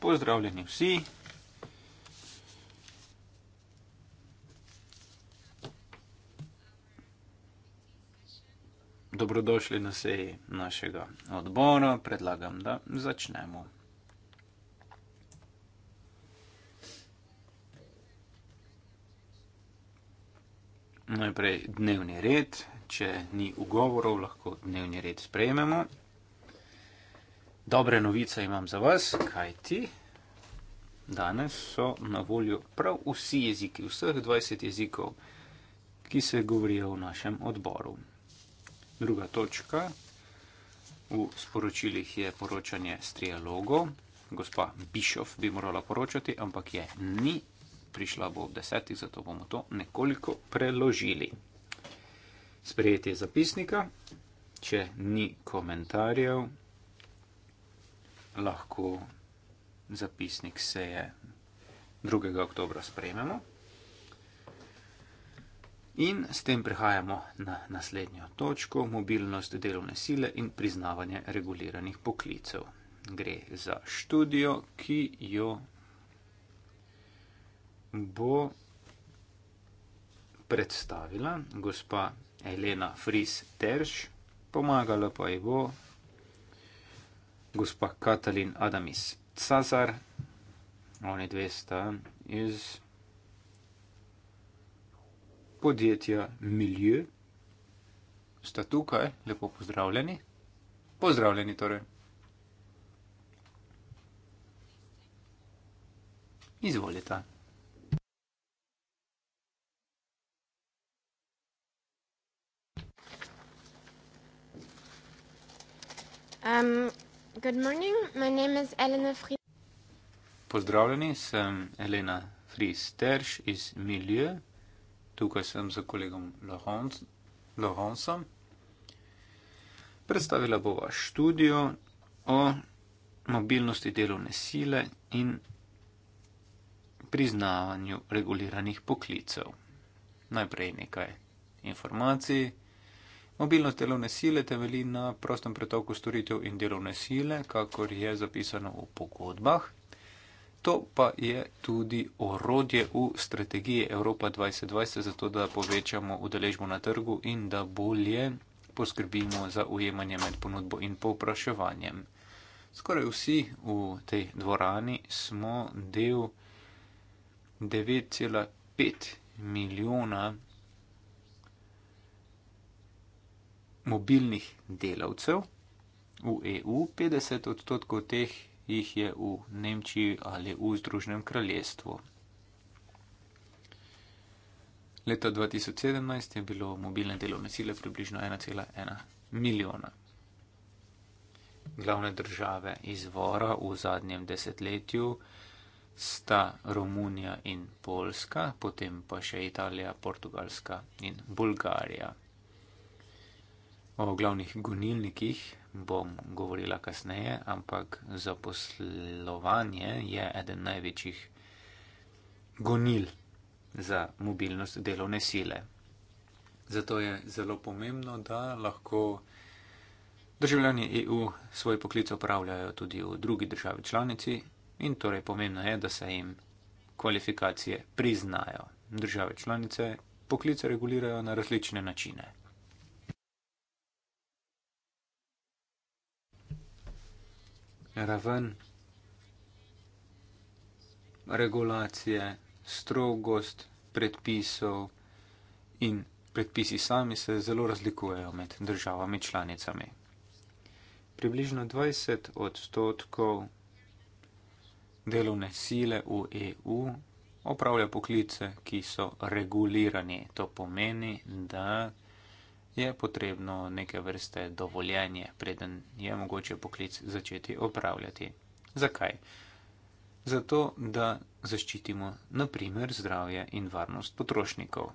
Pozdravljeni vsi. Dobrodošli na seji našega odbora. Predlagam, da začnemo. Najprej dnevni red. Če ni ugovorov, lahko dnevni red sprejmemo. Dobre novice imam za vas, kajti danes so na voljo prav vsi jeziki, vseh 20 jezikov, ki se govorijo v našem odboru. Druga točka v sporočilih je poročanje s trialogo. Gospa Bišov bi morala poročati, ampak je ni, prišla bo ob desetih, zato bomo to nekoliko preložili. Sprejetje zapisnika, če ni komentarjev lahko zapisnik seje 2. oktobra sprejmemo. In s tem prehajamo na naslednjo točko, mobilnost delovne sile in priznavanje reguliranih poklicev. Gre za študijo, ki jo bo predstavila gospa Elena Fris Terš, pomagala pa ji bo gospa Katalin Adamis Cazar, oni dve sta iz podjetja Milje, sta tukaj, lepo pozdravljeni. Pozdravljeni torej. Izvolite. Um, Good morning, my name is Elena Fries. Pozdravljeni, sem Elena Fries-Terš iz Milje. Tukaj sem za kolegom Lohonsom. Predstavila bova študijo o mobilnosti delovne sile in priznavanju reguliranih poklicev. Najprej nekaj informacij. Mobilnost delovne sile temelji na prostem pretoku storitev in delovne sile, kakor je zapisano v pogodbah. To pa je tudi orodje v strategiji Evropa 2020, zato da povečamo udeležbo na trgu in da bolje poskrbimo za ujemanje med ponudbo in povpraševanjem. Skoraj vsi v tej dvorani smo del 9,5 milijona mobilnih delavcev v EU, 50 odstotkov teh jih je v Nemčiji ali v Združenem kraljestvu. Leta 2017 je bilo mobilne delovne sile približno 1,1 milijona. Glavne države izvora v zadnjem desetletju sta Romunija in Poljska, potem pa še Italija, Portugalska in Bulgarija. O glavnih gonilnikih bom govorila kasneje, ampak zaposlovanje je eden največjih gonil za mobilnost delovne sile. Zato je zelo pomembno, da lahko državljani EU svoj poklic opravljajo tudi v drugi državi članici in torej pomembno je, da se jim kvalifikacije priznajo. Države članice poklice regulirajo na različne načine. raven regulacije, strogost predpisov in predpisi sami se zelo razlikujejo med državami članicami. Približno 20 odstotkov delovne sile v EU opravlja poklice, ki so regulirani. To pomeni, da je potrebno neke vrste dovoljenje, preden je mogoče poklic začeti opravljati. Zakaj? Zato, da zaščitimo naprimer zdravje in varnost potrošnikov.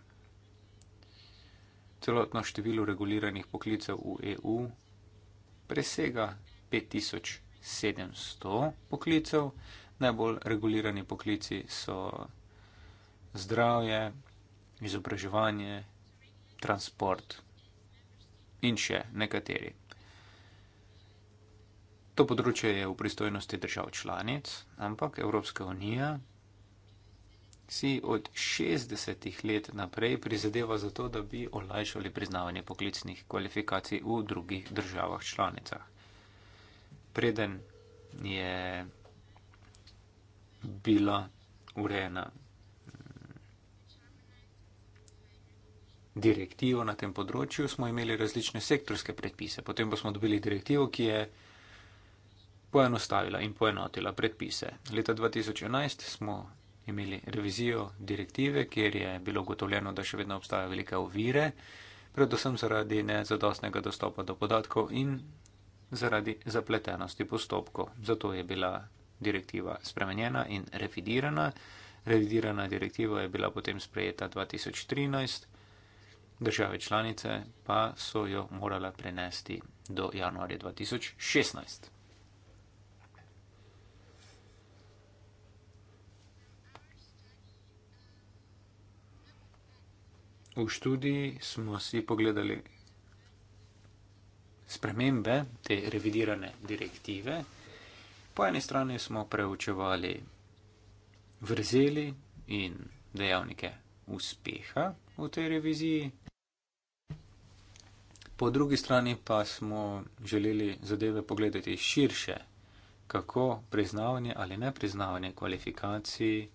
Celotno število reguliranih poklicev v EU presega 5700 poklicev, najbolj regulirani poklici so zdravje, izobraževanje, transport, in še nekateri. To področje je v pristojnosti držav članic, ampak Evropska unija si od 60 let naprej prizadeva za to, da bi olajšali priznavanje poklicnih kvalifikacij v drugih državah članicah. Preden je bila urejena direktivo na tem področju, smo imeli različne sektorske predpise. Potem pa smo dobili direktivo, ki je poenostavila in poenotila predpise. Leta 2011 smo imeli revizijo direktive, kjer je bilo ugotovljeno, da še vedno obstajajo velike ovire, predvsem zaradi nezadostnega dostopa do podatkov in zaradi zapletenosti postopkov. Zato je bila direktiva spremenjena in revidirana. Revidirana direktiva je bila potem sprejeta 2013 države članice pa so jo morala prenesti do januarja 2016. V študiji smo si pogledali spremembe te revidirane direktive. Po eni strani smo preučevali vrzeli in dejavnike uspeha v tej reviziji, po drugi strani pa smo želeli zadeve pogledati širše, kako priznavanje ali ne priznavanje kvalifikacij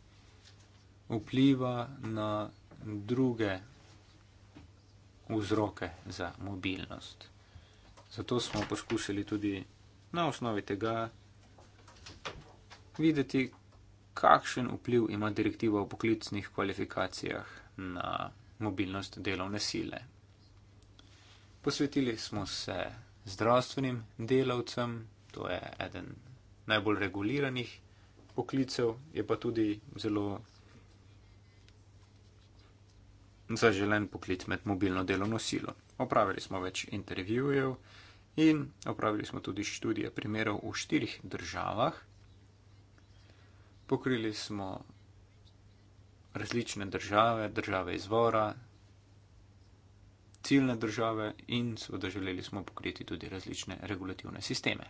vpliva na druge vzroke za mobilnost. Zato smo poskušali tudi na osnovi tega videti, kakšen vpliv ima direktiva o poklicnih kvalifikacijah na mobilnost delovne sile. Posvetili smo se zdravstvenim delavcem, to je eden najbolj reguliranih poklicev, je pa tudi zelo zaželen poklic med mobilno delovno silo. Opravili smo več intervjujev in opravili smo tudi študije primerov v štirih državah. Pokrili smo različne države, države izvora, ciljne države in seveda želeli smo pokriti tudi različne regulativne sisteme.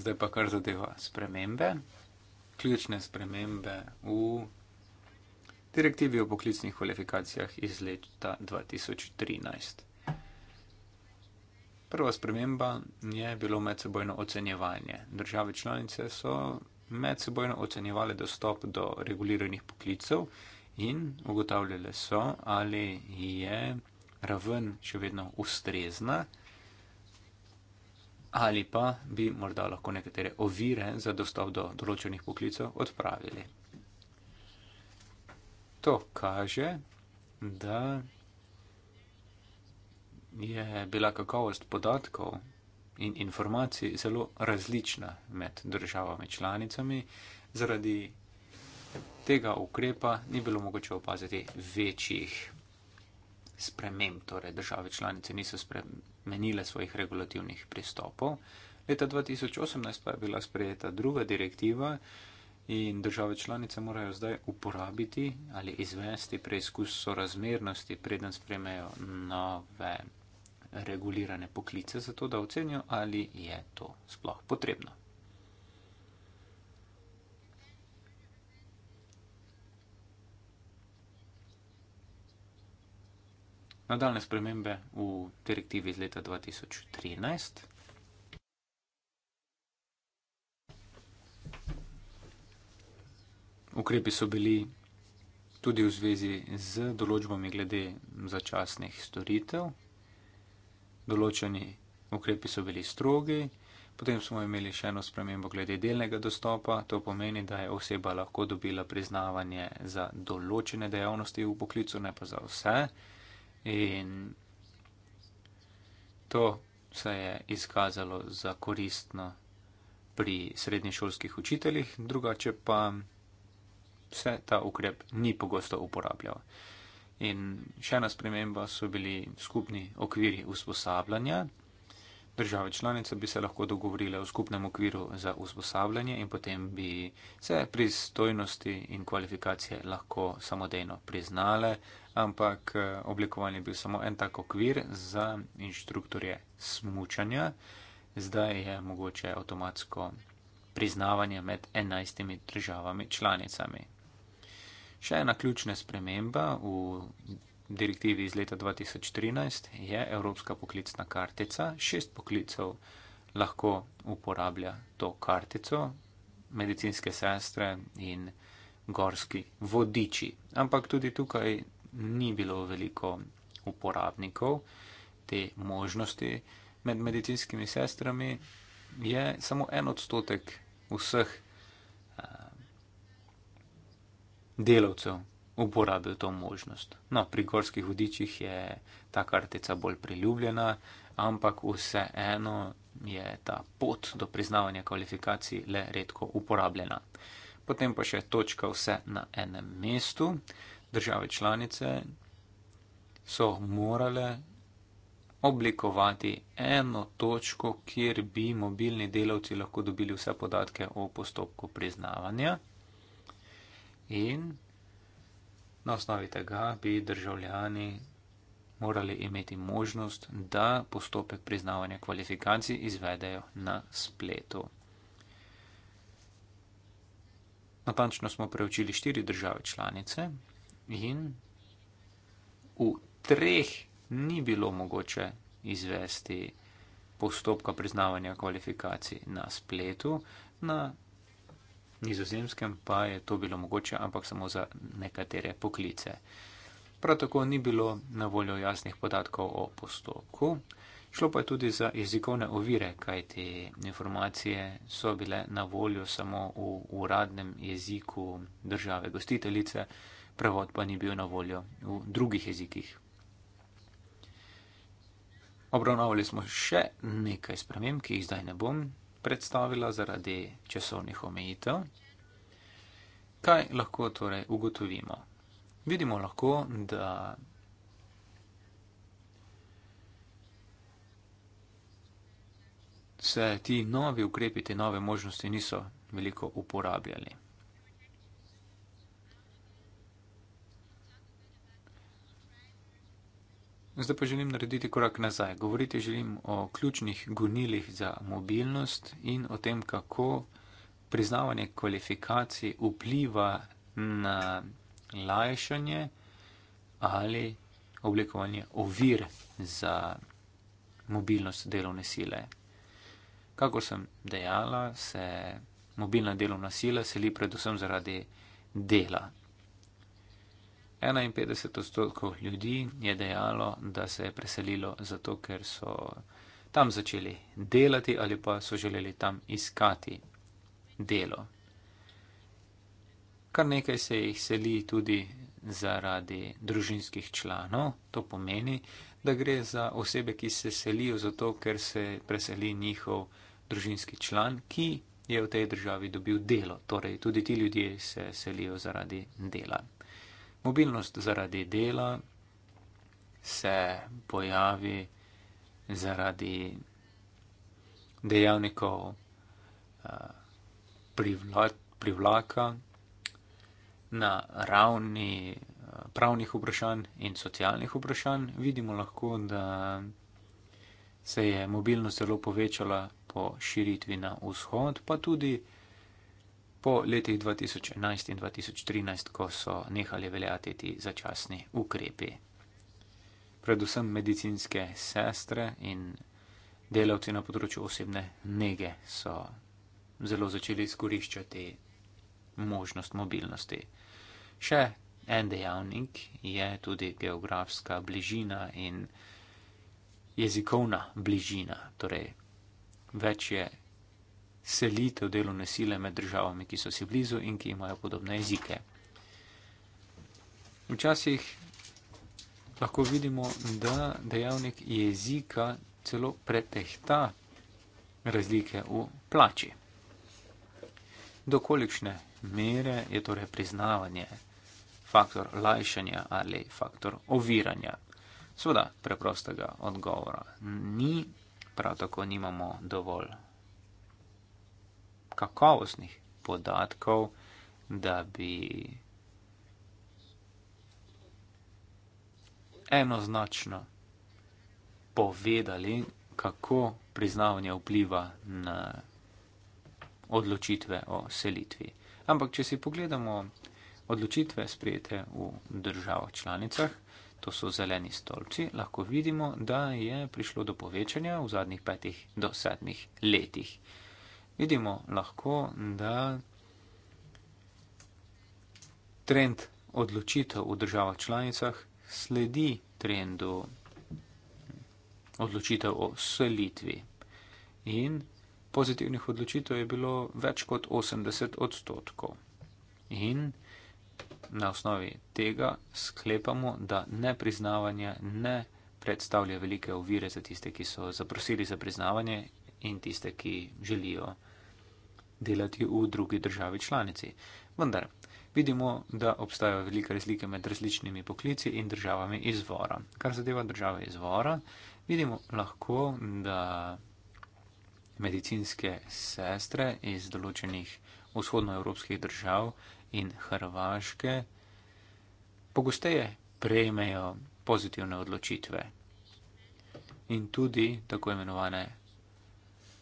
Zdaj pa kar zadeva spremembe, ključne spremembe v direktivi o poklicnih kvalifikacijah iz leta 2013. Prva sprememba je bilo medsebojno ocenjevanje. Države članice so medsebojno ocenjevale dostop do reguliranih poklicev in ugotavljale so, ali je raven še vedno ustrezna ali pa bi morda lahko nekatere ovire za dostop do določenih poklicev odpravili to kaže, da je bila kakovost podatkov in informacij zelo različna med državami članicami. Zaradi tega ukrepa ni bilo mogoče opaziti večjih sprememb, torej države članice niso spremenile svojih regulativnih pristopov. Leta 2018 pa je bila sprejeta druga direktiva, In države članice morajo zdaj uporabiti ali izvesti preizkus sorazmernosti, preden spremejo nove regulirane poklice, zato da ocenijo, ali je to sploh potrebno. Nadaljne spremembe v direktivi iz leta 2013. ukrepi so bili tudi v zvezi z določbami glede začasnih storitev. Določeni ukrepi so bili strogi, potem smo imeli še eno spremembo glede delnega dostopa. To pomeni, da je oseba lahko dobila priznavanje za določene dejavnosti v poklicu, ne pa za vse. In to se je izkazalo za koristno pri srednješolskih učiteljih, drugače pa se ta ukrep ni pogosto uporabljal. In še ena sprememba so bili skupni okviri usposabljanja. Države članice bi se lahko dogovorile o skupnem okviru za usposabljanje in potem bi se pristojnosti in kvalifikacije lahko samodejno priznale, ampak eh, oblikovan je bil samo en tak okvir za inštruktorje smučanja. Zdaj je mogoče avtomatsko priznavanje med enajstimi državami članicami. Še ena ključna sprememba v direktivi iz leta 2013 je Evropska poklicna kartica. Šest poklicov lahko uporablja to kartico, medicinske sestre in gorski vodiči. Ampak tudi tukaj ni bilo veliko uporabnikov te možnosti med medicinskimi sestrami. Je samo en odstotek vseh delavcev uporabil to možnost. No, pri gorskih vodičih je ta kartica bolj priljubljena, ampak vseeno je ta pot do priznavanja kvalifikacij le redko uporabljena. Potem pa še točka vse na enem mestu. Države članice so morale oblikovati eno točko, kjer bi mobilni delavci lahko dobili vse podatke o postopku priznavanja. In na osnovi tega bi državljani morali imeti možnost, da postopek priznavanja kvalifikacij izvedejo na spletu. Natančno smo preučili štiri države članice in v treh ni bilo mogoče izvesti postopka priznavanja kvalifikacij na spletu. Na nizozemskem pa je to bilo mogoče, ampak samo za nekatere poklice. Prav tako ni bilo na voljo jasnih podatkov o postopku, šlo pa je tudi za jezikovne ovire, kaj te informacije so bile na voljo samo v uradnem jeziku države gostiteljice, prevod pa ni bil na voljo v drugih jezikih. Obravnavali smo še nekaj sprememb, ki jih zdaj ne bom predstavila zaradi časovnih omejitev. Kaj lahko torej ugotovimo? Vidimo lahko, da se ti novi ukrepi, te nove možnosti niso veliko uporabljali. Zdaj pa želim narediti korak nazaj. Govoriti želim o ključnih gonilih za mobilnost in o tem, kako priznavanje kvalifikacij vpliva na lajšanje ali oblikovanje ovir za mobilnost delovne sile. Kako sem dejala, se mobilna delovna sila seli predvsem zaradi dela 51 odstotkov ljudi je dejalo, da se je preselilo zato, ker so tam začeli delati ali pa so želeli tam iskati delo. Kar nekaj se jih seli tudi zaradi družinskih članov, to pomeni, da gre za osebe, ki se selijo zato, ker se preseli njihov družinski član, ki je v tej državi dobil delo. Torej, tudi ti ljudje se selijo zaradi dela. Mobilnost zaradi dela se pojavi zaradi dejavnikov eh, privlaka na ravni eh, pravnih vprašanj in socialnih vprašanj. Vidimo lahko, da se je mobilnost zelo povečala po širitvi na vzhod, pa tudi po letih 2011 in 2013, ko so nehali veljati ti začasni ukrepi. Predvsem medicinske sestre in delavci na področju osebne nege so zelo začeli izkoriščati možnost mobilnosti. Še en dejavnik je tudi geografska bližina in jezikovna bližina, torej več je selitev delovne sile med državami, ki so si blizu in ki imajo podobne jezike. Včasih lahko vidimo, da dejavnik jezika celo pretehta razlike v plači. Dokolikšne mere je torej priznavanje faktor lajšanja ali faktor oviranja? Sveda, preprostega odgovora ni, prav tako nimamo dovolj kakovostnih podatkov, da bi enoznačno povedali, kako priznavanje vpliva na odločitve o selitvi. Ampak, če si pogledamo odločitve sprejete v državah članicah, to so zeleni stolpci, lahko vidimo, da je prišlo do povečanja v zadnjih petih do sedmih letih vidimo lahko, da trend odločitev v državah članicah sledi trendu odločitev o selitvi. In pozitivnih odločitev je bilo več kot 80 odstotkov. In na osnovi tega sklepamo, da nepriznavanje ne predstavlja velike ovire za tiste, ki so zaprosili za priznavanje in tiste, ki želijo priznavanje delati v drugi državi članici. Vendar vidimo, da obstajajo velike razlike med različnimi poklici in državami izvora. Kar zadeva države izvora, vidimo lahko, da medicinske sestre iz določenih vzhodnoevropskih držav in Hrvaške pogosteje prejmejo pozitivne odločitve in tudi tako imenovane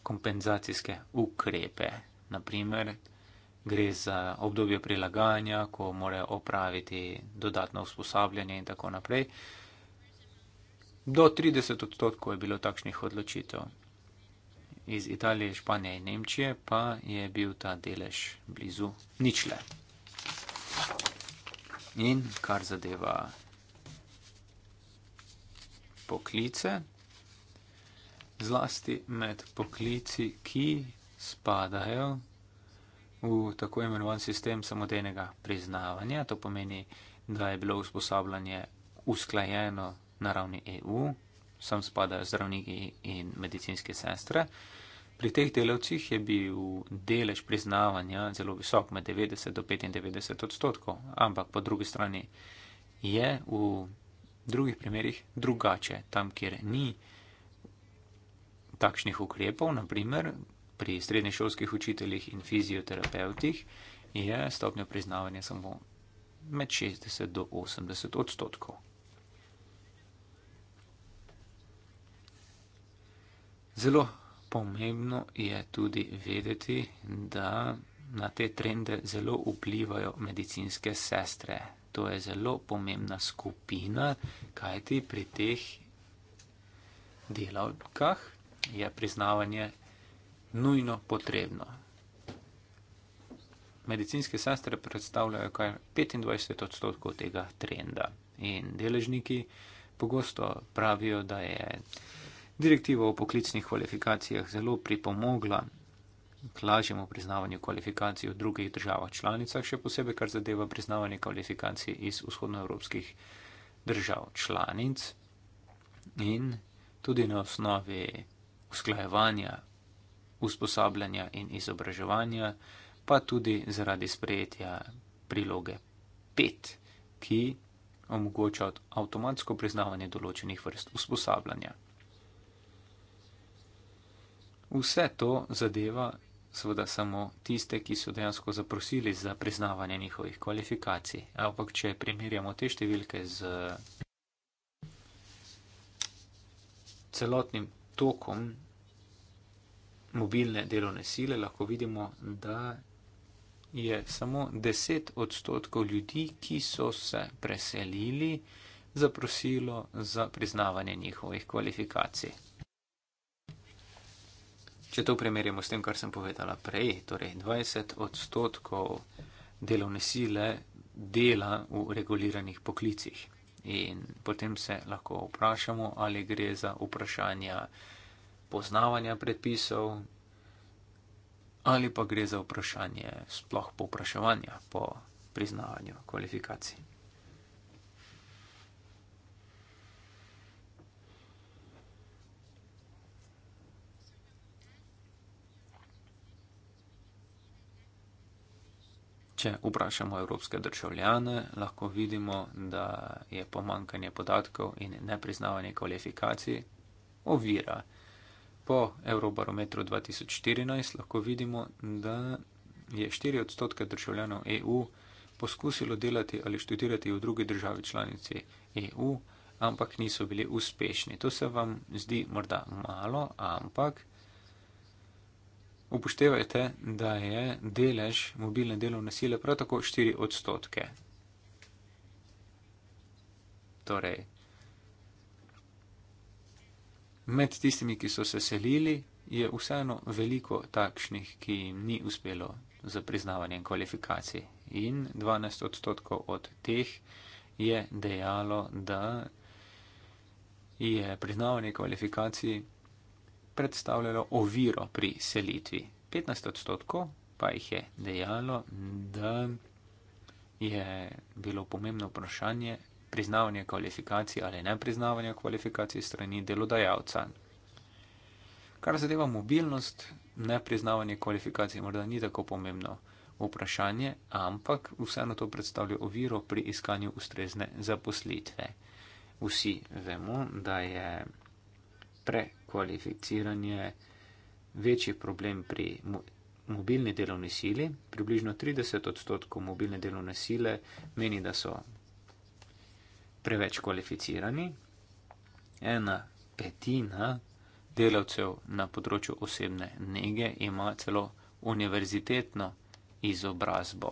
kompenzacijske ukrepe. Naprimer, gre za obdobje prilagajanja, ko morajo opraviti dodatno usposabljanje in tako naprej. Do 30 odstotkov je bilo takšnih odločitev. Iz Italije, Španije in Nemčije pa je bil ta delež blizu ničle. In kar zadeva poklice, zlasti med poklici, ki spadajo v tako imenovan sistem samotenega priznavanja. To pomeni, da je bilo usposabljanje usklajeno na ravni EU, sem spadajo zdravniki in medicinske sestre. Pri teh delavcih je bil delež priznavanja zelo visok, med 90 do 95 odstotkov, ampak po drugi strani je v drugih primerjih drugače. Tam, kjer ni takšnih ukrepov, naprimer, pri srednješolskih učiteljih in fizioterapeutih je stopnjo priznavanja samo med 60 do 80 odstotkov. Zelo pomembno je tudi vedeti, da na te trende zelo vplivajo medicinske sestre. To je zelo pomembna skupina, kajti pri teh delavkah je priznavanje nujno potrebno. Medicinske sestre predstavljajo kar 25 odstotkov tega trenda in deležniki pogosto pravijo, da je direktiva o poklicnih kvalifikacijah zelo pripomogla k lažjemu priznavanju kvalifikacij v drugih državah članicah, še posebej kar zadeva priznavanje kvalifikacij iz vzhodnoevropskih držav članic in tudi na osnovi usklajevanja usposabljanja in izobraževanja, pa tudi zaradi sprejetja priloge 5, ki omogoča avtomatsko priznavanje določenih vrst usposabljanja. Vse to zadeva seveda samo tiste, ki so dejansko zaprosili za priznavanje njihovih kvalifikacij. Ampak, če primerjamo te številke z celotnim tokom mobilne delovne sile, lahko vidimo, da je samo 10 odstotkov ljudi, ki so se preselili, zaprosilo za priznavanje njihovih kvalifikacij. Če to primerjamo s tem, kar sem povedala prej, torej 20 odstotkov delovne sile dela v reguliranih poklicih. In potem se lahko vprašamo, ali gre za vprašanja poznavanja predpisov, ali pa gre za vprašanje sploh povpraševanja po priznavanju kvalifikacij. Če vprašamo evropske državljane, lahko vidimo, da je pomankanje podatkov in nepriznavanje kvalifikacij ovira po Eurobarometru 2014 lahko vidimo, da je 4 odstotke državljanov EU poskusilo delati ali študirati v drugi državi članici EU, ampak niso bili uspešni. To se vam zdi morda malo, ampak upoštevajte, da je delež mobilne delovne sile prav tako 4 odstotke. Torej, med tistimi, ki so se selili, je vseeno veliko takšnih, ki jim ni uspelo za priznavanjem kvalifikacij. In 12 odstotkov od teh je dejalo, da je priznavanje kvalifikacij predstavljalo oviro pri selitvi. 15 odstotkov pa jih je dejalo, da je bilo pomembno vprašanje, priznavanje kvalifikacij ali ne priznavanje kvalifikacij strani delodajalca. Kar zadeva mobilnost, ne priznavanje kvalifikacij morda ni tako pomembno vprašanje, ampak vseeno to predstavlja oviro pri iskanju ustrezne zaposlitve. Vsi vemo, da je prekvalificiranje večji problem pri mobilni delovni sili. Približno 30 odstotkov mobilne delovne sile meni, da so preveč kvalificirani, ena petina delavcev na področju osebne nege ima celo univerzitetno izobrazbo.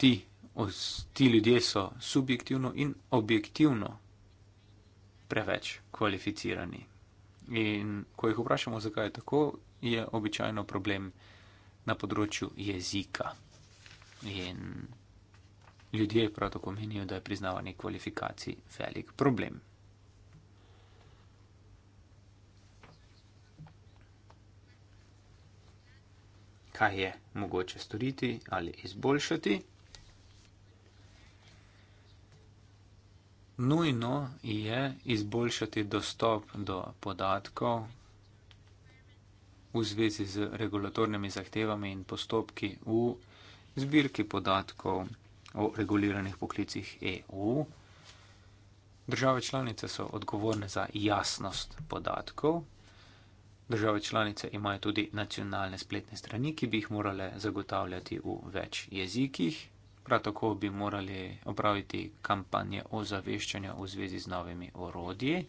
Ti, ti ljudje so subjektivno in objektivno preveč kvalificirani. In ko jih vprašamo, zakaj je tako, je običajno problem na področju jezika. In Ljudje prav tako menijo, da je priznavanje kvalifikacij velik problem. Kaj je mogoče storiti ali izboljšati? Nujno je izboljšati dostop do podatkov v zvezi z regulatornimi zahtevami in postopki v zbirki podatkov o reguliranih poklicih EU. Države članice so odgovorne za jasnost podatkov. Države članice imajo tudi nacionalne spletne strani, ki bi jih morale zagotavljati v več jezikih. Prav tako bi morali opraviti kampanje o zaveščanju v zvezi z novimi orodji.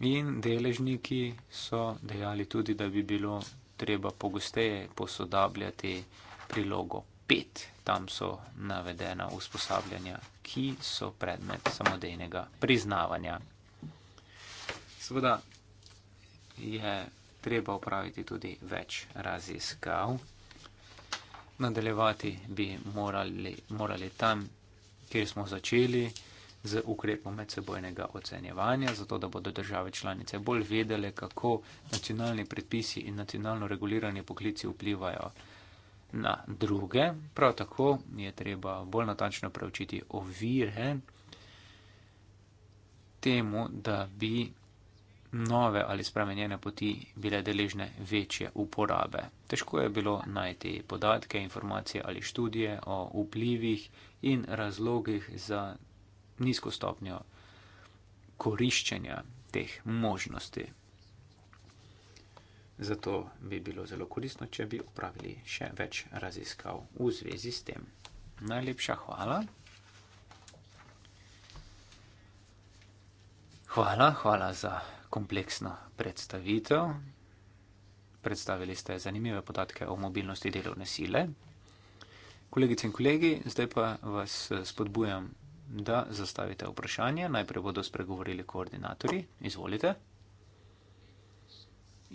In deležniki so dejali tudi, da bi bilo treba pogosteje posodabljati prilogo pet, tam so navedena usposabljanja, ki so predmet samodejnega priznavanja. Seveda je treba upraviti tudi več raziskav. Nadaljevati bi morali, morali tam, kjer smo začeli, z ukrepom medsebojnega ocenjevanja, zato da bodo države članice bolj vedele, kako nacionalni predpisi in nacionalno regulirani poklici vplivajo na druge. Prav tako je treba bolj natančno preučiti ovire temu, da bi nove ali spremenjene poti bile deležne večje uporabe. Težko je bilo najti podatke, informacije ali študije o vplivih in razlogih za nizko stopnjo koriščenja teh možnosti. Zato bi bilo zelo koristno, če bi upravili še več raziskav v zvezi s tem. Najlepša hvala. Hvala, hvala za kompleksno predstavitev. Predstavili ste zanimive podatke o mobilnosti delovne sile. Kolegice in kolegi, zdaj pa vas spodbujam, da zastavite vprašanje. Najprej bodo spregovorili koordinatorji. Izvolite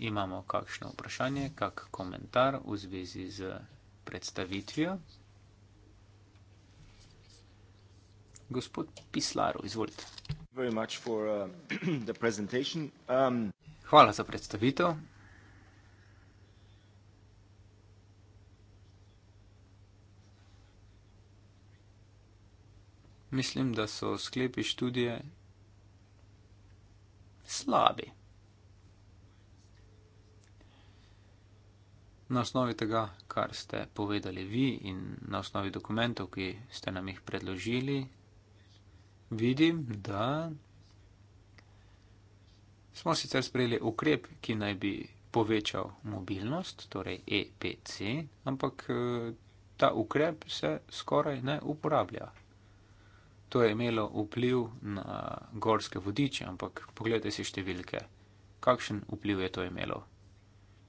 imamo kakšno vprašanje, kak komentar v zvezi z predstavitvijo. Gospod Pislaro, izvolite. Very much for uh, the presentation. Um... Hvala za predstavitev. Mislim, da so sklepi študije slabi. Na osnovi tega, kar ste povedali vi in na osnovi dokumentov, ki ste nam jih predložili, vidim, da smo sicer sprejeli ukrep, ki naj bi povečal mobilnost, torej EPC, ampak eh, ta ukrep se skoraj ne uporablja. To je imelo vpliv na gorske vodiče, ampak pogledajte si številke. Kakšen vpliv je to imelo?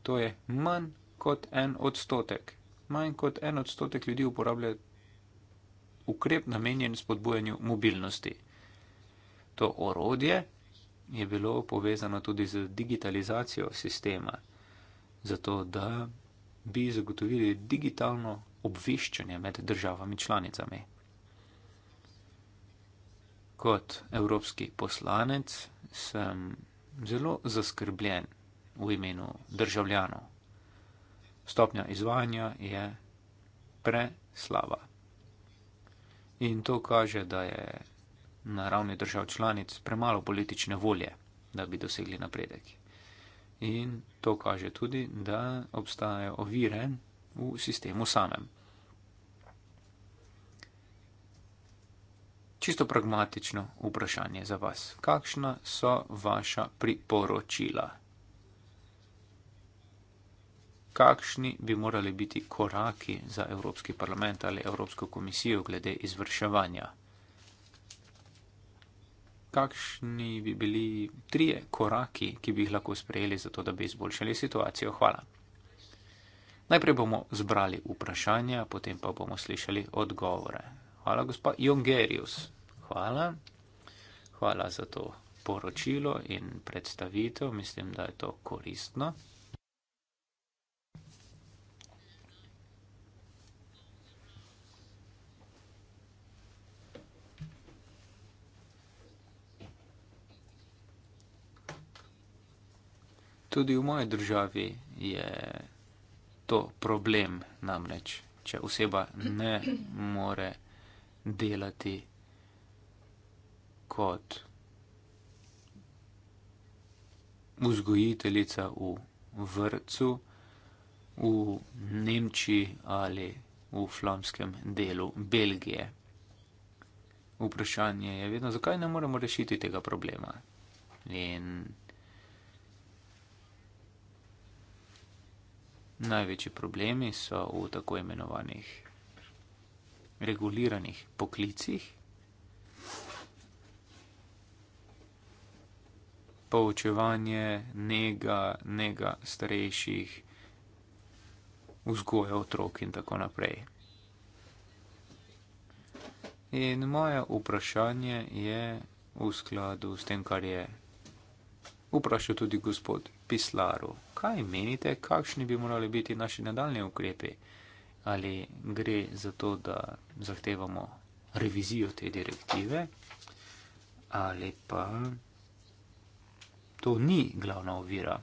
To je manj kot en odstotek. Manj kot en odstotek ljudi uporablja ukrep namenjen spodbujanju mobilnosti. To orodje je bilo povezano tudi z digitalizacijo sistema, zato da bi zagotovili digitalno obveščanje med državami članicami. Kot evropski poslanec sem zelo zaskrbljen v imenu državljanov stopnja izvajanja je preslava. In to kaže, da je na ravni držav članic premalo politične volje, da bi dosegli napredek. In to kaže tudi, da obstajajo ovire v sistemu samem. Čisto pragmatično vprašanje za vas. Kakšna so vaša priporočila? kakšni bi morali biti koraki za Evropski parlament ali Evropsko komisijo glede izvrševanja. Kakšni bi bili trije koraki, ki bi jih lahko sprejeli za to, da bi izboljšali situacijo? Hvala. Najprej bomo zbrali vprašanja, potem pa bomo slišali odgovore. Hvala, gospa Jongerius. Hvala. Hvala za to poročilo in predstavitev. Mislim, da je to koristno. Tudi v moji državi je to problem, namreč, če oseba ne more delati kot vzgojiteljica v vrtu, v Nemčiji ali v flamskem delu Belgije. Vprašanje je vedno, zakaj ne moremo rešiti tega problema. In Največji problemi so v tako imenovanih reguliranih poklicih, poučevanje, nega, nega starejših, vzgoja otrok in tako naprej. In moje vprašanje je v skladu s tem, kar je vprašal tudi gospod pislaru. Kaj menite, kakšni bi morali biti naši nadaljni ukrepi? Ali gre za to, da zahtevamo revizijo te direktive, ali pa to ni glavna ovira?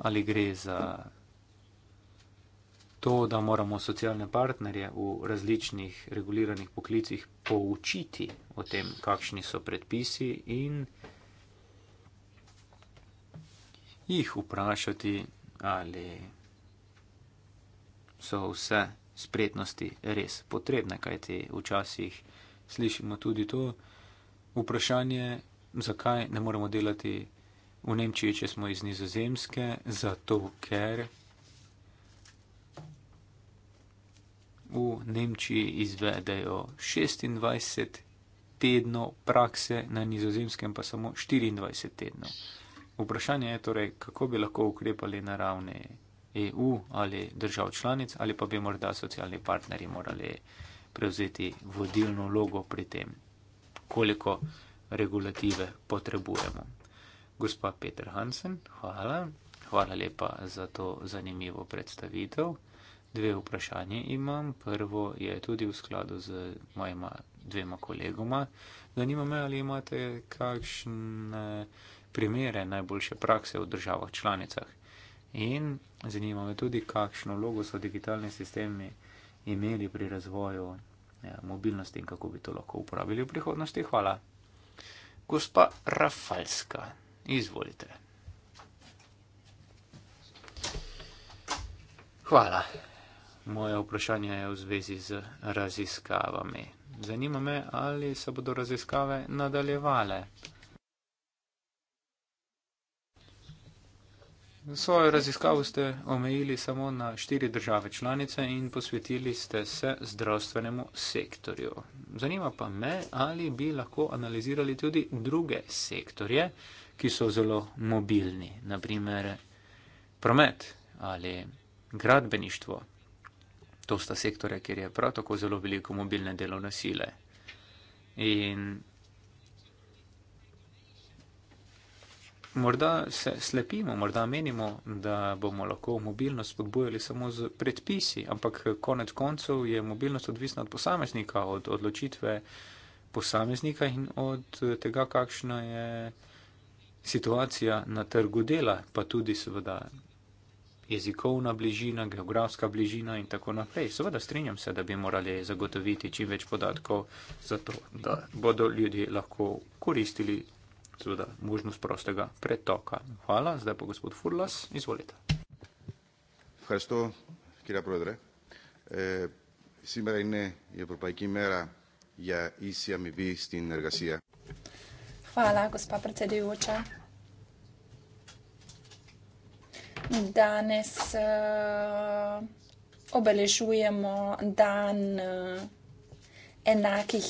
Ali gre za to, da moramo socialne partnerje v različnih reguliranih poklicih poučiti o tem, kakšni so predpisi in kakšni so predpisi? jih vprašati, ali so vse spretnosti res potrebne, kajti včasih slišimo tudi to vprašanje, zakaj ne moremo delati v Nemčiji, če smo iz Nizozemske, zato ker v Nemčiji izvedejo 26 tedno prakse, na nizozemskem pa samo 24 tedno. Vprašanje je torej, kako bi lahko ukrepali na ravni EU ali držav članic, ali pa bi morda socialni partnerji morali prevzeti vodilno logo pri tem, koliko regulative potrebujemo. Gospa Peter Hansen, hvala. Hvala lepa za to zanimivo predstavitev. Dve vprašanje imam. Prvo je tudi v skladu z mojima dvema kolegoma. Zanima me, ali imate kakšne primere najboljše prakse v državah članicah. In zanima me tudi, kakšno vlogo so digitalni sistemi imeli pri razvoju ja, mobilnosti in kako bi to lahko uporabili v prihodnosti. Hvala. Gospa Rafalska, izvolite. Hvala. Moje vprašanje je v zvezi z raziskavami. Zanima me, ali se bodo raziskave nadaljevale. Svojo raziskavo ste omejili samo na štiri države članice in posvetili ste se zdravstvenemu sektorju. Zanima pa me, ali bi lahko analizirali tudi druge sektorje, ki so zelo mobilni, naprimer promet ali gradbeništvo. To sta sektore, kjer je prav tako zelo veliko mobilne delovne sile. In Morda se slepimo, morda menimo, da bomo lahko mobilnost spodbujali samo z predpisi, ampak konec koncev je mobilnost odvisna od posameznika, od odločitve posameznika in od tega, kakšna je situacija na trgu dela, pa tudi seveda jezikovna bližina, geografska bližina in tako naprej. Seveda strinjam se, da bi morali zagotoviti čim več podatkov za to, da bodo ljudje lahko koristili seveda možnost prostega pretoka. Hvala, zdaj pa gospod Furlas, izvolite. Ευχαριστώ κύριε Πρόεδρε. Ε, σήμερα είναι η Ευρωπαϊκή Μέρα για ίση αμοιβή στην εργασία. Χαλά, κοσπά πρετσεδιούτσα. Δάνες ομπελεσούιεμο δάν ενάκηχ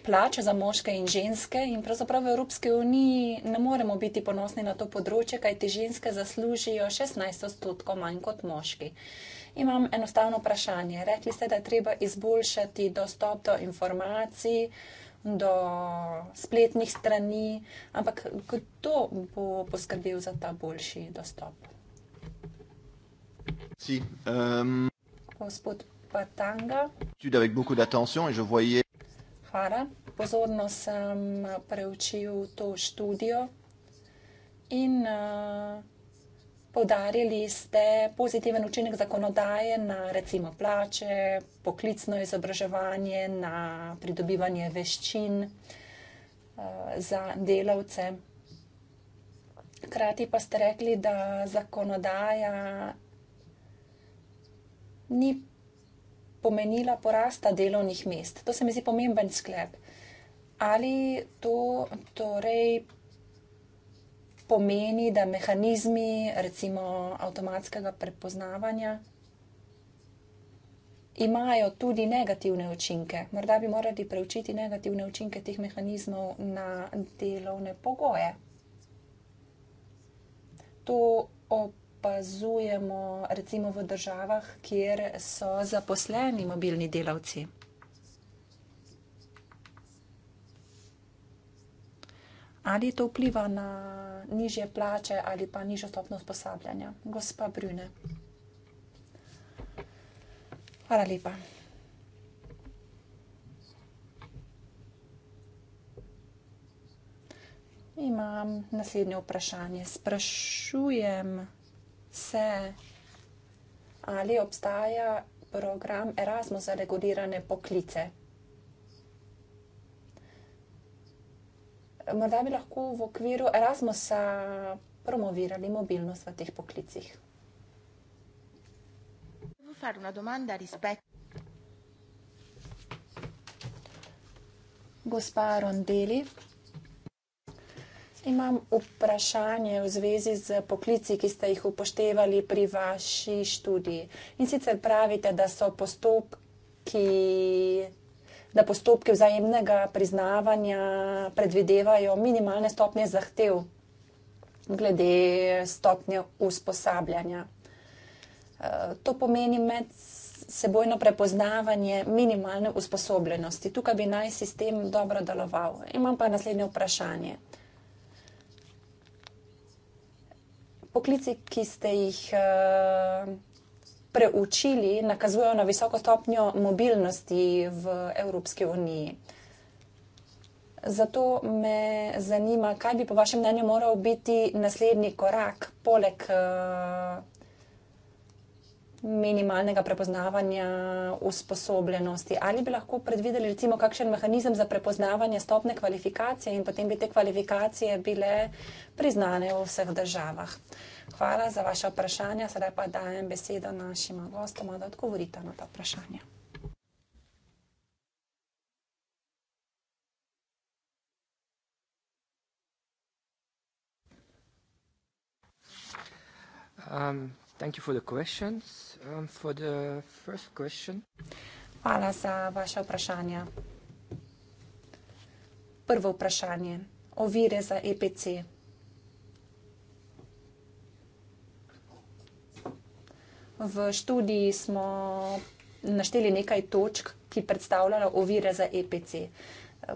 plač za moške in ženske. In pravzaprav v Evropski uniji ne moremo biti ponosni na to področje, kajti ženske zaslužijo 16 odstotkov manj kot moški. Imam enostavno vprašanje. Rekli ste, da je treba izboljšati dostop do informacij, do spletnih strani, ampak kdo bo poskrbel za ta boljši dostop? Si, um... Gospod Patanga. Z veliko pozornosti in jo vojem hvala. Pozorno sem eh, preučil to študijo in eh, povdarjali ste pozitiven učinek zakonodaje na recimo plače, poklicno izobraževanje, na pridobivanje veščin eh, za delavce. Krati pa ste rekli, da zakonodaja ni pozitivna, pomenila porasta delovnih mest. To se mi zdi pomemben sklep. Ali to torej pomeni, da mehanizmi, recimo avtomatskega prepoznavanja, imajo tudi negativne učinke? Morda bi morali preučiti negativne učinke teh mehanizmov na delovne pogoje. To opravljamo opazujemo recimo v državah, kjer so zaposleni mobilni delavci. Ali to vpliva na nižje plače ali pa nižjo stopno usposabljanja? Gospa Brune. Hvala lepa. Imam naslednje vprašanje. Sprašujem, se, ali obstaja program Erasmus za regulirane poklice. Morda bi lahko v okviru Erasmusa promovirali mobilnost v teh poklicih. Gospa Rondeli, Imam vprašanje v zvezi z poklici, ki ste jih upoštevali pri vaši študiji. In sicer pravite, da so postopki, da postopki vzajemnega priznavanja predvidevajo minimalne stopnje zahtev glede stopnje usposabljanja. Eh, to pomeni med sebojno prepoznavanje minimalne usposobljenosti. Tukaj bi naj sistem dobro deloval. Imam pa naslednje vprašanje. poklici, ki ste jih eh, preučili, nakazujejo na visoko stopnjo mobilnosti v Evropski uniji. Zato me zanima, kaj bi po vašem mnenju moral biti naslednji korak poleg eh, minimalnega prepoznavanja usposobljenosti. Ali bi lahko predvideli, recimo, kakšen mehanizem za prepoznavanje stopne kvalifikacije in potem bi te kvalifikacije bile priznane v vseh državah? Hvala za vaše vprašanje. Sedaj pa dajem besedo našima gostoma, da odgovorite na ta vprašanja. Um, Thank you for the questions. Um, for the first question. Hvala za vaše vprašanje. Prvo vprašanje. Ovire za EPC. V študiji smo našteli nekaj točk, ki predstavljajo ovire za EPC.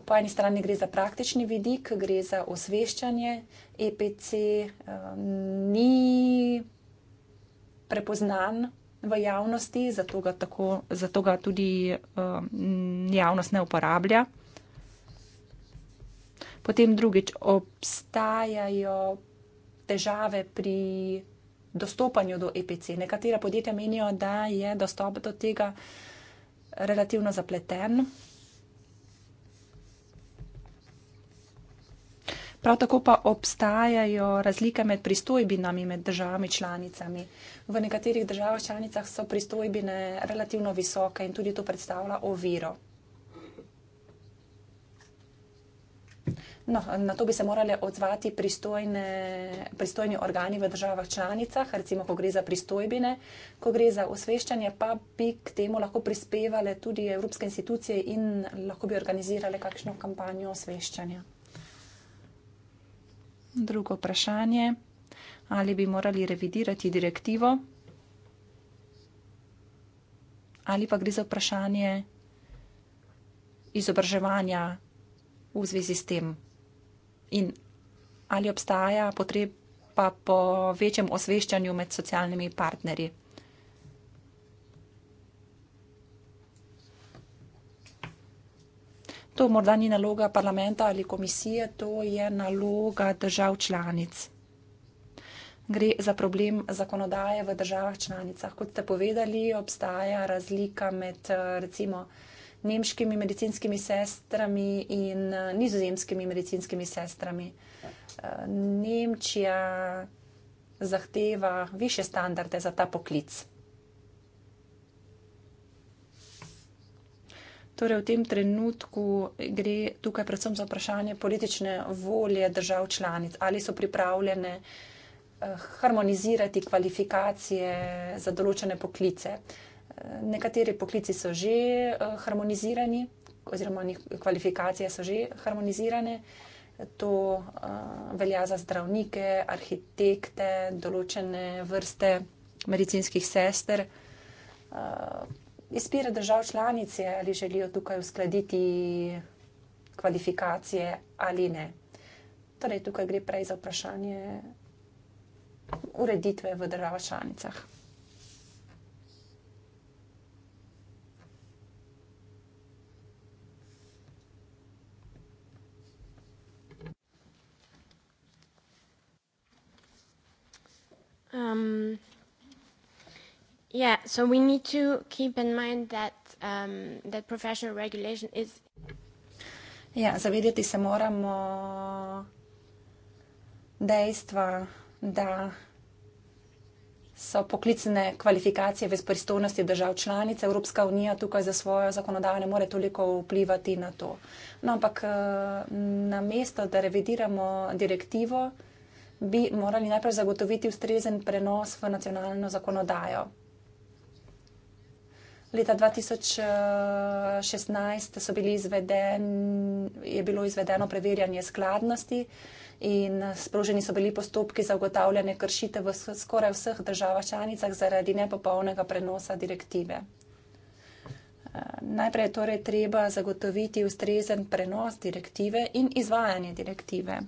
Po eni strani gre za praktični vidik, gre za osveščanje. EPC um, ni prepoznan v javnosti, zato ga, tako, zato ga tudi um, javnost ne uporablja. Potem drugič, obstajajo težave pri dostopanju do EPC. Nekatera podjetja menijo, da je dostop do tega relativno zapleten. Prav tako pa obstajajo razlike med pristojbinami med državami članicami. V nekaterih državah članicah so pristojbine relativno visoke in tudi to predstavlja oviro. No, na to bi se morali odzvati pristojne, pristojni organi v državah članicah, recimo, ko gre za pristojbine, ko gre za osveščanje, pa bi k temu lahko prispevale tudi evropske institucije in lahko bi organizirale kakšno kampanjo osveščanja. Drugo vprašanje. Ali bi morali revidirati direktivo? Ali pa gre za vprašanje izobraževanja v zvezi s tem? In ali obstaja potreba po večjem osveščanju med socialnimi partnerji? To morda ni naloga parlamenta ali komisije, to je naloga držav članic. Gre za problem zakonodaje v državah članicah. Kot ste povedali, obstaja razlika med recimo nemškimi medicinskimi sestrami in nizozemskimi medicinskimi sestrami. Nemčija zahteva više standarde za ta poklic. Torej, v tem trenutku gre tukaj predvsem za vprašanje politične volje držav članic. Ali so pripravljene eh, harmonizirati kvalifikacije za določene poklice? Eh, nekateri poklici so že eh, harmonizirani, oziroma kvalifikacije so že harmonizirane. To velja za zdravnike, arhitekte, določene vrste medicinskih sester izbira držav članice, ali želijo tukaj uskladiti kvalifikacije ali ne. Torej, tukaj gre prej za vprašanje ureditve v državah članicah. Um, Yeah, so we need to keep in mind that, um, that professional regulation is. Ja, zavedati se moramo dejstva, da so poklicne kvalifikacije v pristojnosti držav članic. Evropska unija tukaj za svojo zakonodajo ne more toliko vplivati na to. No, ampak eh, na mesto, da revidiramo direktivo, bi morali najprej zagotoviti ustrezen prenos v nacionalno zakonodajo. Leta 2016 so bili izveden, je bilo izvedeno preverjanje skladnosti in sproženi so bili postopki za ugotavljanje kršitev v skoraj vseh državah članicah zaradi nepopolnega prenosa direktive. Najprej je torej treba zagotoviti ustrezen prenos direktive in izvajanje direktive.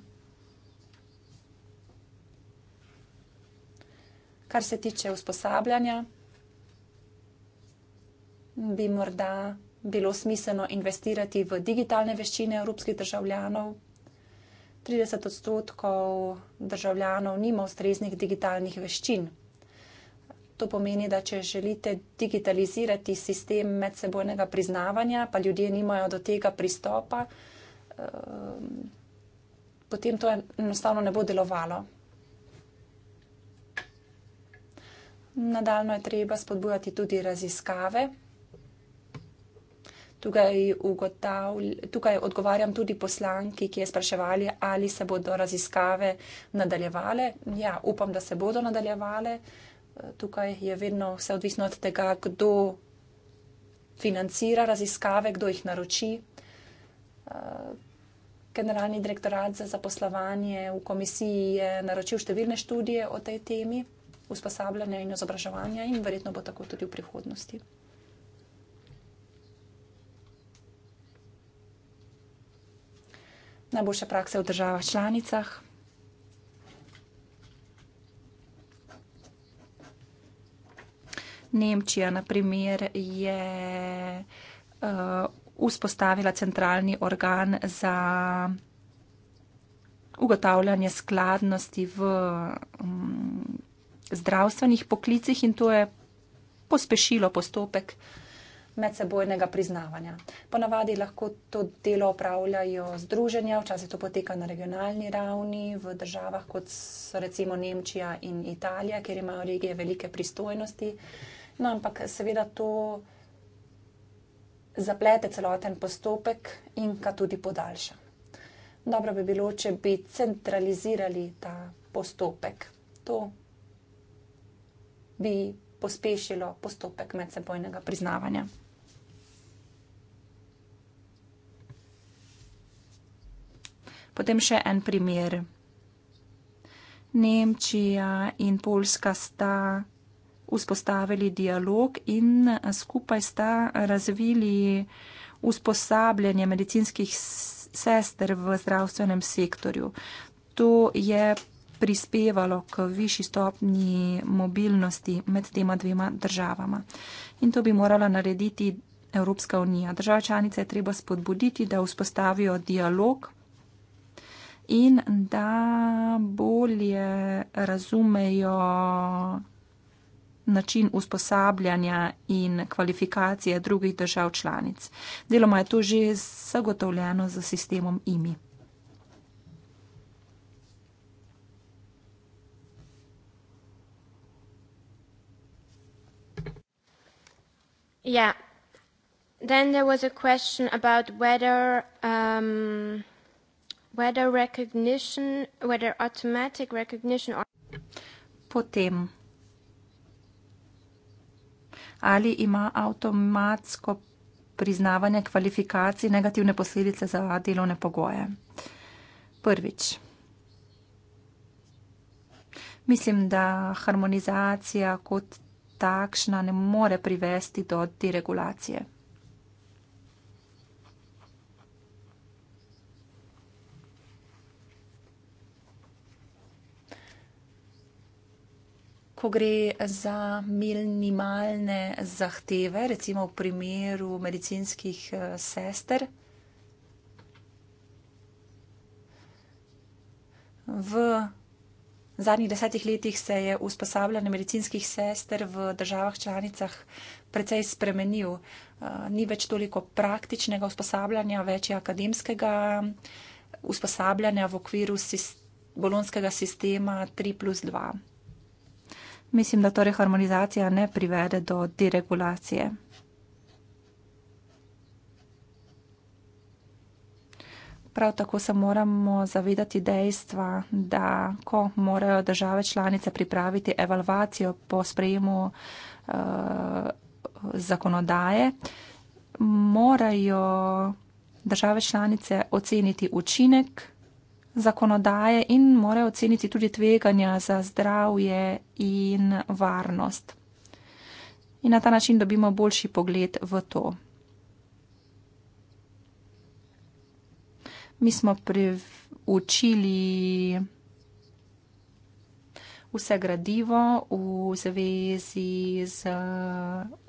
Kar se tiče usposabljanja, bi morda bilo smiselno investirati v digitalne veščine evropskih državljanov. 30 odstotkov državljanov nima ustreznih digitalnih veščin. To pomeni, da če želite digitalizirati sistem medsebojnega priznavanja, pa ljudje nimajo do tega pristopa, ehm, potem to enostavno ne bo delovalo. Nadaljno je treba spodbujati tudi raziskave. Tukaj, ugotavl, tukaj odgovarjam tudi poslanki, ki je spraševali, ali se bodo raziskave nadaljevale. Ja, upam, da se bodo nadaljevale. Tukaj je vedno vse odvisno od tega, kdo financira raziskave, kdo jih naroči. Generalni direktorat za zaposlovanje v komisiji je naročil številne študije o tej temi, usposabljanje in izobraževanje in verjetno bo tako tudi v prihodnosti. najboljše prakse v državah članicah. Nemčija, na primer, je uh, vzpostavila centralni organ za ugotavljanje skladnosti v um, zdravstvenih poklicih in to je pospešilo postopek uh, medsebojnega priznavanja. Ponavadi lahko to delo opravljajo združenja, včasih to poteka na regionalni ravni, v državah kot so recimo Nemčija in Italija, kjer imajo regije velike pristojnosti. No, ampak seveda to zaplete celoten postopek in ga tudi podaljša. Dobro bi bilo, če bi centralizirali ta postopek. To bi pospešilo postopek medsebojnega priznavanja. Potem še en primer. Nemčija in Poljska sta vzpostavili dialog in eh, skupaj sta razvili usposabljanje medicinskih sester v zdravstvenem sektorju. To je prispevalo k višji stopni mobilnosti med tema dvema državama. In to bi morala narediti Evropska unija. Država članica je treba spodbuditi, da vzpostavijo dialog in da bolje razumejo način usposabljanja in kvalifikacije drugih držav članic. Deloma je to že zagotovljeno z sistemom IMI. Yeah. Then there was a question about whether um, whether recognition, whether automatic recognition or potem ali ima avtomatsko priznavanje kvalifikacij negativne posledice za delovne pogoje. Prvič. Mislim, da harmonizacija kot takšna ne more privesti do deregulacije. ko gre za minimalne zahteve, recimo v primeru medicinskih eh, sester. V zadnjih desetih letih se je usposabljanje medicinskih sester v državah članicah precej spremenil. Eh, ni več toliko praktičnega usposabljanja, več je akademskega eh, usposabljanja v okviru sist bolonskega sistema 3 plus 2. Mislim, da torej harmonizacija ne privede do deregulacije. Prav tako se moramo zavedati dejstva, da ko morajo države članice pripraviti evalvacijo po sprejemu uh, zakonodaje, morajo države članice oceniti učinek zakonodaje in morajo oceniti tudi tveganja za zdravje in varnost. In na ta način dobimo boljši pogled v to. Mi smo preučili vse gradivo v zvezi z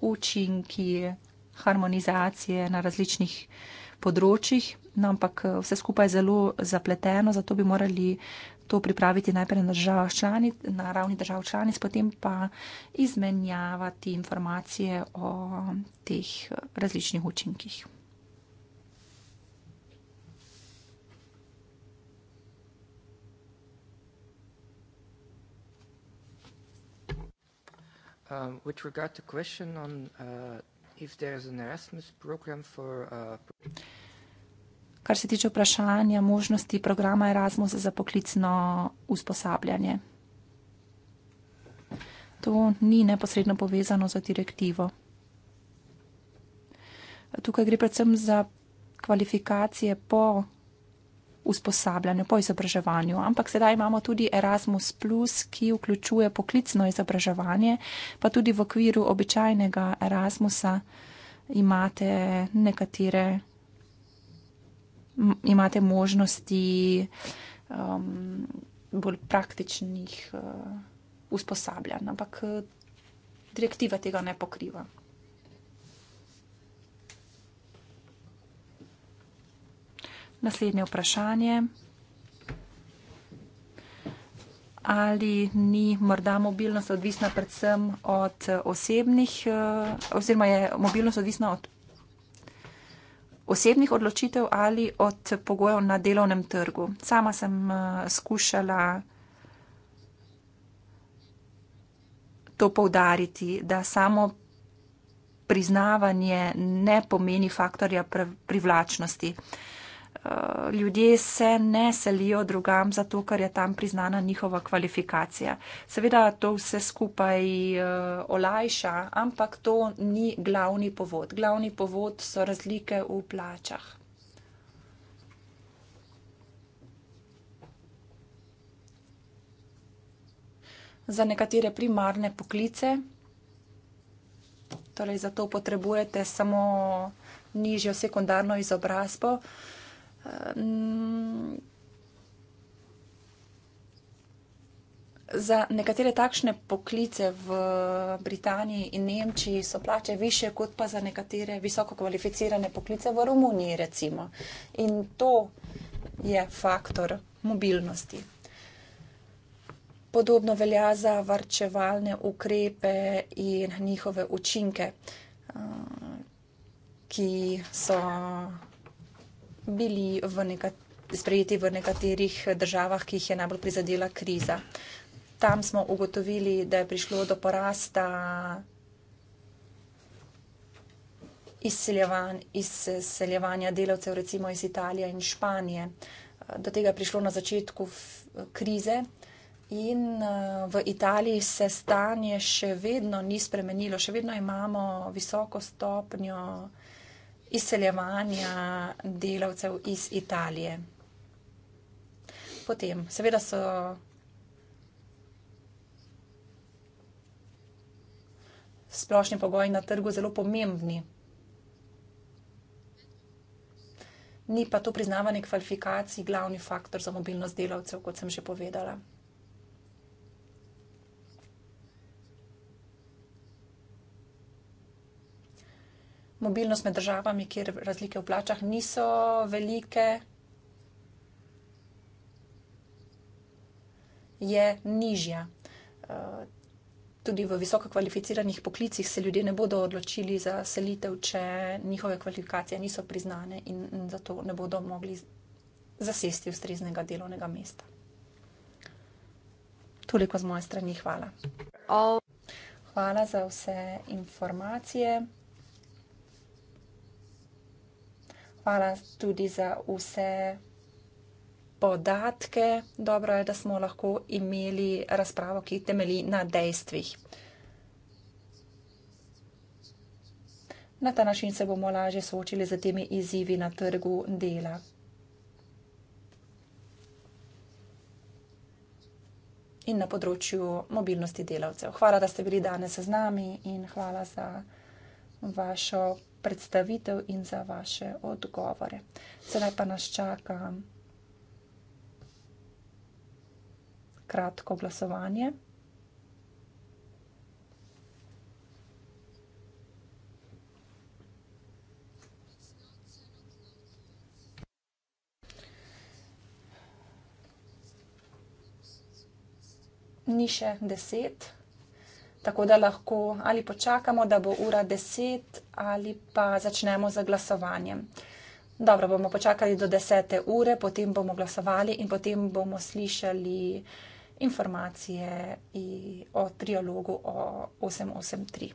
učinki harmonizacije na različnih področjih No, ampak eh, vse skupaj je zelo zapleteno, zato bi morali to pripraviti najprej na, člani, na ravni držav članic, potem pa izmenjavati informacije o teh eh, različnih učinkih. Um, with regard to question on uh, if there is an Erasmus program for. Uh kar se tiče vprašanja možnosti programa Erasmus za poklicno usposabljanje. To ni neposredno povezano z direktivo. Tukaj gre predvsem za kvalifikacije po usposabljanju, po izobraževanju, ampak sedaj imamo tudi Erasmus, ki vključuje poklicno izobraževanje, pa tudi v okviru običajnega Erasmusa imate nekatere imate možnosti um, bolj praktičnih uh, usposabljanj, ampak uh, direktiva tega ne pokriva. Naslednje vprašanje. Ali ni morda mobilnost odvisna predvsem od uh, osebnih, uh, oziroma je mobilnost odvisna od osebnih odločitev ali od pogojev na delovnem trgu. Sama sem eh, skušala to povdariti, da samo priznavanje ne pomeni faktorja privlačnosti. Eh, ljudje se ne selijo drugam, zato ker je tam priznana njihova kvalifikacija. Seveda to vse skupaj eh, olajša, ampak to ni glavni povod. Glavni povod so razlike v plačah. Za nekatere primarne poklice, torej za to potrebujete samo nižjo sekundarno izobrazbo, Za nekatere takšne poklice v Britaniji in Nemčiji so plače više, kot pa za nekatere visoko kvalificirane poklice v Romuniji, recimo. In to je faktor mobilnosti. Podobno velja za varčevalne ukrepe in njihove učinke, eh, ki so bili v sprejeti v nekaterih državah, ki jih je najbolj prizadela kriza. Tam smo ugotovili, da je prišlo do porasta izseljevanja delavcev recimo iz Italije in Španije. Do tega je prišlo na začetku krize in v Italiji se stanje še vedno ni spremenilo. Še vedno imamo visoko stopnjo izseljevanja izseljevanja delavcev iz Italije. Potem, seveda so splošni pogoji na trgu zelo pomembni. Ni pa to priznavanje kvalifikacij glavni faktor za mobilnost delavcev, kot sem že povedala. mobilnost med državami, kjer razlike v plačah niso velike, je nižja. Eh, tudi v visoko kvalificiranih poklicih se ljudje ne bodo odločili za selitev, če njihove kvalifikacije niso priznane in zato ne bodo mogli zasesti ustreznega delovnega mesta. Toliko z moje strani. Hvala. Hvala za vse informacije. hvala tudi za vse podatke. Dobro je, da smo lahko imeli razpravo, ki temelji na dejstvih. Na ta način se bomo lažje soočili z temi izzivi na trgu dela. In na področju mobilnosti delavcev. Hvala, da ste bili danes z nami in hvala za vašo predstavitev in za vaše odgovore. Sedaj pa nas čaka kratko glasovanje. Ni še deset tako da lahko ali počakamo, da bo ura 10 ali pa začnemo z glasovanjem. Dobro, bomo počakali do 10. ure, potem bomo glasovali in potem bomo slišali informacije o trialogu o 883.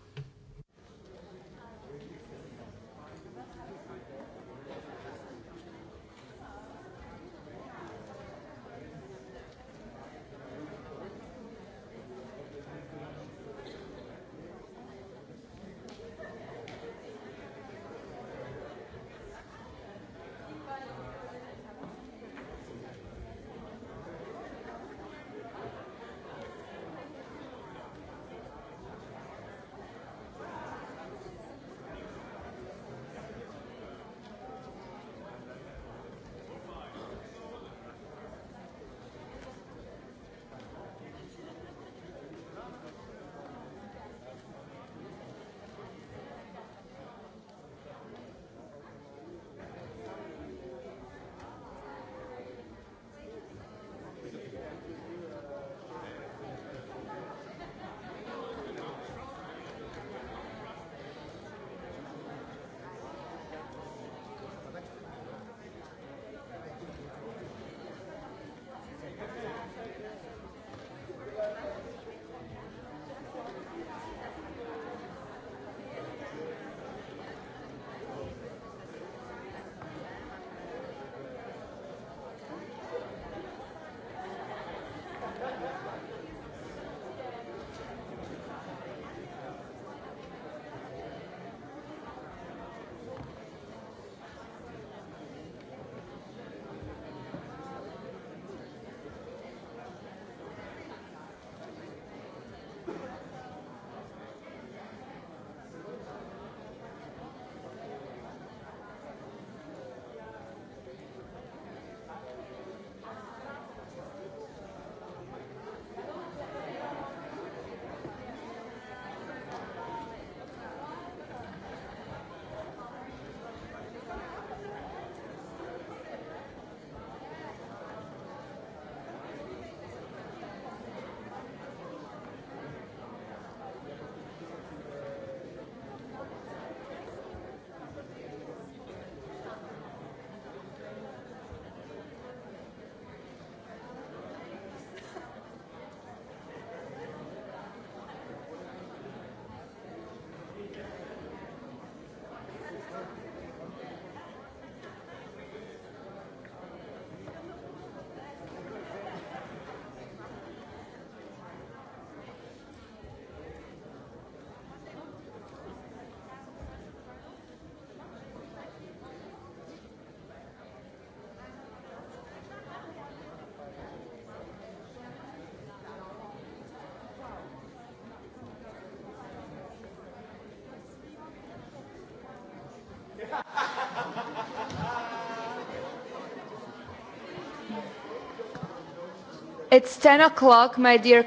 It's 10 o'clock, my dear.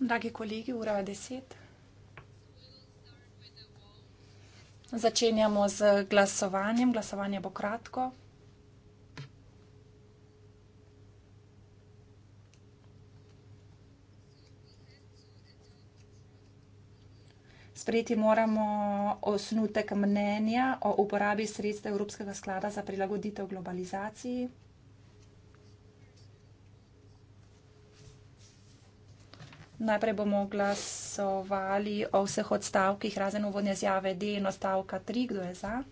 Dragi kolegi, ura je 10. Začenjamo z glasovanjem. Glasovanje bo kratko. Sprejeti moramo osnutek mnenja o uporabi sredstev Evropskega sklada za prilagoditev globalizaciji. Najprej bomo glasovali o vseh odstavkih, razen uvodne izjave D in odstavka 3. Kdo je za?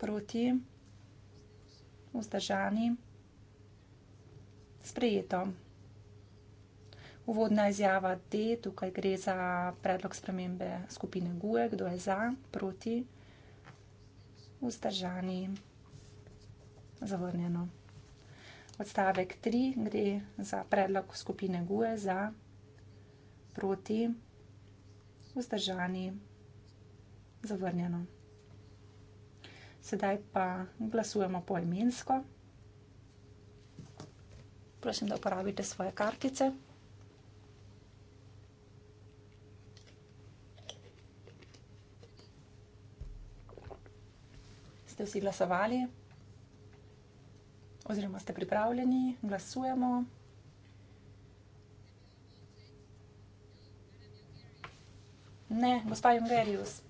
Proti? Vzdržani? Sprejeto. Uvodna izjava D, tukaj gre za predlog spremembe skupine GUE. Kdo je za? Proti? Vzdržani? Zavrnjeno odstavek 3 gre za predlog skupine GUE za proti vzdržani zavrnjeno. Sedaj pa glasujemo poimensko. Prosim, da uporabite svoje kartice. Ste vsi glasovali? oziroma ste pripravljeni, glasujemo. Ne, gospa Jungerius.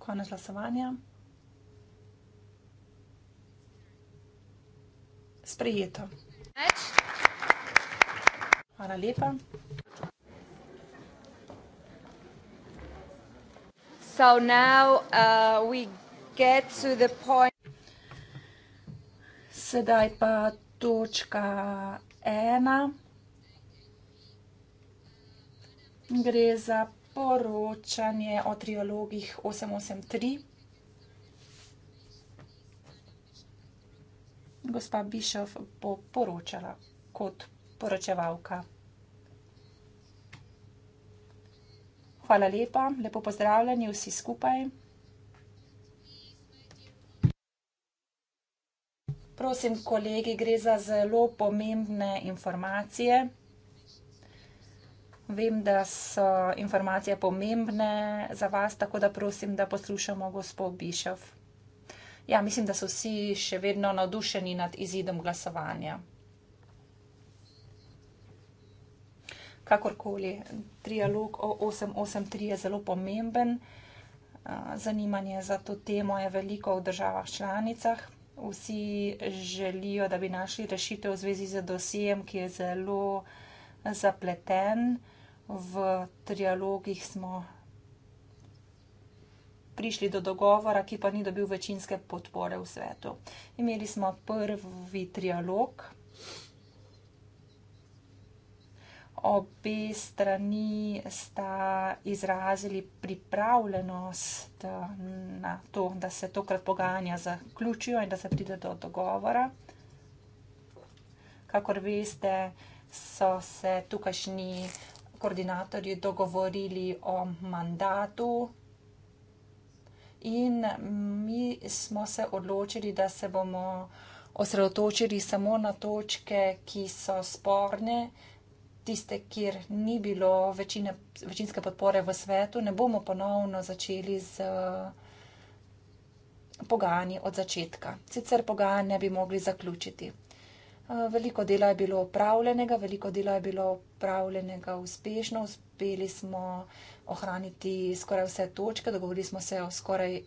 Konec glasovanja. Sprejeto. Več. Hvala lepa. So now uh, we get to the point. Sedaj pa točka ena. Gre za poročanje o triologih 883. Gospa Bišov bo poročala kot poročevalka. Hvala lepa, lepo pozdravljeni vsi skupaj. Prosim, kolegi, gre za zelo pomembne informacije. Vem, da so informacije pomembne za vas, tako da prosim, da poslušamo gospod Bišov. Ja, mislim, da so vsi še vedno navdušeni nad izidom glasovanja. Kakorkoli, trialog o 883 je zelo pomemben. Zanimanje za to temo je veliko v državah članicah vsi želijo, da bi našli rešitev v zvezi z dosijem, ki je zelo zapleten. V trialogih smo prišli do dogovora, ki pa ni dobil večinske podpore v svetu. Imeli smo prvi trialog. obe strani sta izrazili pripravljenost eh, na to, da se tokrat pogajanja zaključijo in da se pride do dogovora. Kakor veste, so se tukajšnji koordinatorji dogovorili o mandatu in mi smo se odločili, da se bomo osredotočili samo na točke, ki so sporne in tiste, kjer ni bilo večine, večinske podpore v svetu, ne bomo ponovno začeli z eh, pogajanji od začetka. Sicer pogajanja bi mogli zaključiti. Eh, veliko dela je bilo upravljenega, veliko dela je bilo upravljenega uspešno. Uspeli smo ohraniti skoraj vse točke, dogovorili smo se o skoraj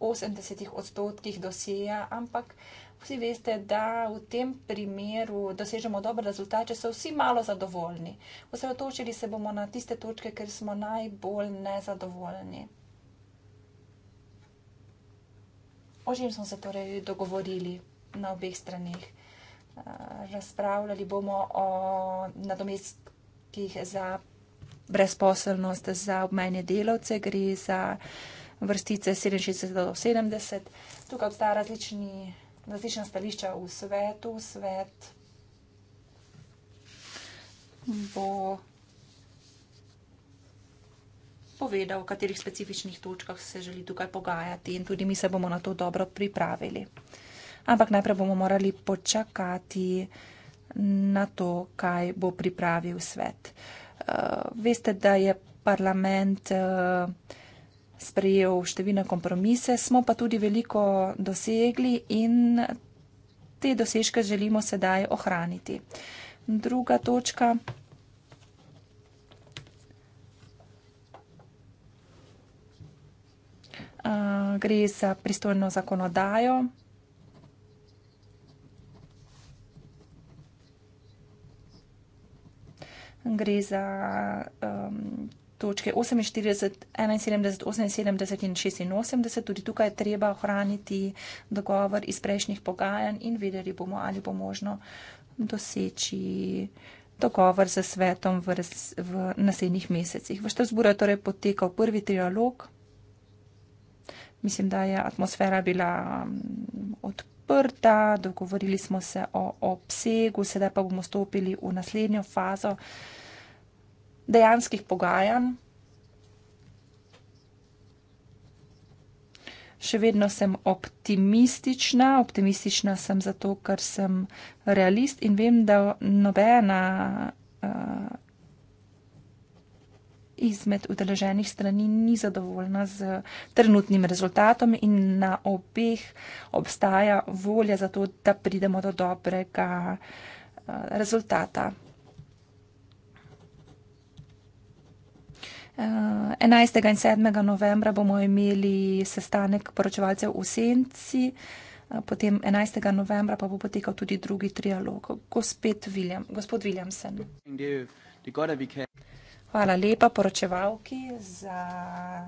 80 odstotkih dosjeja, ampak vsi veste, da v tem primeru dosežemo dobre rezultate, so vsi malo zadovoljni. Osredotočili se bomo na tiste točke, ker smo najbolj nezadovoljni. O čem smo se torej dogovorili na obeh stranih? Eh, razpravljali bomo o nadomestkih za brezposelnost za obmejne delavce, gre za vrstice 67 do 70. Tukaj obstaja različni različna stališča v svetu. Svet bo povedal, v katerih specifičnih točkah se želi tukaj pogajati in tudi mi se bomo na to dobro pripravili. Ampak najprej bomo morali počakati na to, kaj bo pripravil svet. Uh, veste, da je parlament. Uh, sprejel številne kompromise, smo pa tudi veliko dosegli in te dosežke želimo sedaj ohraniti. Druga točka. Gre za pristojno zakonodajo. Gre za um, točke 48, 71, 78 in 86. Tudi tukaj je treba ohraniti dogovor iz prejšnjih pogajanj in videli bomo, ali bo možno doseči dogovor z svetom v, v naslednjih mesecih. V Štrasburu je torej potekal prvi trialog. Mislim, da je atmosfera bila mm, odprta, dogovorili smo se o obsegu, sedaj pa bomo stopili v naslednjo fazo dejanskih pogajanj. Še vedno sem optimistična, optimistična sem zato, ker sem realist in vem, da nobena uh, izmed udeleženih strani ni zadovoljna z trenutnim rezultatom in na obeh obstaja volja za to, da pridemo do dobrega uh, rezultata. 11. in 7. novembra bomo imeli sestanek poročevalcev v Senci, potem 11. novembra pa bo potekal tudi drugi trialog. Gospod, William, gospod Williamson. Hvala lepa poročevalki za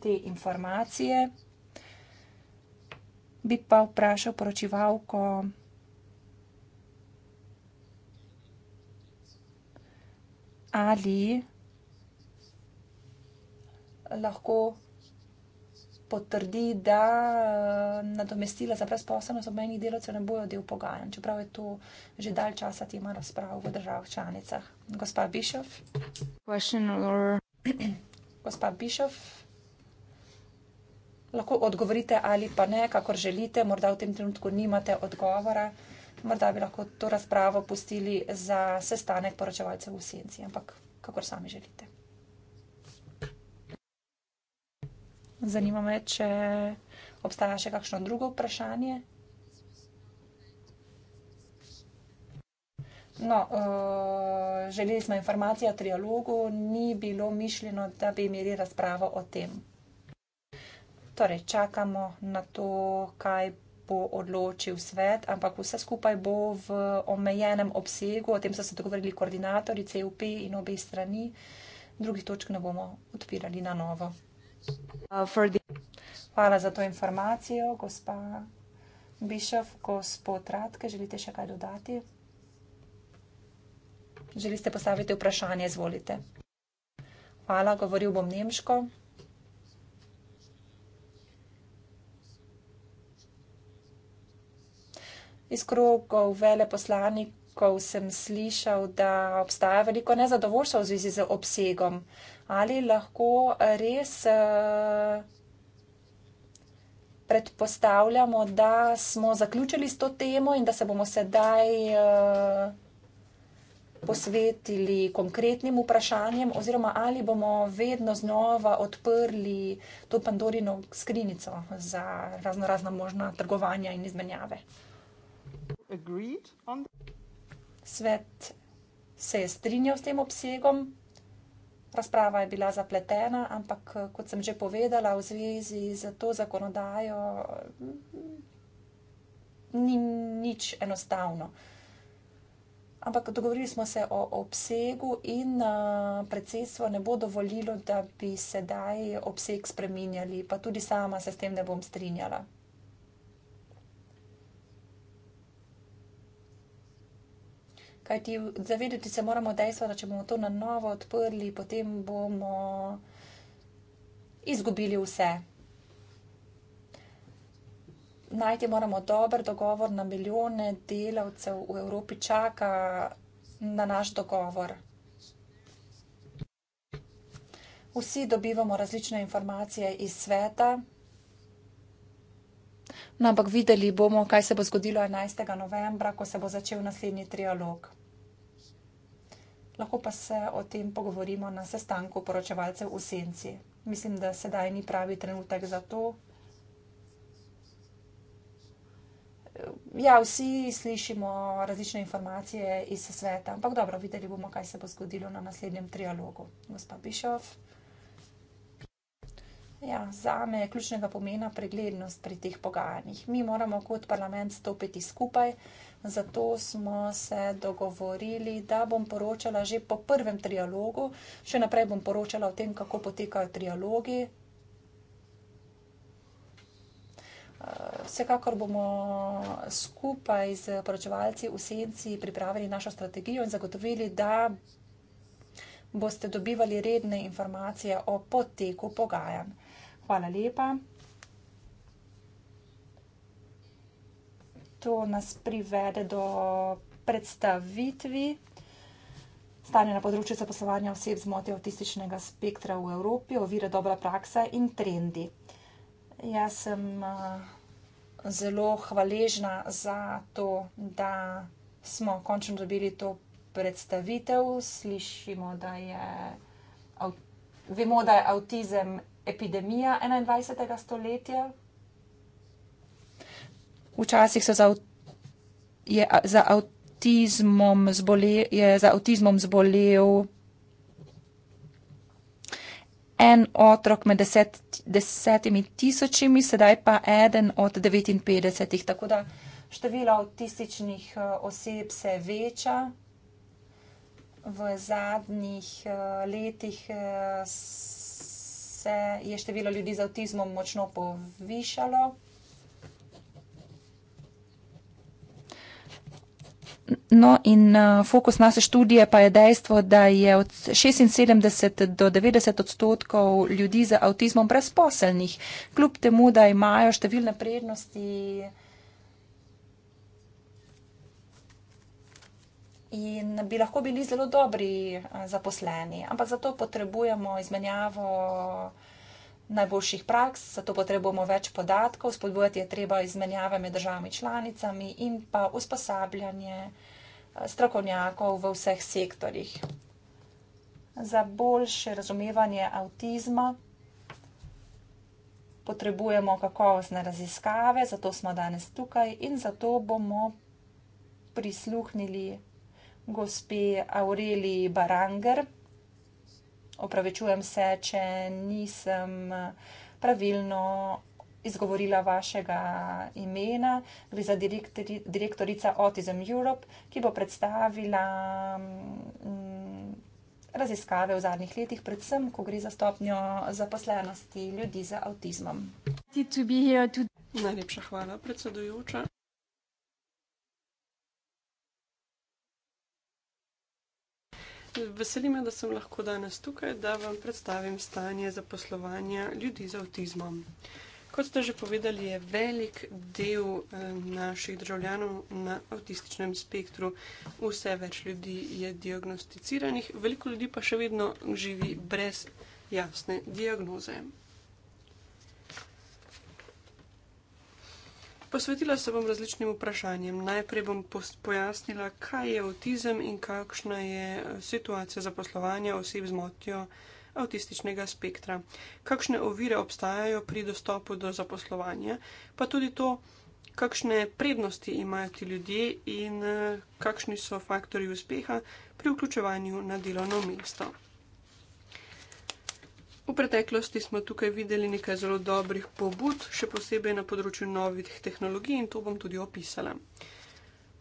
te informacije. Bi pa vprašal poročevalko. ali lahko potrdi, da eh, nadomestila za brezposobnost obmejnih delovcev ne bojo del pogajanj, čeprav je to že dal časa tema razprav v državah članicah. Gospa Bišov. Gospa Bišov, lahko odgovorite ali pa ne, kakor želite, morda v tem trenutku nimate odgovora morda bi lahko to razpravo pustili za sestanek poročevalcev v senci, ampak kakor sami želite. Zanima me, če obstaja še kakšno drugo vprašanje. No, uh, želeli smo informacije o trialogu, ni bilo mišljeno, da bi imeli razpravo o tem. Torej, čakamo na to, kaj bo odločil svet, ampak vse skupaj bo v omejenem obsegu. O tem so se dogovorili koordinatorji CUP in obe strani. Drugih točk ne bomo odpirali na novo. Hvala za to informacijo, gospa Bišov, gospod Ratke. Želite še kaj dodati? Želite postaviti vprašanje? Izvolite. Hvala, govoril bom nemško. Iz krogov veleposlanikov sem slišal, da obstaja veliko nezadovoljstva v zvezi z obsegom. Ali lahko res eh, predpostavljamo, da smo zaključili s to temo in da se bomo sedaj eh, posvetili konkretnim vprašanjem oziroma ali bomo vedno znova odprli to Pandorino skrinico za raznorazna možna trgovanja in izmenjave. Svet se je strinjal s tem obsegom. Razprava je bila zapletena, ampak eh, kot sem že povedala, v zvezi z to zakonodajo mm, ni nič enostavno. Ampak dogovorili smo se o obsegu in eh, predsedstvo ne bo dovolilo, da bi sedaj obseg spreminjali, pa tudi sama se s tem ne bom strinjala. Kajti zavedati se moramo dejstva, da če bomo to na novo odprli, potem bomo izgubili vse. Najti moramo dober dogovor, na milijone delavcev v Evropi čaka na naš dogovor. Vsi dobivamo različne informacije iz sveta. No, ampak videli bomo, kaj se bo zgodilo 11. novembra, ko se bo začel naslednji trialog. Lahko pa se o tem pogovorimo na sestanku poročevalcev v senci. Mislim, da sedaj ni pravi trenutek za to. Ja, vsi slišimo različne informacije iz sveta, ampak dobro, videli bomo, kaj se bo zgodilo na naslednjem trialogu. Gospa Bišov. Ja, za me je ključnega pomena preglednost pri teh pogajanjih. Mi moramo kot parlament stopiti skupaj, zato smo se dogovorili, da bom poročala že po prvem trialogu, še naprej bom poročala o tem, kako potekajo trialogi. Eh, vsekakor bomo skupaj z poročevalci v senci pripravili našo strategijo in zagotovili, da boste dobivali redne informacije o poteku pogajanj. Hvala lepa. To nas privede do predstavitvi stanja na področju zaposlovanja oseb z motnjo avtističnega spektra v Evropi, ovire, dobra praksa in trendi. Jaz sem eh, zelo hvaležna za to, da smo končno dobili to predstavitev. Slišimo, da je vemo, da je avtizem epidemija 21. stoletja? Včasih so za, je, za avtizmom zbolel, je za avtizmom zbolel en otrok med deset, desetimi tisočimi, sedaj pa eden od 59. Tako da število avtističnih eh, oseb se veča. V zadnjih eh, letih eh, se je število ljudi z avtizmom močno povišalo? No, in eh, fokus naše študije pa je dejstvo, da je od 76 do 90 odstotkov ljudi z avtizmom brezposelnih, kljub temu, da imajo številne prednosti. in bi lahko bili zelo dobri eh, zaposleni, ampak zato potrebujemo izmenjavo najboljših praks, zato potrebujemo več podatkov, spodbujati je treba izmenjave med državami članicami in pa usposabljanje eh, strokovnjakov v vseh sektorjih. Za boljše razumevanje avtizma potrebujemo kakovostne raziskave, zato smo danes tukaj in zato bomo prisluhnili gospe Aureli Baranger. Opravičujem se, če nisem pravilno izgovorila vašega imena. Gre za direktori, direktorica Autism Europe, ki bo predstavila mm, raziskave v zadnjih letih, predvsem, ko gre za stopnjo zaposlenosti ljudi z avtizmom. Najlepša hvala, predsedujoča. Veseli me, da sem lahko danes tukaj, da vam predstavim stanje zaposlovanja ljudi z avtizmom. Kot ste že povedali, je velik del eh, naših državljanov na avtističnem spektru, vse več ljudi je diagnosticiranih, veliko ljudi pa še vedno živi brez jasne diagnoze. Posvetila se bom različnim vprašanjem. Najprej bom pojasnila, kaj je avtizem in kakšna je eh, situacija zaposlovanja oseb z motnjo avtističnega spektra. Kakšne ovire obstajajo pri dostopu do zaposlovanja, pa tudi to, kakšne prednosti imajo ti ljudje in eh, kakšni so faktori uspeha pri vključevanju na delovno mesto. V preteklosti smo tukaj videli nekaj zelo dobrih pobud, še posebej na področju novih tehnologij in to bom tudi opisala.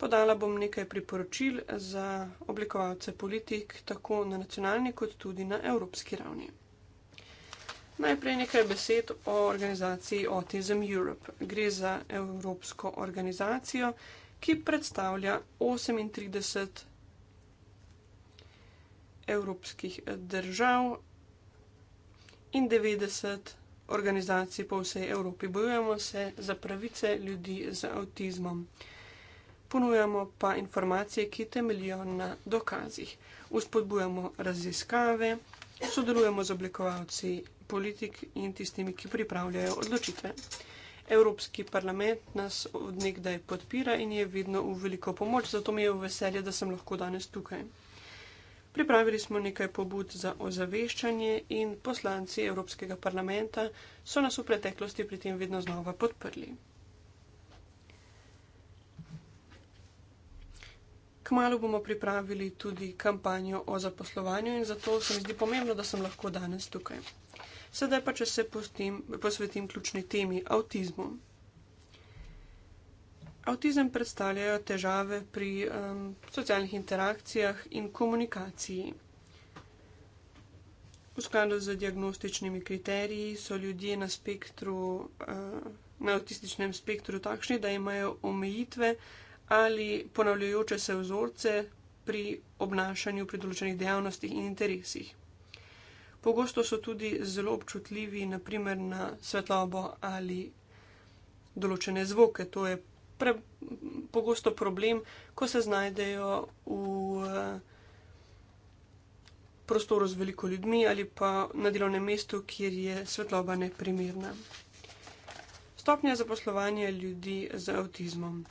Podala bom nekaj priporočil za oblikovalce politik, tako na nacionalni kot tudi na evropski ravni. Najprej nekaj besed o organizaciji Autism Europe. Gre za evropsko organizacijo, ki predstavlja 38 evropskih držav in 90 organizacij po vsej Evropi. Bojujemo se za pravice ljudi z avtizmom. Ponujamo pa informacije, ki temeljijo na dokazih. Uspodbujamo raziskave, sodelujemo z oblikovalci politik in tistimi, ki pripravljajo odločitve. Evropski parlament nas odnegdaj podpira in je vedno v veliko pomoč, zato mi je v veselje, da sem lahko danes tukaj. Pripravili smo nekaj pobud za ozaveščanje in poslanci Evropskega parlamenta so nas v preteklosti pri tem vedno znova podprli. Kmalo bomo pripravili tudi kampanjo o zaposlovanju in zato se mi zdi pomembno, da sem lahko danes tukaj. Sedaj pa, če se postim, posvetim ključni temi avtizmu. Avtizem predstavljajo težave pri um, socialnih interakcijah in komunikaciji. V skladu z diagnostičnimi kriteriji so ljudje na, spektru, uh, na avtističnem spektru takšni, da imajo omejitve ali ponavljajoče se vzorce pri obnašanju pri določenih dejavnostih in interesih. Pogosto so tudi zelo občutljivi, naprimer na svetlobo ali določene zvoke, to je pre, pogosto problem, ko se znajdejo v eh, prostoru z veliko ljudmi ali pa na delovnem mestu, kjer je svetloba neprimerna. Stopnja zaposlovanja ljudi z avtizmom.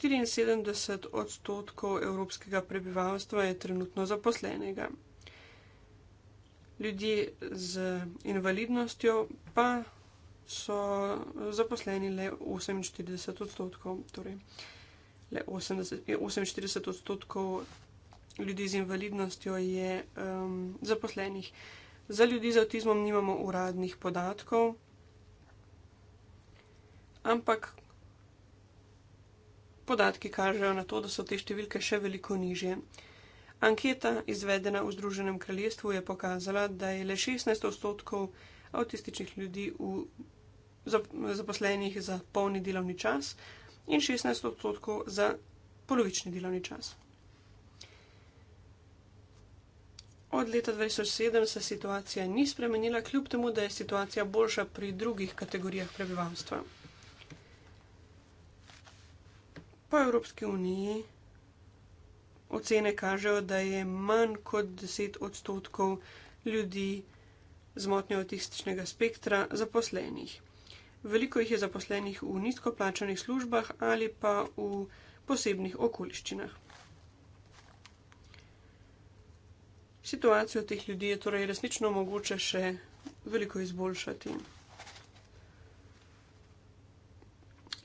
74 odstotkov evropskega prebivalstva je trenutno zaposlenega. Ljudje z invalidnostjo pa so eh, zaposleni le 48 odstotkov, torej le 80, 48 odstotkov ljudi z invalidnostjo je um, zaposlenih. Za ljudi z avtizmom nimamo uradnih podatkov, ampak podatki kažejo na to, da so te številke še veliko nižje. Anketa, izvedena v Združenem kraljestvu, je pokazala, da je le 16 odstotkov avtističnih ljudi v zaposlenih za polni delovni čas in 16 odstotkov za polovični delovni čas. Od leta 2007 se situacija ni spremenila, kljub temu, da je situacija boljša pri drugih kategorijah prebivalstva. Po Evropski uniji ocene kažejo, da je manj kot 10 odstotkov ljudi z motnjo avtističnega spektra zaposlenih. Veliko jih je zaposlenih v nizkoplačanih službah ali pa v posebnih okoliščinah. Situacijo teh ljudi je torej resnično mogoče še veliko izboljšati.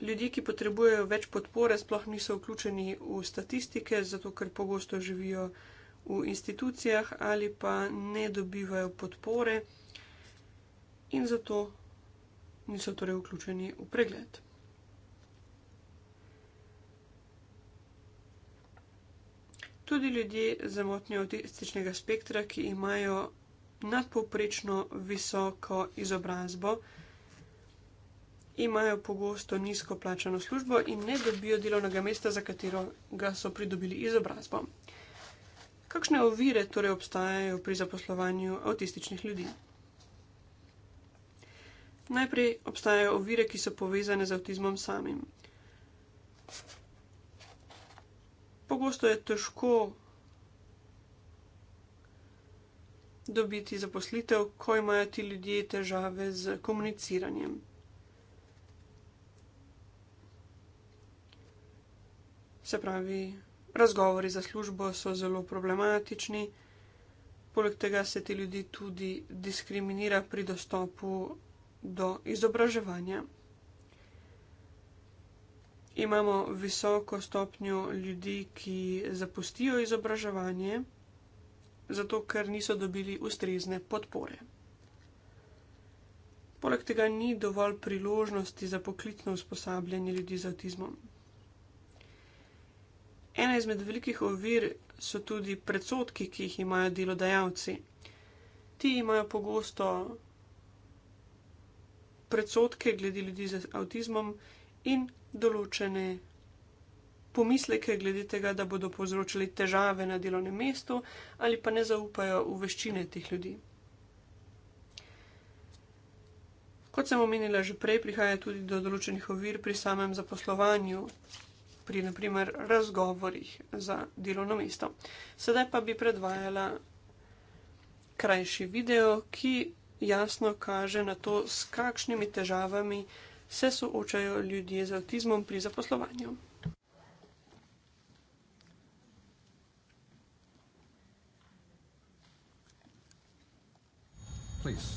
Ljudje, ki potrebujejo več podpore, sploh niso vključeni v statistike, zato ker pogosto živijo v institucijah ali pa ne dobivajo podpore in zato niso torej vključeni v pregled. Tudi ljudje z motnjo avtističnega spektra, ki imajo nadpovprečno visoko izobrazbo, imajo pogosto nizko plačano službo in ne dobijo delovnega mesta, za katero ga so pridobili izobrazbo. Kakšne ovire torej obstajajo pri zaposlovanju avtističnih ljudi? Najprej obstajajo ovire, ki so povezane z avtizmom samim. Pogosto je težko dobiti zaposlitev, ko imajo ti ljudje težave z komuniciranjem. Se pravi, razgovori za službo so zelo problematični, poleg tega se ti ljudi tudi diskriminira pri dostopu do izobraževanja. Imamo visoko stopnjo ljudi, ki zapustijo izobraževanje, zato ker niso dobili ustrezne podpore. Poleg tega ni dovolj priložnosti za poklicno usposabljanje ljudi z avtizmom. Ena izmed velikih ovir so tudi predsotki, ki jih imajo delodajalci. Ti imajo pogosto predsotke glede ljudi z avtizmom in določene pomisleke glede tega, da bodo povzročili težave na delovnem mestu ali pa ne zaupajo v veščine teh ljudi. Kot sem omenila že prej, prihaja tudi do določenih ovir pri samem zaposlovanju, pri naprimer razgovorih za delovno mesto. Sedaj pa bi predvajala krajši video, ki jasno kaže na to, s kakšnimi težavami se soočajo ljudje z avtizmom pri zaposlovanju. Please,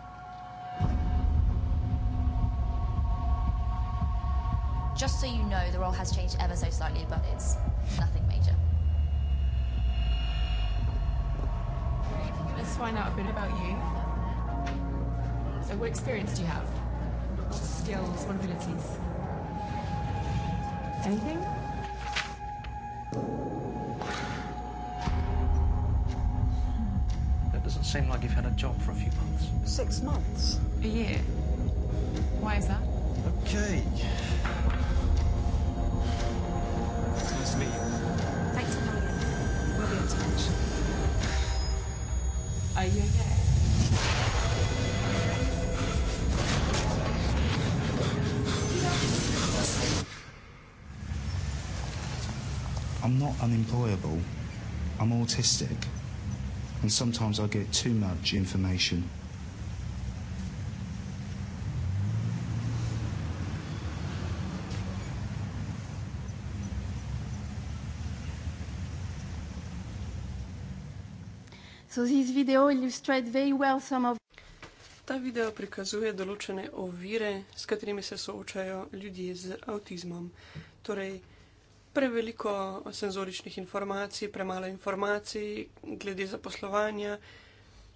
Just so you know, the role has changed ever so slightly, but it's nothing major. Let's find out a bit about you. What experience do you have? What skills, what abilities? Anything? That doesn't seem like you've had a job for a few months. Six months? A year. Why is that? Okay. me. Thanks a million. We'll be in touch. Are you okay? I'm not unemployable. I'm autistic. And sometimes I get too much information. So this video illustrates very well some of Ta video prikazuje določene ovire, s katerimi se soočajo ljudje z avtizmom. Torej, preveliko senzoričnih informacij, premalo informacij glede zaposlovanja,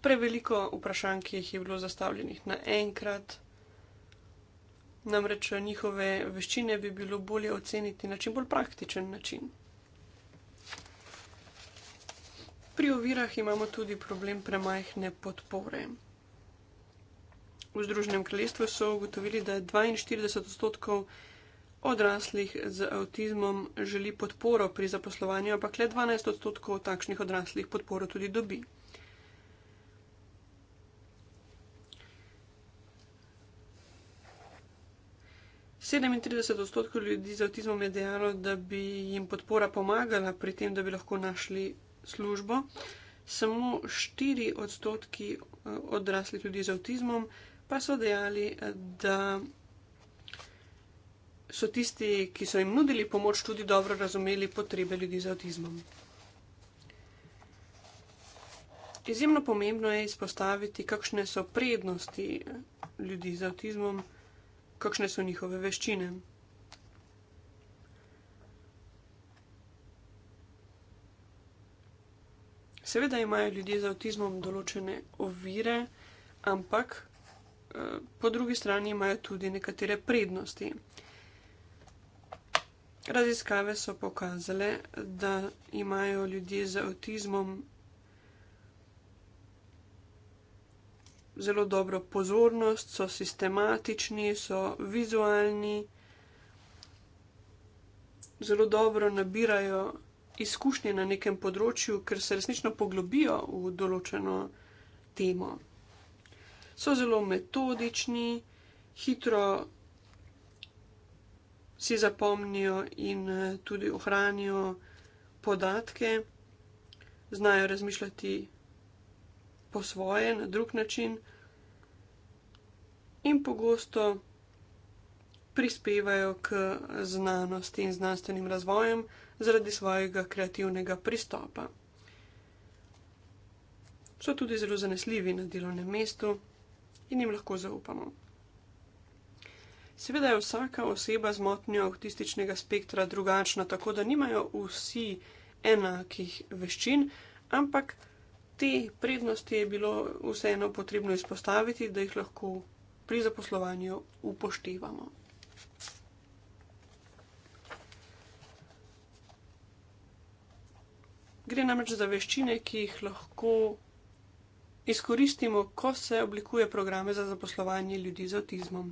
preveliko vprašanj, ki jih je bilo zastavljenih naenkrat. Namreč njihove veščine bi bilo bolje oceniti na čim bolj praktičen način. Pri ovirah imamo tudi problem premajhne podpore. V Združenem kraljestvu so ugotovili, da 42 odstotkov odraslih z avtizmom želi podporo pri zaposlovanju, ampak le 12 odstotkov takšnih odraslih podporo tudi dobi. odstotkov ljudi z avtizmom je dejalo, da bi jim podpora pomagala pri tem, da bi lahko našli službo. Samo 4 odstotki eh, odraslih ljudi z avtizmom pa so dejali, eh, da so tisti, ki so jim nudili pomoč, tudi dobro razumeli potrebe ljudi z avtizmom. Izjemno pomembno je izpostaviti, kakšne so prednosti ljudi z avtizmom, kakšne so njihove veščine. Seveda imajo ljudje z avtizmom določene ovire, ampak eh, po drugi strani imajo tudi nekatere prednosti. Raziskave so pokazale, da imajo ljudje z avtizmom zelo dobro pozornost, so sistematični, so vizualni, zelo dobro nabirajo izkušnje na nekem področju, ker se resnično poglobijo v določeno temo. So zelo metodični, hitro si zapomnijo in eh, tudi ohranijo podatke, znajo razmišljati po svoje, na drug način, in pogosto prispevajo k znanosti in znanstvenim razvojem zaradi svojega kreativnega pristopa. So tudi zelo zanesljivi na delovnem mestu in jim lahko zaupamo. Seveda je vsaka oseba z motnjo avtističnega spektra drugačna, tako da nimajo vsi enakih veščin, ampak te prednosti je bilo vseeno potrebno izpostaviti, da jih lahko pri zaposlovanju upoštevamo. Gre namreč za veščine, ki jih lahko izkoristimo, ko se oblikuje programe za zaposlovanje ljudi z avtizmom.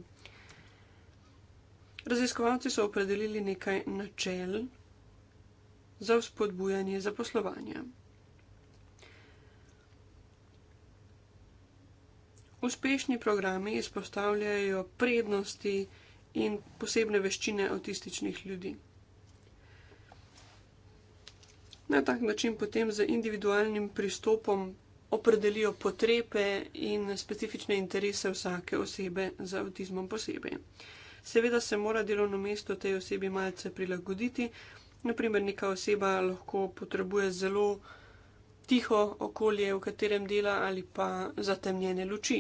Raziskovalci so opredelili nekaj načel za vzpodbujanje zaposlovanja. Uspešni programi izpostavljajo prednosti in posebne veščine avtističnih ljudi. Na tak način potem z individualnim pristopom opredelijo potrebe in specifične interese vsake osebe z avtizmom posebej. Seveda se mora delovno mesto tej osebi malce prilagoditi. Naprimer, neka oseba lahko potrebuje zelo tiho okolje, v katerem dela ali pa zatemnjene luči.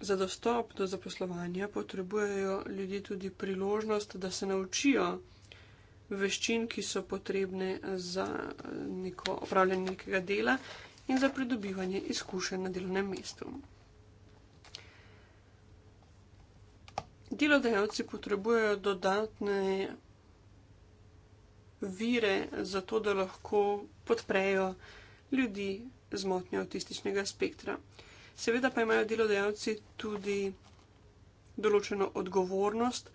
Za dostop do zaposlovanja potrebujejo ljudje tudi priložnost, da se naučijo veščin, ki so potrebne za neko opravljanje nekega dela in za pridobivanje izkušenj na delovnem mestu. Delodajalci potrebujejo dodatne vire za to, da lahko podprejo ljudi z motnjo avtističnega spektra. Seveda pa imajo delodajalci tudi določeno odgovornost,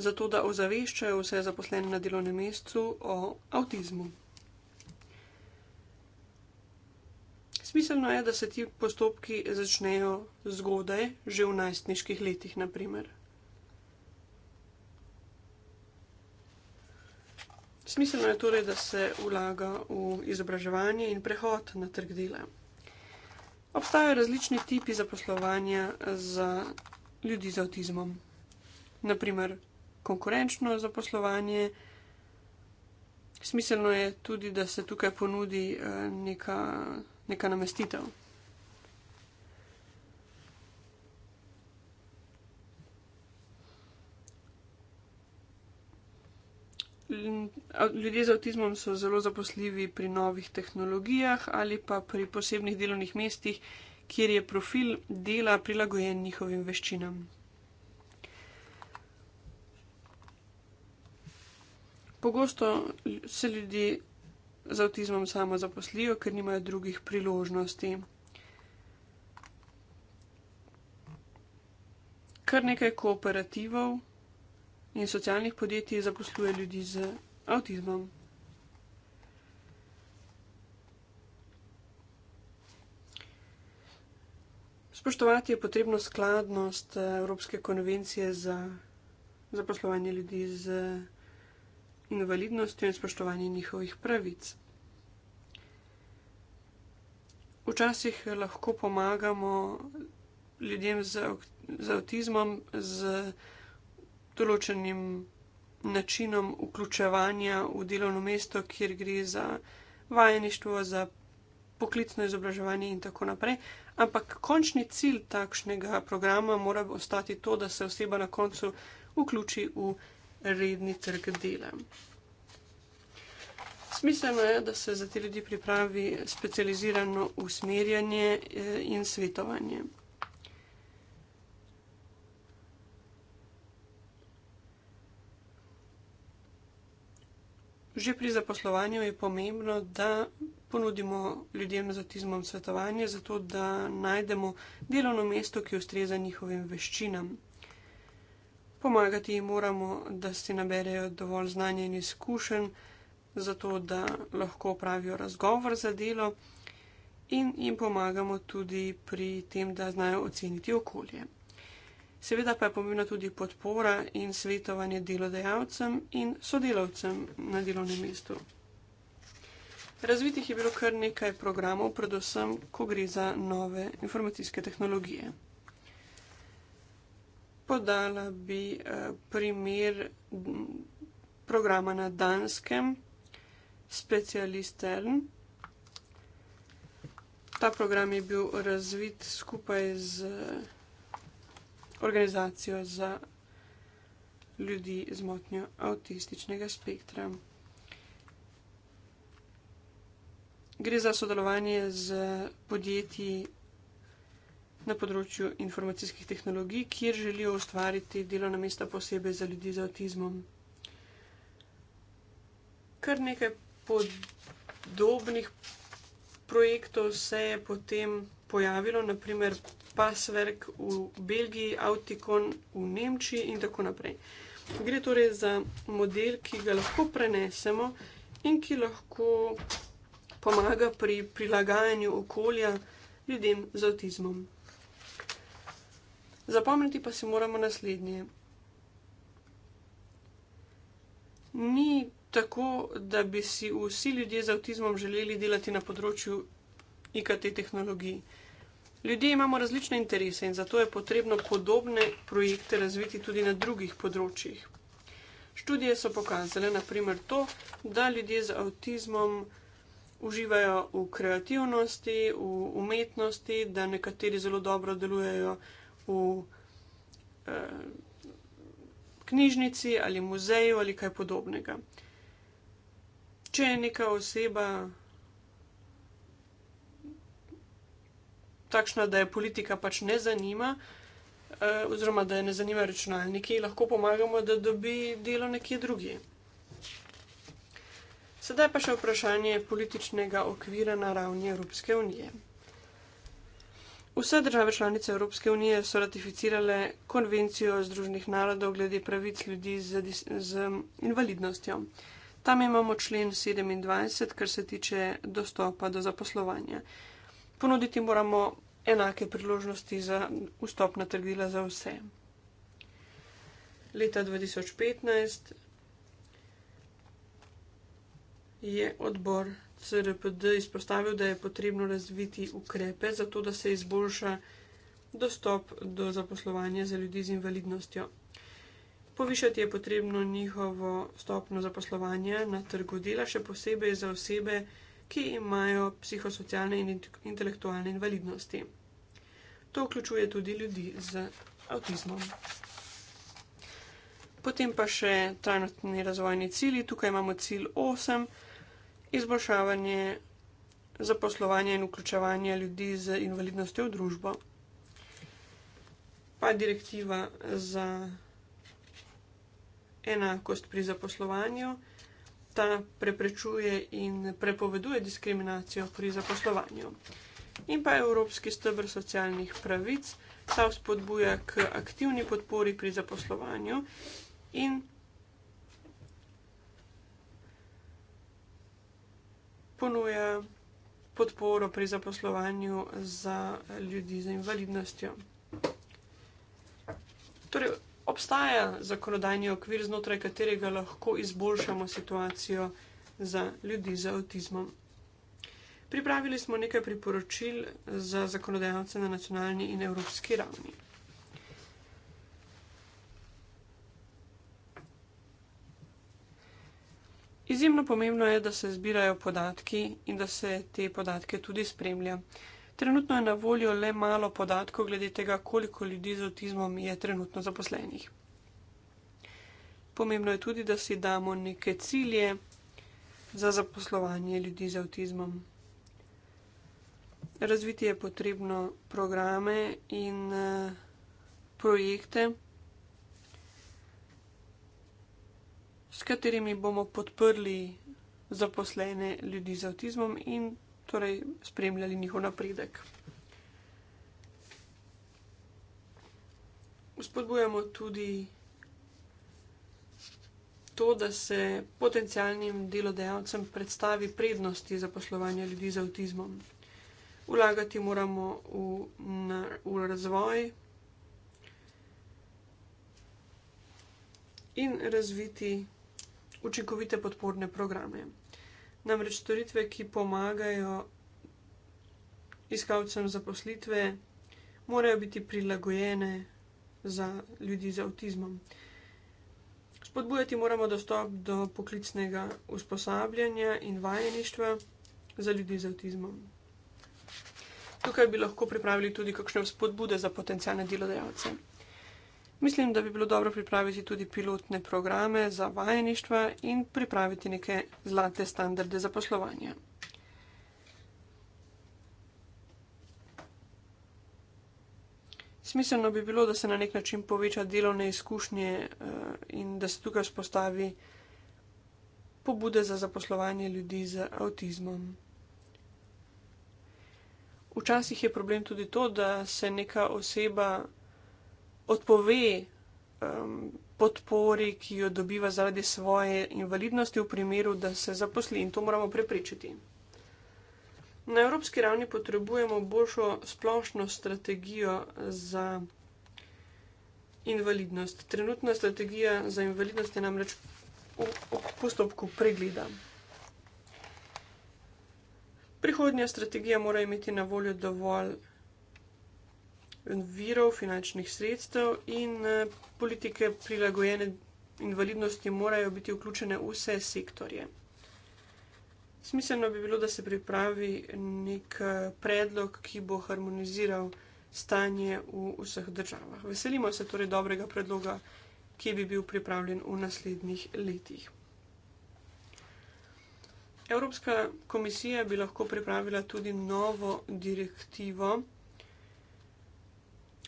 zato da ozaveščajo vse zaposlene na delovnem mestu o avtizmu. Smiselno je, da se ti postopki začnejo zgodaj, že v najstniških letih, naprimer. Smiselno je torej, da se vlaga v izobraževanje in prehod na trg dela. Obstajajo različni tipi zaposlovanja za ljudi z avtizmom. Naprimer, konkurenčno za poslovanje. Smiselno je tudi, da se tukaj ponudi eh, neka, neka namestitev. Ljudje z avtizmom so zelo zaposljivi pri novih tehnologijah ali pa pri posebnih delovnih mestih, kjer je profil dela prilagojen njihovim veščinam. Pogosto se ljudje z avtizmom samo zaposlijo, ker nimajo drugih priložnosti. Kar nekaj kooperativov in socialnih podjetij zaposluje ljudi z avtizmom. Spoštovati je potrebno skladnost eh, Evropske konvencije za zaposlovanje ljudi z avtizmom invalidnostjo in spoštovanje njihovih pravic. Včasih lahko pomagamo ljudem z, z avtizmom z določenim načinom vključevanja v delovno mesto, kjer gre za vajeništvo, za poklicno izobraževanje in tako naprej. Ampak končni cilj takšnega programa mora ostati to, da se oseba na koncu vključi v redni trg dela. Smiselno je, da se za te ljudi pripravi specializirano usmerjanje eh, in svetovanje. Že pri zaposlovanju je pomembno, da ponudimo ljudem z autizmom svetovanje, zato da najdemo delovno mesto, ki ustreza njihovim veščinam pomagati jim moramo, da si naberejo dovolj znanja in izkušenj, zato da lahko pravijo razgovor za delo in jim pomagamo tudi pri tem, da znajo oceniti okolje. Seveda pa je pomembna tudi podpora in svetovanje delodajalcem in sodelavcem na delovnem mestu. Razvitih je bilo kar nekaj programov, predvsem, ko gre za nove informacijske tehnologije podala bi eh, primer programa na Danskem, Specialistern. Ta program je bil razvit skupaj z eh, organizacijo za ljudi z motnjo avtističnega spektra. Gre za sodelovanje z podjetji na področju informacijskih tehnologij, kjer želijo ustvariti delovna mesta posebej za ljudi z avtizmom. Kar nekaj podobnih projektov se je potem pojavilo, naprimer Passwerk v Belgiji, Auticon v Nemčiji in tako naprej. Gre torej za model, ki ga lahko prenesemo in ki lahko pomaga pri prilagajanju okolja ljudem z avtizmom. Zapomniti pa si moramo naslednje. Ni tako, da bi si vsi ljudje z avtizmom želeli delati na področju IKT tehnologij. Ljudje imamo različne interese in zato je potrebno podobne projekte razviti tudi na drugih področjih. Študije so pokazale naprimer to, da ljudje z avtizmom uživajo v kreativnosti, v umetnosti, da nekateri zelo dobro delujejo v eh, knjižnici ali muzeju ali kaj podobnega. Če je neka oseba takšna, da je politika pač ne zanima, eh, oziroma da je ne zanima računalniki, lahko pomagamo, da dobi delo nekje drugje. Sedaj pa še vprašanje političnega okvira na ravni Evropske unije. Vse države članice Evropske unije so ratificirale konvencijo Združenih narodov glede pravic ljudi z, z invalidnostjo. Tam imamo člen 27, kar se tiče dostopa do zaposlovanja. Ponuditi moramo enake priložnosti za vstop na trg dela za vse. Leta 2015 je odbor CRPD izpostavil, da je potrebno razviti ukrepe za to, da se izboljša dostop do zaposlovanja za ljudi z invalidnostjo. Povišati je potrebno njihovo stopno zaposlovanja na trgu dela, še posebej za osebe, ki imajo psihosocialne in intelektualne invalidnosti. To vključuje tudi ljudi z avtizmom. Potem pa še trajnostni razvojni cilji. Tukaj imamo cilj 8, izboljšavanje zaposlovanja in vključevanja ljudi z invalidnostjo v družbo, pa direktiva za enakost pri zaposlovanju, ta preprečuje in prepoveduje diskriminacijo pri zaposlovanju. In pa Evropski stebr socialnih pravic, ta spodbuja k aktivni podpori pri zaposlovanju in ponuja podporo pri zaposlovanju za ljudi z invalidnostjo. Torej, obstaja zakonodajni okvir, znotraj katerega lahko izboljšamo situacijo za ljudi z avtizmom. Pripravili smo nekaj priporočil za zakonodajalce na nacionalni in evropski ravni. Izjemno pomembno je, da se zbirajo podatki in da se te podatke tudi spremlja. Trenutno je na voljo le malo podatkov glede tega, koliko ljudi z avtizmom je trenutno zaposlenih. Pomembno je tudi, da si damo neke cilje za zaposlovanje ljudi z avtizmom. Razviti je potrebno programe in uh, projekte. s katerimi bomo podprli zaposlene ljudi z avtizmom in torej spremljali njihov napredek. Spodbujamo tudi to, da se potencijalnim delodajalcem predstavi prednosti zaposlovanja ljudi z avtizmom. Ulagati moramo v, na, v razvoj in razviti učinkovite podporne programe. Namreč storitve, ki pomagajo iskalcem zaposlitve, morajo biti prilagojene za ljudi z avtizmom. Spodbujati moramo dostop do poklicnega usposabljanja in vajeništva za ljudi z avtizmom. Tukaj bi lahko pripravili tudi kakšne spodbude za potencijalne delodajalce. Mislim, da bi bilo dobro pripraviti tudi pilotne programe za vajeništva in pripraviti neke zlate standarde za poslovanje. Smiselno bi bilo, da se na nek način poveča delovne izkušnje eh, in da se tukaj spostavi pobude za zaposlovanje ljudi z avtizmom. Včasih je problem tudi to, da se neka oseba odpove um, podpori, ki jo dobiva zaradi svoje invalidnosti, v primeru, da se zaposli in to moramo prepričati. Na evropski ravni potrebujemo boljšo splošno strategijo za invalidnost. Trenutna strategija za invalidnost je namreč v, v postopku pregleda. Prihodnja strategija mora imeti na voljo dovolj virov finančnih sredstev in eh, politike prilagojene invalidnosti morajo biti vključene v vse sektorje. Smiselno bi bilo, da se pripravi nek eh, predlog, ki bo harmoniziral stanje v vseh državah. Veselimo se torej dobrega predloga, ki bi bil pripravljen v naslednjih letih. Evropska komisija bi lahko pripravila tudi novo direktivo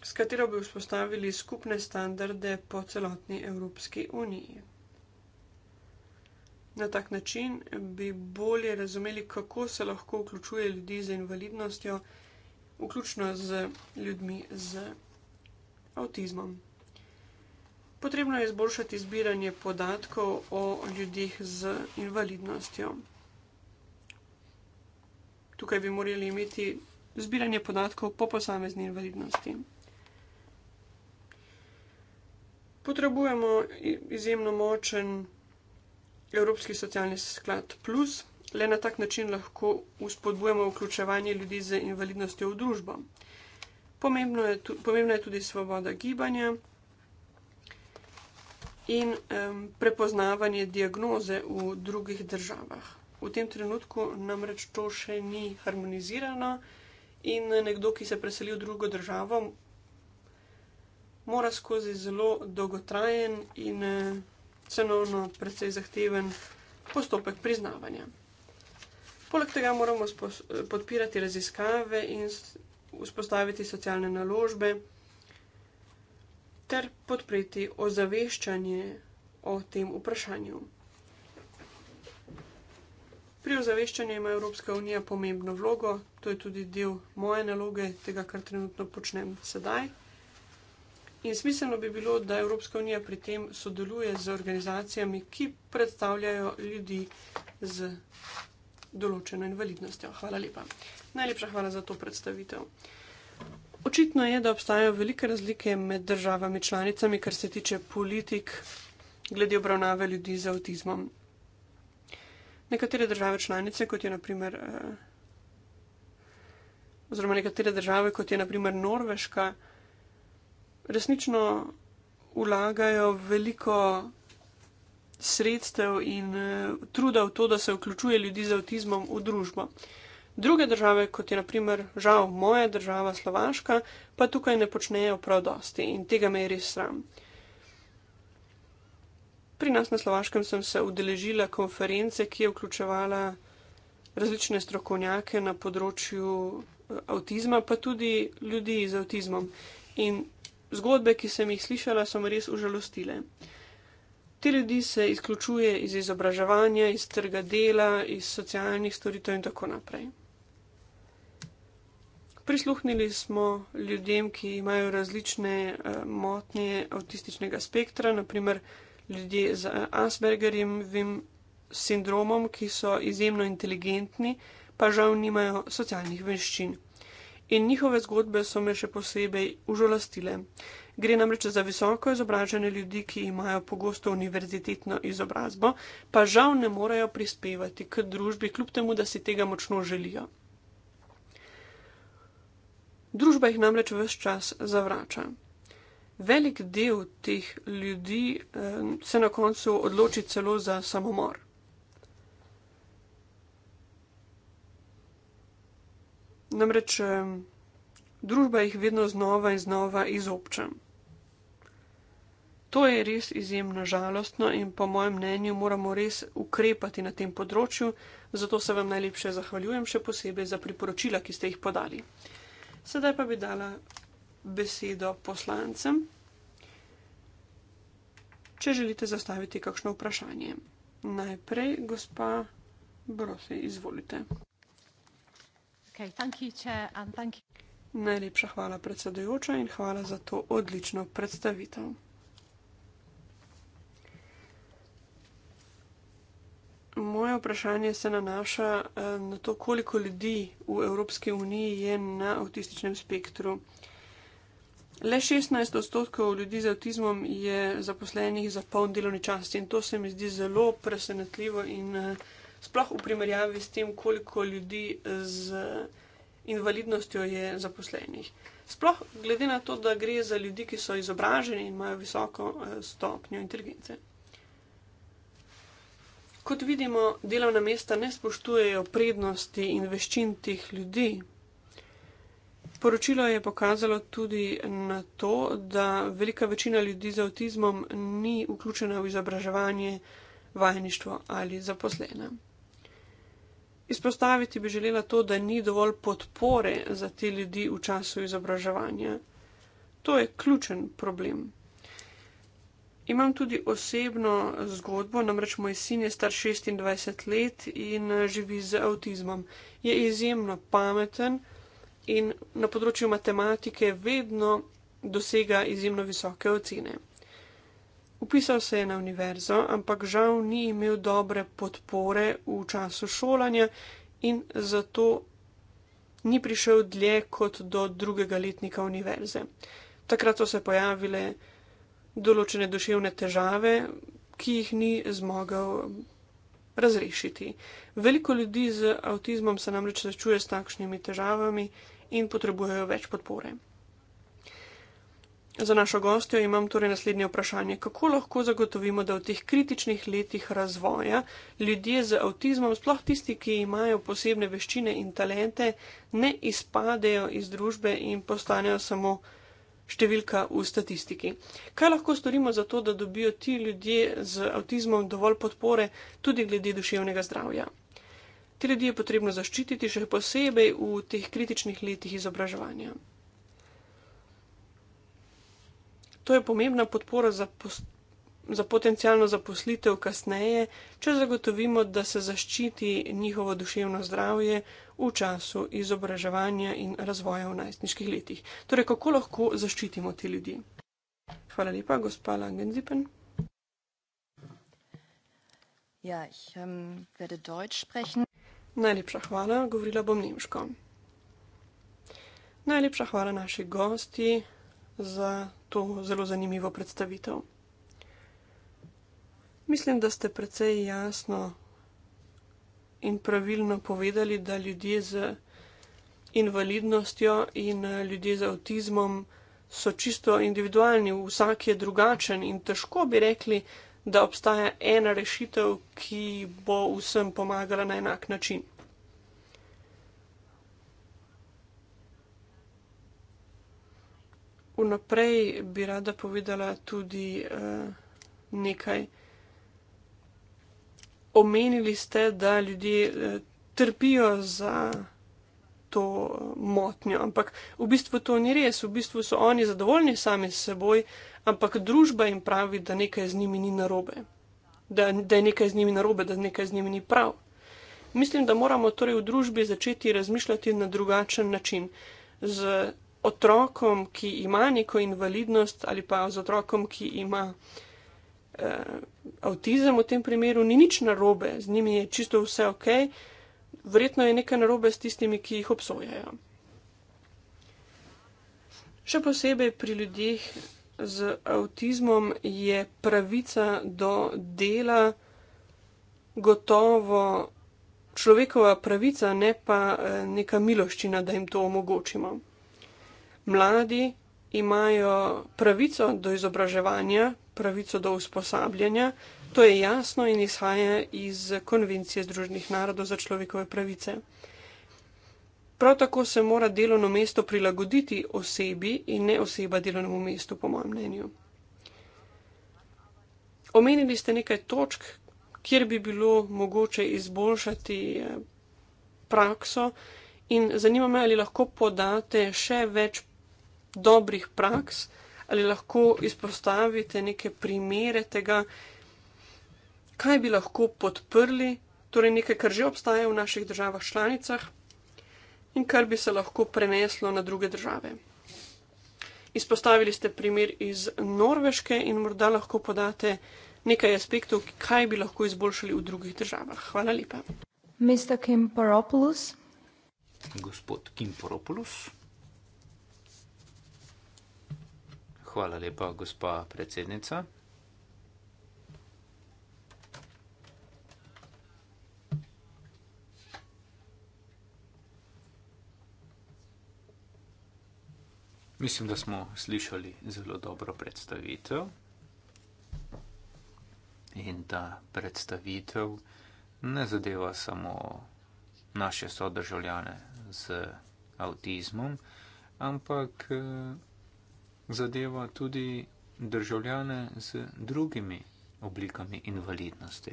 s katero bi vzpostavili skupne standarde po celotni Evropski uniji. Na tak način bi bolje razumeli, kako se lahko vključuje ljudi z invalidnostjo, vključno z ljudmi z avtizmom. Potrebno je izboljšati zbiranje podatkov o ljudeh z invalidnostjo. Tukaj bi morali imeti zbiranje podatkov po posamezni invalidnosti. potrebujemo izjemno močen Evropski socialni sklad plus, le na tak način lahko uspodbujamo vključevanje ljudi z invalidnostjo v družbo. Pomembno je tu, pomembna je tudi svoboda gibanja in um, prepoznavanje diagnoze v drugih državah. V tem trenutku namreč to še ni harmonizirano in nekdo, ki se preseli v drugo državo, mora skozi zelo dolgotrajen in eh, cenovno precej zahteven postopek priznavanja. Poleg tega moramo eh, podpirati raziskave in vzpostaviti socialne naložbe ter podpreti ozaveščanje o tem vprašanju. Pri ozaveščanju ima Evropska unija pomembno vlogo, to je tudi del moje naloge, tega, kar trenutno počnem sedaj. In smiselno bi bilo, da Evropska unija pri tem sodeluje z organizacijami, ki predstavljajo ljudi z določeno invalidnostjo. Hvala lepa. Najlepša hvala za to predstavitev. Očitno je, da obstajajo velike razlike med državami članicami, kar se tiče politik glede obravnave ljudi z avtizmom. Nekatere države članice, kot je naprimer, eh, oziroma nekatere države, kot je naprimer Norveška, resnično vlagajo veliko sredstev in uh, truda v to, da se vključuje ljudi z avtizmom v družbo. Druge države, kot je naprimer žal moja država Slovaška, pa tukaj ne počnejo prav dosti in tega me je res sram. Pri nas na Slovaškem sem se udeležila konference, ki je vključevala različne strokovnjake na področju eh, avtizma, pa tudi ljudi z avtizmom. In zgodbe, ki sem jih slišala, so me res užalostile. Te ljudi se izključuje iz izobraževanja, iz trga dela, iz socialnih storitev in tako naprej. Prisluhnili smo ljudem, ki imajo različne uh, motnje avtističnega spektra, naprimer ljudje z eh, Aspergerjevim sindromom, ki so izjemno inteligentni, pa žal nimajo socialnih veščin in njihove zgodbe so me še posebej užalostile. Gre namreč za visoko izobražene ljudi, ki imajo pogosto univerzitetno izobrazbo, pa žal ne morejo prispevati k družbi, kljub temu, da si tega močno želijo. Družba jih namreč vse čas zavrača. Velik del teh ljudi eh, se na koncu odloči celo za samomor. namreč družba jih vedno znova in znova izobča. To je res izjemno žalostno in po mojem mnenju moramo res ukrepati na tem področju, zato se vam najlepše zahvaljujem še posebej za priporočila, ki ste jih podali. Sedaj pa bi dala besedo poslancem, če želite zastaviti kakšno vprašanje. Najprej, gospa Brose, izvolite. Okay, thank you, chair, and thank you. Najlepša hvala, predsedujoča, in hvala za to odlično predstavitev. Moje vprašanje se nanaša eh, na to, koliko ljudi v Evropski uniji je na avtističnem spektru. Le 16 odstotkov ljudi z avtizmom je zaposlenih za poln delovni čas in to se mi zdi zelo presenetljivo in uh, sploh v primerjavi s tem, koliko ljudi z invalidnostjo je zaposlenih. Sploh glede na to, da gre za ljudi, ki so izobraženi in imajo visoko eh, stopnjo inteligence. Kot vidimo, delovna mesta ne spoštujejo prednosti in veščin tih ljudi. Poročilo je pokazalo tudi na to, da velika večina ljudi z avtizmom ni vključena v izobraževanje, vajeništvo ali zaposlene. Izpostaviti bi želela to, da ni dovolj podpore za te ljudi v času izobraževanja. To je ključen problem. Imam tudi osebno zgodbo, namreč moj sin je star 26 let in živi z avtizmom. Je izjemno pameten in na področju matematike vedno dosega izjemno visoke ocene. Upisal se je na univerzo, ampak žal ni imel dobre podpore v času šolanja in zato ni prišel dlje kot do drugega letnika univerze. Takrat so se pojavile določene duševne težave, ki jih ni zmogel razrešiti. Veliko ljudi z avtizmom se namreč srečuje s takšnimi težavami in potrebujejo več podpore. Za našo gostjo imam torej naslednje vprašanje: kako lahko zagotovimo, da v teh kritičnih letih razvoja ljudje z avtizmom, sploh tisti, ki imajo posebne veščine in talente, ne izpadejo iz družbe in postanejo samo številka v statistiki? Kaj lahko storimo za to, da dobijo ti ljudje z avtizmom dovolj podpore tudi glede duševnega zdravja? Te ljudi je potrebno zaščititi še posebej v teh kritičnih letih izobraževanja. To je pomembna podpora za, za potencijalno zaposlitev kasneje, če zagotovimo, da se zaščiti njihovo duševno zdravje v času izobraževanja in razvoja v najstniških letih. Torej, kako lahko zaščitimo te ljudi? Hvala lepa, gospa Langenzipen. Ja, ich, um, werde Deutsch sprechen. Najlepša hvala, govorila bom nemško. Najlepša hvala naši gosti za to zelo zanimivo predstavitev. Mislim, da ste precej jasno in pravilno povedali, da ljudje z invalidnostjo in eh, ljudje z avtizmom so čisto individualni, vsak je drugačen in težko bi rekli, da obstaja ena rešitev, ki bo vsem pomagala na enak način. Vnaprej bi rada povedala tudi uh, nekaj. Omenili ste, da ljudje uh, trpijo za to motnjo, ampak v bistvu to ni res. V bistvu so oni zadovoljni sami s seboj, ampak družba jim pravi, da nekaj z njimi ni narobe. Da, da je nekaj z njimi narobe, da nekaj z njimi ni prav. Mislim, da moramo torej v družbi začeti razmišljati na drugačen način. Z otrokom, ki ima neko invalidnost ali pa z otrokom, ki ima eh, avtizem v tem primeru, ni nič narobe, z njimi je čisto vse ok, verjetno je nekaj narobe s tistimi, ki jih obsojajo. Še posebej pri ljudeh z avtizmom je pravica do dela gotovo človekova pravica, ne pa eh, neka miloščina, da jim to omogočimo mladi imajo pravico do izobraževanja, pravico do usposabljanja. To je jasno in izhaja iz konvencije Združenih narodov za človekove pravice. Prav tako se mora delovno mesto prilagoditi osebi in ne oseba delovnemu mestu, po mojem mnenju. Omenili ste nekaj točk, kjer bi bilo mogoče izboljšati eh, prakso in zanima me, ali lahko podate še več dobrih praks, ali lahko izpostavite neke primere tega, kaj bi lahko podprli, torej nekaj, kar že obstaja v naših državah članicah in kar bi se lahko preneslo na druge države. Izpostavili ste primer iz Norveške in morda lahko podate nekaj aspektov, kaj bi lahko izboljšali v drugih državah. Hvala lepa. Mr. Kim Poropoulos. Gospod Kim Poropoulos. Hvala lepa, gospa predsednica. Mislim, da smo slišali zelo dobro predstavitev in da predstavitev ne zadeva samo naše sodržavljane z avtizmom, ampak eh, zadeva tudi državljane z drugimi oblikami invalidnosti.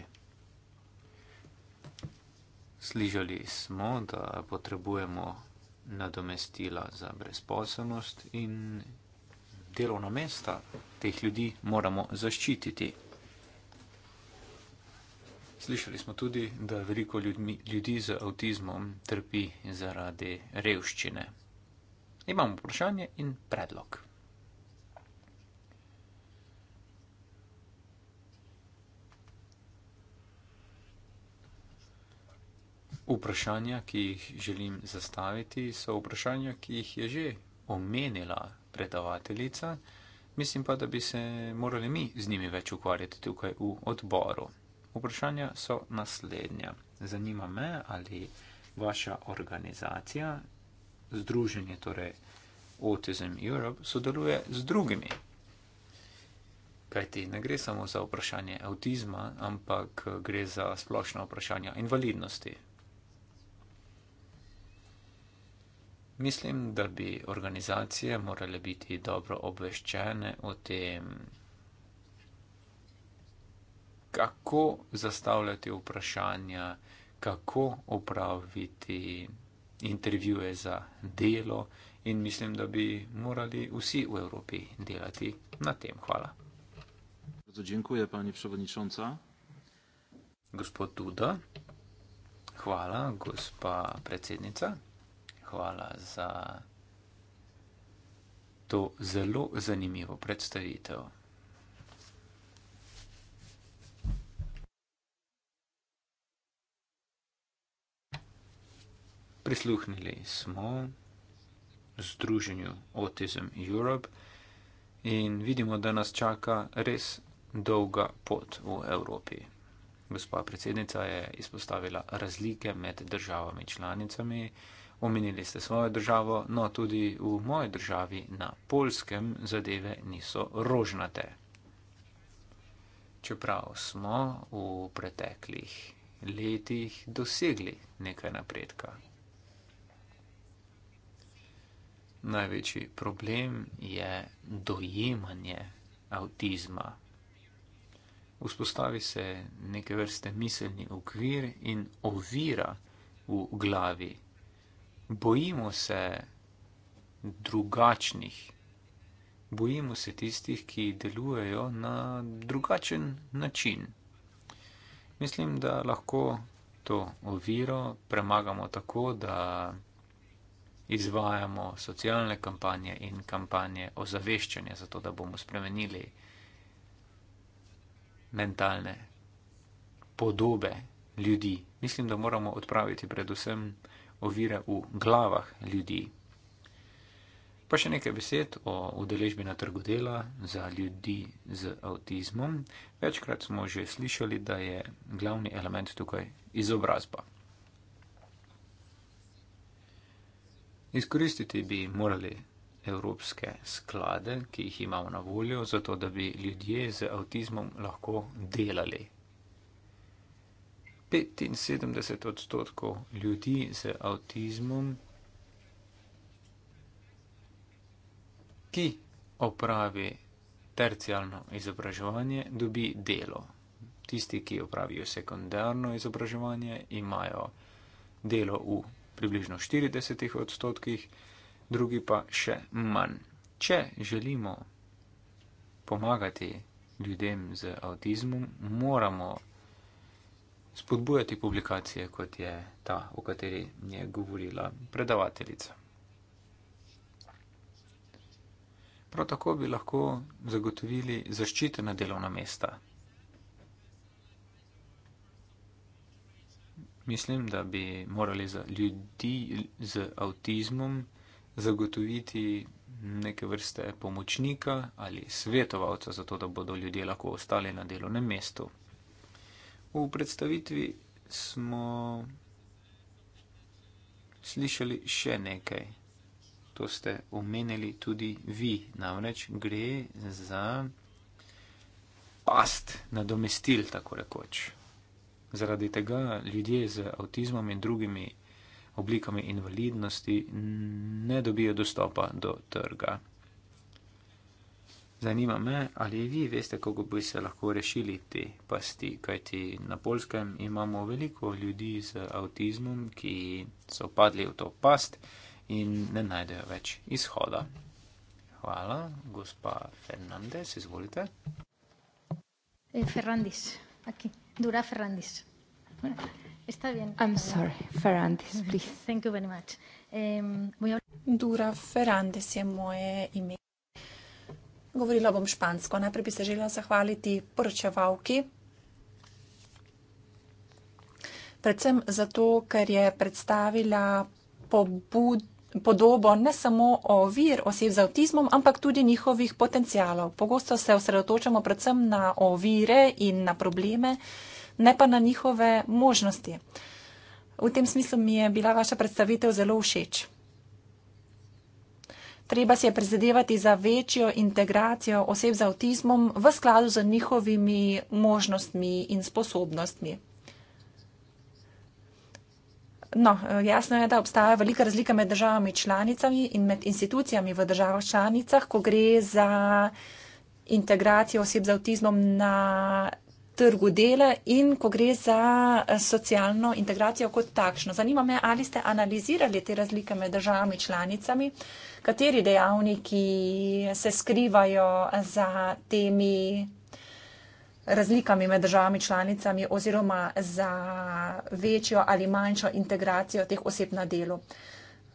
Slišali smo, da potrebujemo nadomestila za brezposobnost in delovna mesta teh ljudi moramo zaščititi. Slišali smo tudi, da veliko ljudmi, ljudi z avtizmom trpi zaradi revščine. Imamo vprašanje in predlog. Vprašanja, ki jih želim zastaviti, so vprašanja, ki jih je že omenila predavateljica, mislim pa, da bi se morali mi z njimi več ukvarjati tukaj v odboru. Vprašanja so naslednja. Zanima me, ali vaša organizacija, združenje torej Autism Europe, sodeluje z drugimi. Kajti ne gre samo za vprašanje avtizma, ampak gre za splošno vprašanje invalidnosti. Mislim, da bi organizacije morale biti dobro obveščene o tem, kako zastavljati vprašanja, kako upraviti intervjuje za delo in mislim, da bi morali vsi v Evropi delati na tem. Hvala. Dziękuję, pani przewodnicząca. Gospod Duda. Hvala, gospa predsednica hvala za to zelo zanimivo predstavitev. Prisluhnili smo združenju Autism Europe in vidimo, da nas čaka res dolga pot v Evropi. Gospa predsednica je izpostavila razlike med državami članicami. Omenili ste svojo državo, no tudi v moji državi na polskem zadeve niso rožnate. Čeprav smo v preteklih letih dosegli nekaj napredka. Največji problem je dojemanje avtizma. Vzpostavi se neke vrste miselni okvir in ovira v glavi bojimo se drugačnih, bojimo se tistih, ki delujejo na drugačen način. Mislim, da lahko to oviro premagamo tako, da izvajamo socialne kampanje in kampanje ozaveščanja, zato da bomo spremenili mentalne podobe ljudi. Mislim, da moramo odpraviti predvsem ovire v glavah ljudi. Pa še nekaj besed o udeležbi na trgu dela za ljudi z avtizmom. Večkrat smo že slišali, da je glavni element tukaj izobrazba. Izkoristiti bi morali evropske sklade, ki jih imamo na voljo, zato da bi ljudje z avtizmom lahko delali. 75 odstotkov ljudi z avtizmom, ki opravi tercijalno izobraževanje, dobi delo. Tisti, ki opravijo sekundarno izobraževanje, imajo delo v približno 40 odstotkih, drugi pa še manj. Če želimo pomagati ljudem z avtizmom, moramo spodbujati publikacije, kot je ta, o kateri je govorila predavateljica. Prav tako bi lahko zagotovili zaščitena delovna mesta. Mislim, da bi morali za ljudi z avtizmom zagotoviti neke vrste pomočnika ali svetovalca, zato da bodo ljudje lahko ostali na delovnem mestu. V predstavitvi smo slišali še nekaj. To ste omenili tudi vi. Namreč gre za past nadomestil, tako rekoč. Zaradi tega ljudje z avtizmom in drugimi oblikami invalidnosti ne dobijo dostopa do trga. Zanima me, ali vi veste, kako bi se lahko rešili te pasti, kajti na polskem imamo veliko ljudi z avtizmom, ki so padli v to past in ne najdejo več izhoda. Hvala, gospa Fernandez, izvolite. Eh, Ferrandis, aki, Dura Ferrandis. Está bien. I'm sorry, Ferrandis, please. Thank you very much. Um, voy a... Dura Ferrandis je moje ime. Govorila bom špansko. Najprej bi se želela zahvaliti poročevalki. Predvsem zato, ker je predstavila pobud, podobo ne samo o vir oseb z avtizmom, ampak tudi njihovih potencijalov. Pogosto se osredotočamo predvsem na ovire in na probleme, ne pa na njihove možnosti. V tem smislu mi je bila vaša predstavitev zelo všeč. Treba si je prizadevati za večjo integracijo oseb z avtizmom v skladu z njihovimi možnostmi in sposobnostmi. No, eh, jasno je, da obstaja velika razlika med državami članicami in med institucijami v državah članicah, ko gre za integracijo oseb z avtizmom na trgu dela in ko gre za eh, socialno integracijo kot takšno. Zanima me, ali ste analizirali te razlike med državami članicami, kateri dejavniki se skrivajo za temi razlikami med državami članicami oziroma za večjo ali manjšo integracijo teh oseb na delu.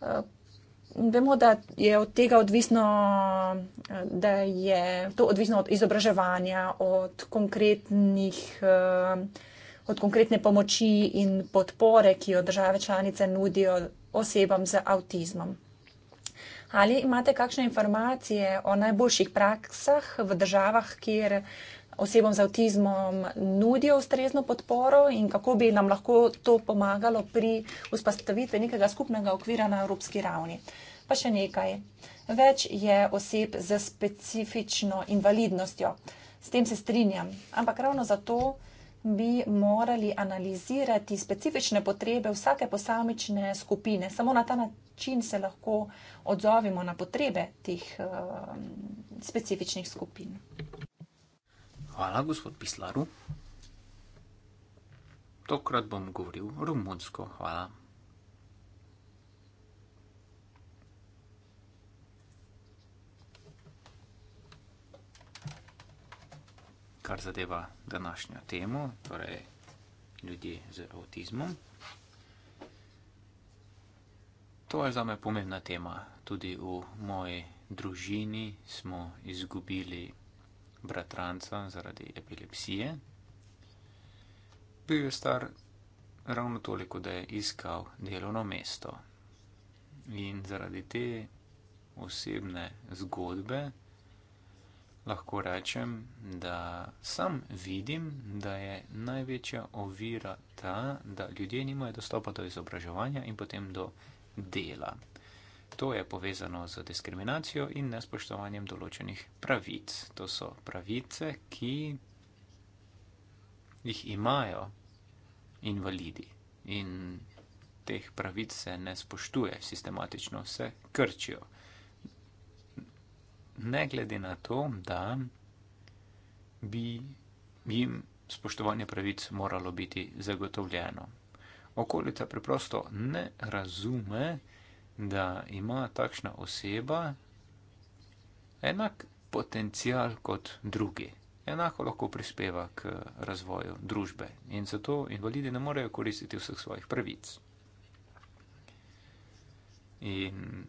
Eh, vemo, da je od tega odvisno, da je to odvisno od izobraževanja, od konkretnih. Eh, od konkretne pomoči in podpore, ki jo države članice nudijo osebam z avtizmom. Ali imate kakšne informacije o najboljših praksah v državah, kjer osebam z avtizmom nudijo ustrezno podporo in kako bi nam lahko to pomagalo pri vzpostavitvi nekega skupnega okvira na evropski ravni? Uh, pa še nekaj. Več je oseb z specifično invalidnostjo. S tem se strinjam. Ampak ravno zato bi morali analizirati specifične potrebe vsake posamične skupine. Samo na ta način se lahko odzovimo na potrebe teh uh, specifičnih skupin. Hvala, gospod Pislaru. Tokrat bom govoril romunsko. Hvala. kar zadeva današnjo temo, torej ljudi z avtizmom. To je za me pomembna tema. Tudi v moji družini smo izgubili bratranca zaradi epilepsije. Bil je star ravno toliko, da je iskal delovno mesto. In zaradi te osebne zgodbe lahko rečem, da sam vidim, da je največja ovira ta, da ljudje nimajo dostopa do izobraževanja in potem do dela. To je povezano z diskriminacijo in nespoštovanjem določenih pravic. To so pravice, ki jih imajo invalidi in teh pravic se ne spoštuje sistematično, se krčijo ne glede na to, da bi jim spoštovanje pravic moralo biti zagotovljeno. Okolica preprosto ne razume, da ima takšna oseba enak potencial kot drugi. Enako lahko prispeva k razvoju družbe in zato invalidi ne morejo koristiti vseh svojih pravic. In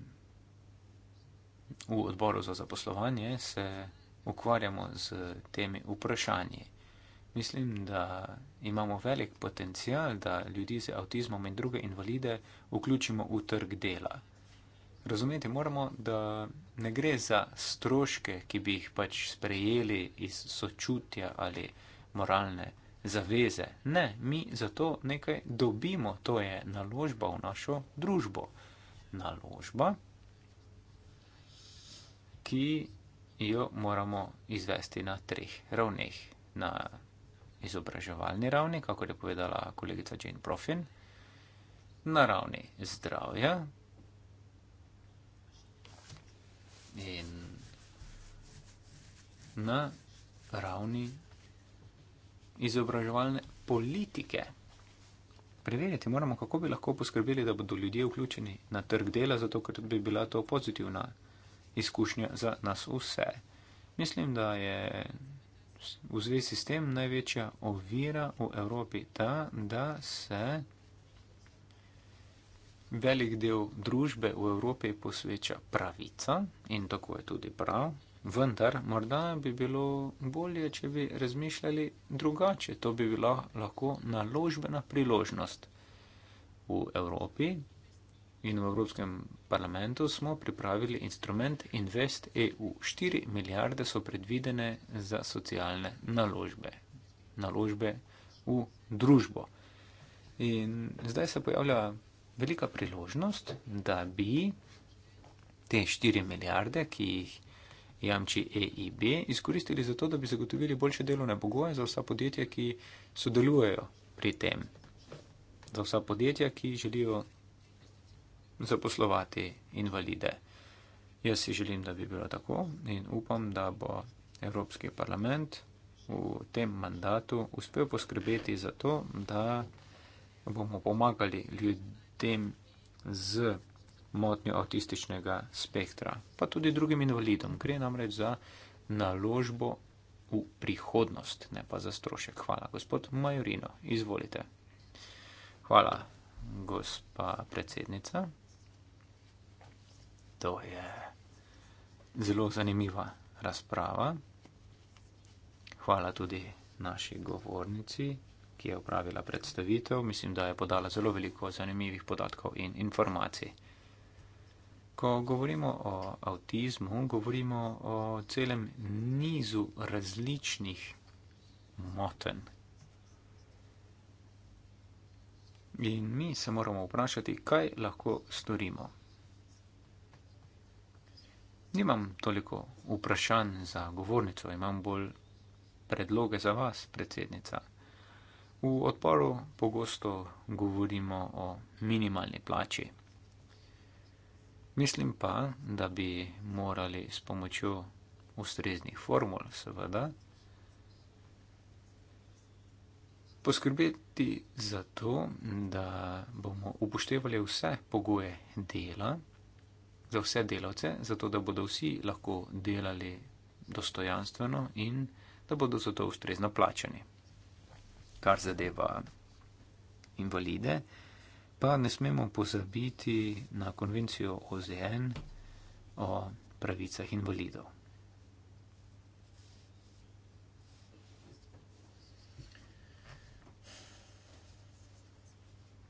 v odboru za zaposlovanje se ukvarjamo z temi vprašanji. Mislim, da imamo velik potencial, da ljudi z avtizmom in druge invalide vključimo v trg dela. Razumeti moramo, da ne gre za stroške, ki bi jih pač sprejeli iz sočutja ali moralne zaveze. Ne, mi zato nekaj dobimo, to je naložba v našo družbo. Naložba, ki jo moramo izvesti na treh ravneh. Na izobraževalni ravni, kako je povedala kolegica Jane Profin, na ravni zdravja in na ravni izobraževalne politike. Preveriti moramo, kako bi lahko poskrbeli, da bodo ljudje vključeni na trg dela, zato ker bi bila to pozitivna izkušnja za nas vse. Mislim, da je v zvezi s tem največja ovira v Evropi ta, da se velik del družbe v Evropi posveča pravica in tako je tudi prav. Vendar morda bi bilo bolje, če bi razmišljali drugače. To bi bila lahko naložbena priložnost. V Evropi in v Evropskem parlamentu smo pripravili instrument Invest EU. 4 milijarde so predvidene za socialne naložbe, naložbe v družbo. In zdaj se pojavlja velika priložnost, da bi te 4 milijarde, ki jih jamči EIB, izkoristili za to, da bi zagotovili boljše delovne pogoje za vsa podjetja, ki sodelujejo pri tem. Za vsa podjetja, ki želijo zaposlovati invalide. Jaz si želim, da bi bilo tako in upam, da bo Evropski parlament v tem mandatu uspel poskrbeti za to, da bomo pomagali ljudem z motnjo avtističnega spektra, pa tudi drugim invalidom. Gre namreč za naložbo v prihodnost, ne pa za strošek. Hvala, gospod Majorino. Izvolite. Hvala, gospa predsednica. To je zelo zanimiva razprava. Hvala tudi naši govornici, ki je upravila predstavitev. Mislim, da je podala zelo veliko zanimivih podatkov in informacij. Ko govorimo o avtizmu, govorimo o celem nizu različnih moten. In mi se moramo vprašati, kaj lahko storimo nimam toliko vprašanj za govornico, imam bolj predloge za vas, predsednica. V odporu pogosto govorimo o minimalni plači. Mislim pa, da bi morali s pomočjo ustreznih formul, seveda, poskrbeti za to, da bomo upoštevali vse pogoje dela za vse delavce, zato da bodo vsi lahko delali dostojanstveno in da bodo za to ustrezno plačani. Kar zadeva invalide, pa ne smemo pozabiti na konvencijo OZN o pravicah invalidov.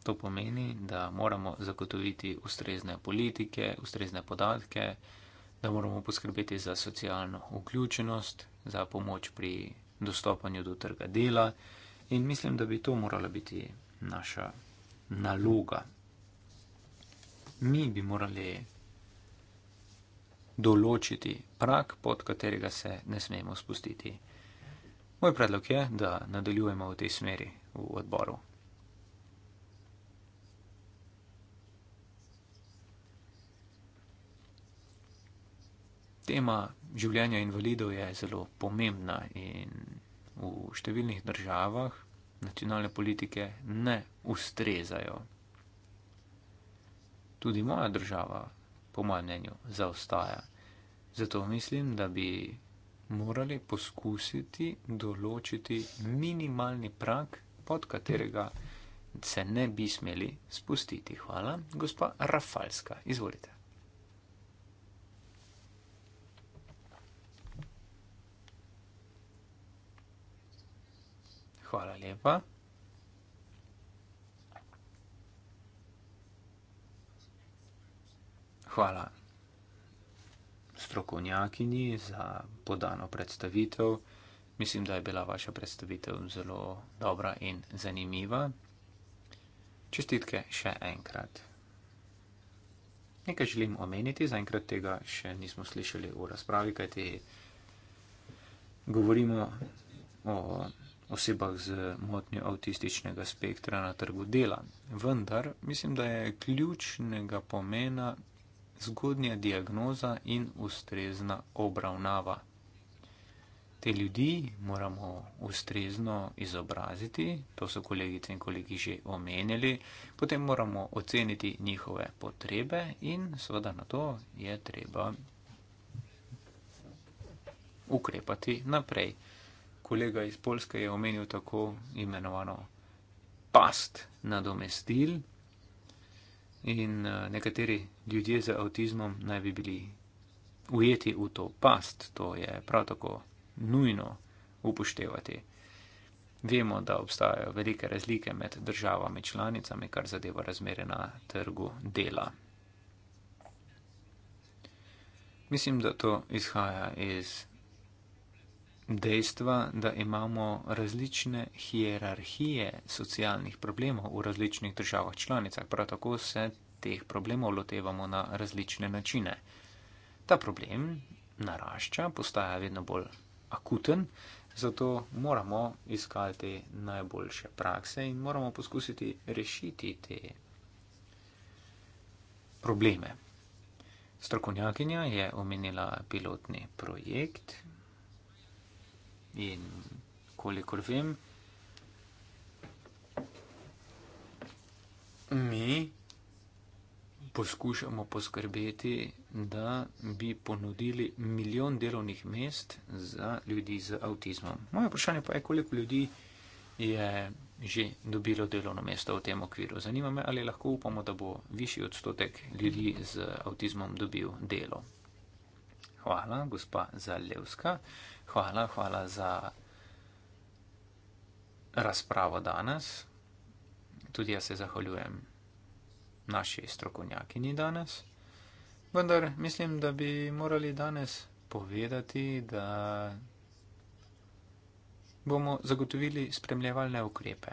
To pomeni, da moramo zagotoviti ustrezne politike, ustrezne podatke, da moramo poskrbeti za socialno vključenost, za pomoč pri dostopanju do trga dela in mislim, da bi to morala biti naša naloga. Mi bi morali določiti prak, pod katerega se ne smemo spustiti. Moj predlog je, da nadaljujemo v tej smeri v odboru. tema življenja invalidov je zelo pomembna in v številnih državah nacionalne politike ne ustrezajo. Tudi moja država, po mojem mnenju, zaostaja. Zato mislim, da bi morali poskusiti določiti minimalni prak, pod katerega se ne bi smeli spustiti. Hvala, gospa Rafalska. Izvolite. Hvala lepa. Hvala strokovnjakinji za podano predstavitev. Mislim, da je bila vaša predstavitev zelo dobra in zanimiva. Čestitke še enkrat. Nekaj želim omeniti, zaenkrat tega še nismo slišali v razpravi, kajti govorimo o osebah z motnjo avtističnega spektra na trgu dela. Vendar mislim, da je ključnega pomena zgodnja diagnoza in ustrezna obravnava. Te ljudi moramo ustrezno izobraziti, to so kolegice in kolegi že omenili, potem moramo oceniti njihove potrebe in seveda na to je treba ukrepati naprej kolega iz Polske je omenil tako imenovano past nadomestil. In eh, nekateri ljudje z avtizmom naj bi bili ujeti v to past, to je prav tako nujno upoštevati. Vemo, da obstajajo velike razlike med državami članicami, kar zadeva razmere na trgu dela. Mislim, da to izhaja iz dejstva, da imamo različne hierarhije socialnih problemov v različnih državah članicah. Prav tako se teh problemov lotevamo na različne načine. Ta problem narašča, postaja vedno bolj akuten, zato moramo iskati najboljše prakse in moramo poskusiti rešiti te probleme. Strokovnjakinja je omenila pilotni projekt, In kolikor vem, mi poskušamo poskrbeti, da bi ponudili milijon delovnih mest za ljudi z avtizmom. Moje vprašanje pa je, koliko ljudi je že dobilo delovno mesto v tem okviru. Zanima me, ali lahko upamo, da bo višji odstotek ljudi z avtizmom dobil delo. Hvala, gospa Zalevska. Hvala, hvala za razpravo danes. Tudi jaz se zahvaljujem naši strokovnjakini danes. Vendar mislim, da bi morali danes povedati, da bomo zagotovili spremljevalne ukrepe,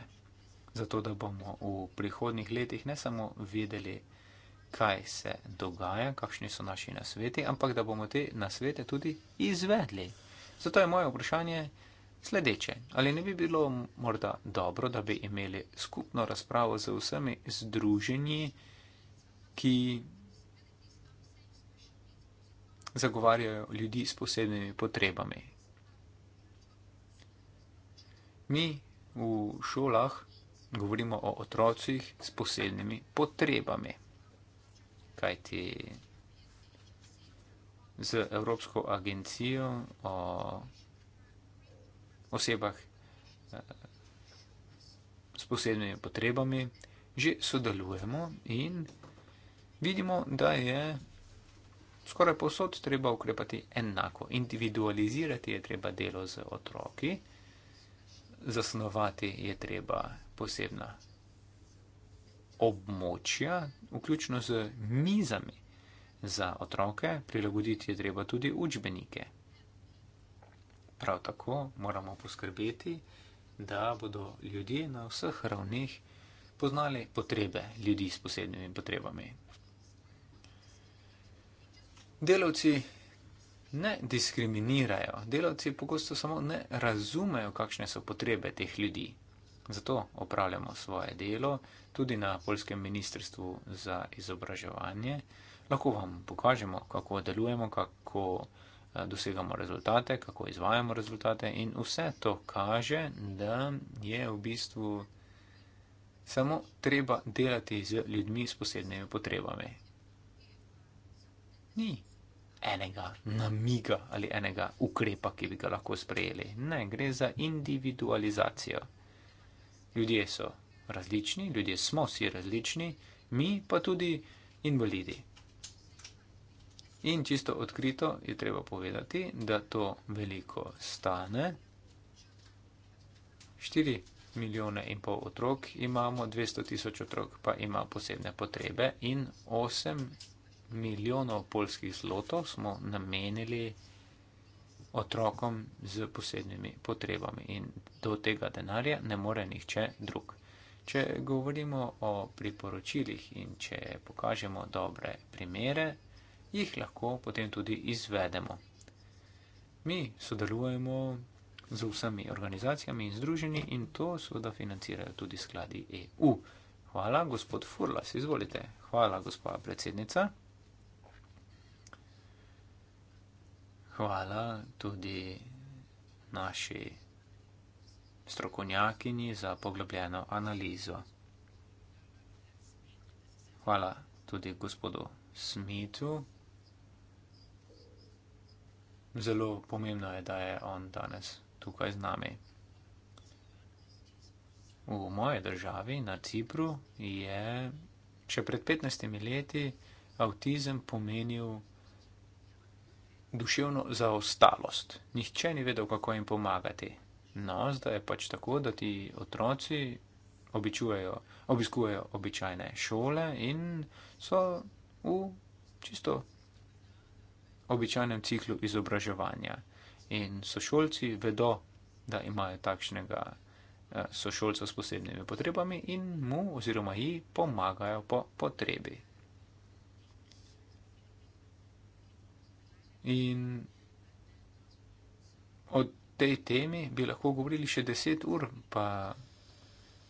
zato da bomo v prihodnih letih ne samo vedeli, kaj se dogaja, kakšni so naši nasveti, ampak da bomo te nasvete tudi izvedli. Zato je moje vprašanje sledeče. Ali ne bi bilo morda dobro, da bi imeli skupno razpravo z vsemi združenji, ki zagovarjajo ljudi s posebnimi potrebami? Mi v šolah govorimo o otrocih s posebnimi potrebami kajti z Evropsko agencijo o osebah eh, s posebnimi potrebami že sodelujemo in vidimo, da je skoraj posod treba ukrepati enako. Individualizirati je treba delo z otroki, zasnovati je treba posebna območja, vključno z mizami za otroke, prilagoditi je treba tudi učbenike. Prav tako moramo poskrbeti, da bodo ljudje na vseh ravneh poznali potrebe ljudi s posebnimi potrebami. Delavci ne diskriminirajo, delavci pogosto samo ne razumejo, kakšne so potrebe teh ljudi. Zato opravljamo svoje delo tudi na Polskem ministrstvu za izobraževanje. Lahko vam pokažemo, kako delujemo, kako eh, dosegamo rezultate, kako izvajamo rezultate in vse to kaže, da je v bistvu samo treba delati z ljudmi s posebnimi potrebami. Ni enega namiga ali enega ukrepa, ki bi ga lahko sprejeli. Ne, gre za individualizacijo. Ljudje so različni, ljudje smo vsi različni, mi pa tudi invalidi. In čisto odkrito je treba povedati, da to veliko stane. 4 milijone in pol otrok imamo, 200 tisoč otrok pa ima posebne potrebe in 8 milijonov polskih zlotov smo namenili otrokom z posebnimi potrebami in do tega denarja ne more nihče drug. Če govorimo o priporočilih in če pokažemo dobre primere, jih lahko potem tudi izvedemo. Mi sodelujemo z vsemi organizacijami in združeni in to seveda financirajo tudi skladi EU. Hvala, gospod Furlas, izvolite. Hvala, gospa predsednica. Hvala tudi naši strokovnjakinji za poglobljeno analizo. Hvala tudi gospodu Smitu. Zelo pomembno je, da je on danes tukaj z nami. V moji državi, na Cipru, je še pred 15 leti avtizem pomenil duševno zaostalost. Nihče ni vedel, kako jim pomagati. No, zdaj je pač tako, da ti otroci obiskujejo običajne šole in so v čisto običajnem ciklu izobraževanja. In sošolci vedo, da imajo takšnega eh, sošolca s posebnimi potrebami in mu oziroma ji pomagajo po potrebi. In o tej temi bi lahko govorili še deset ur, pa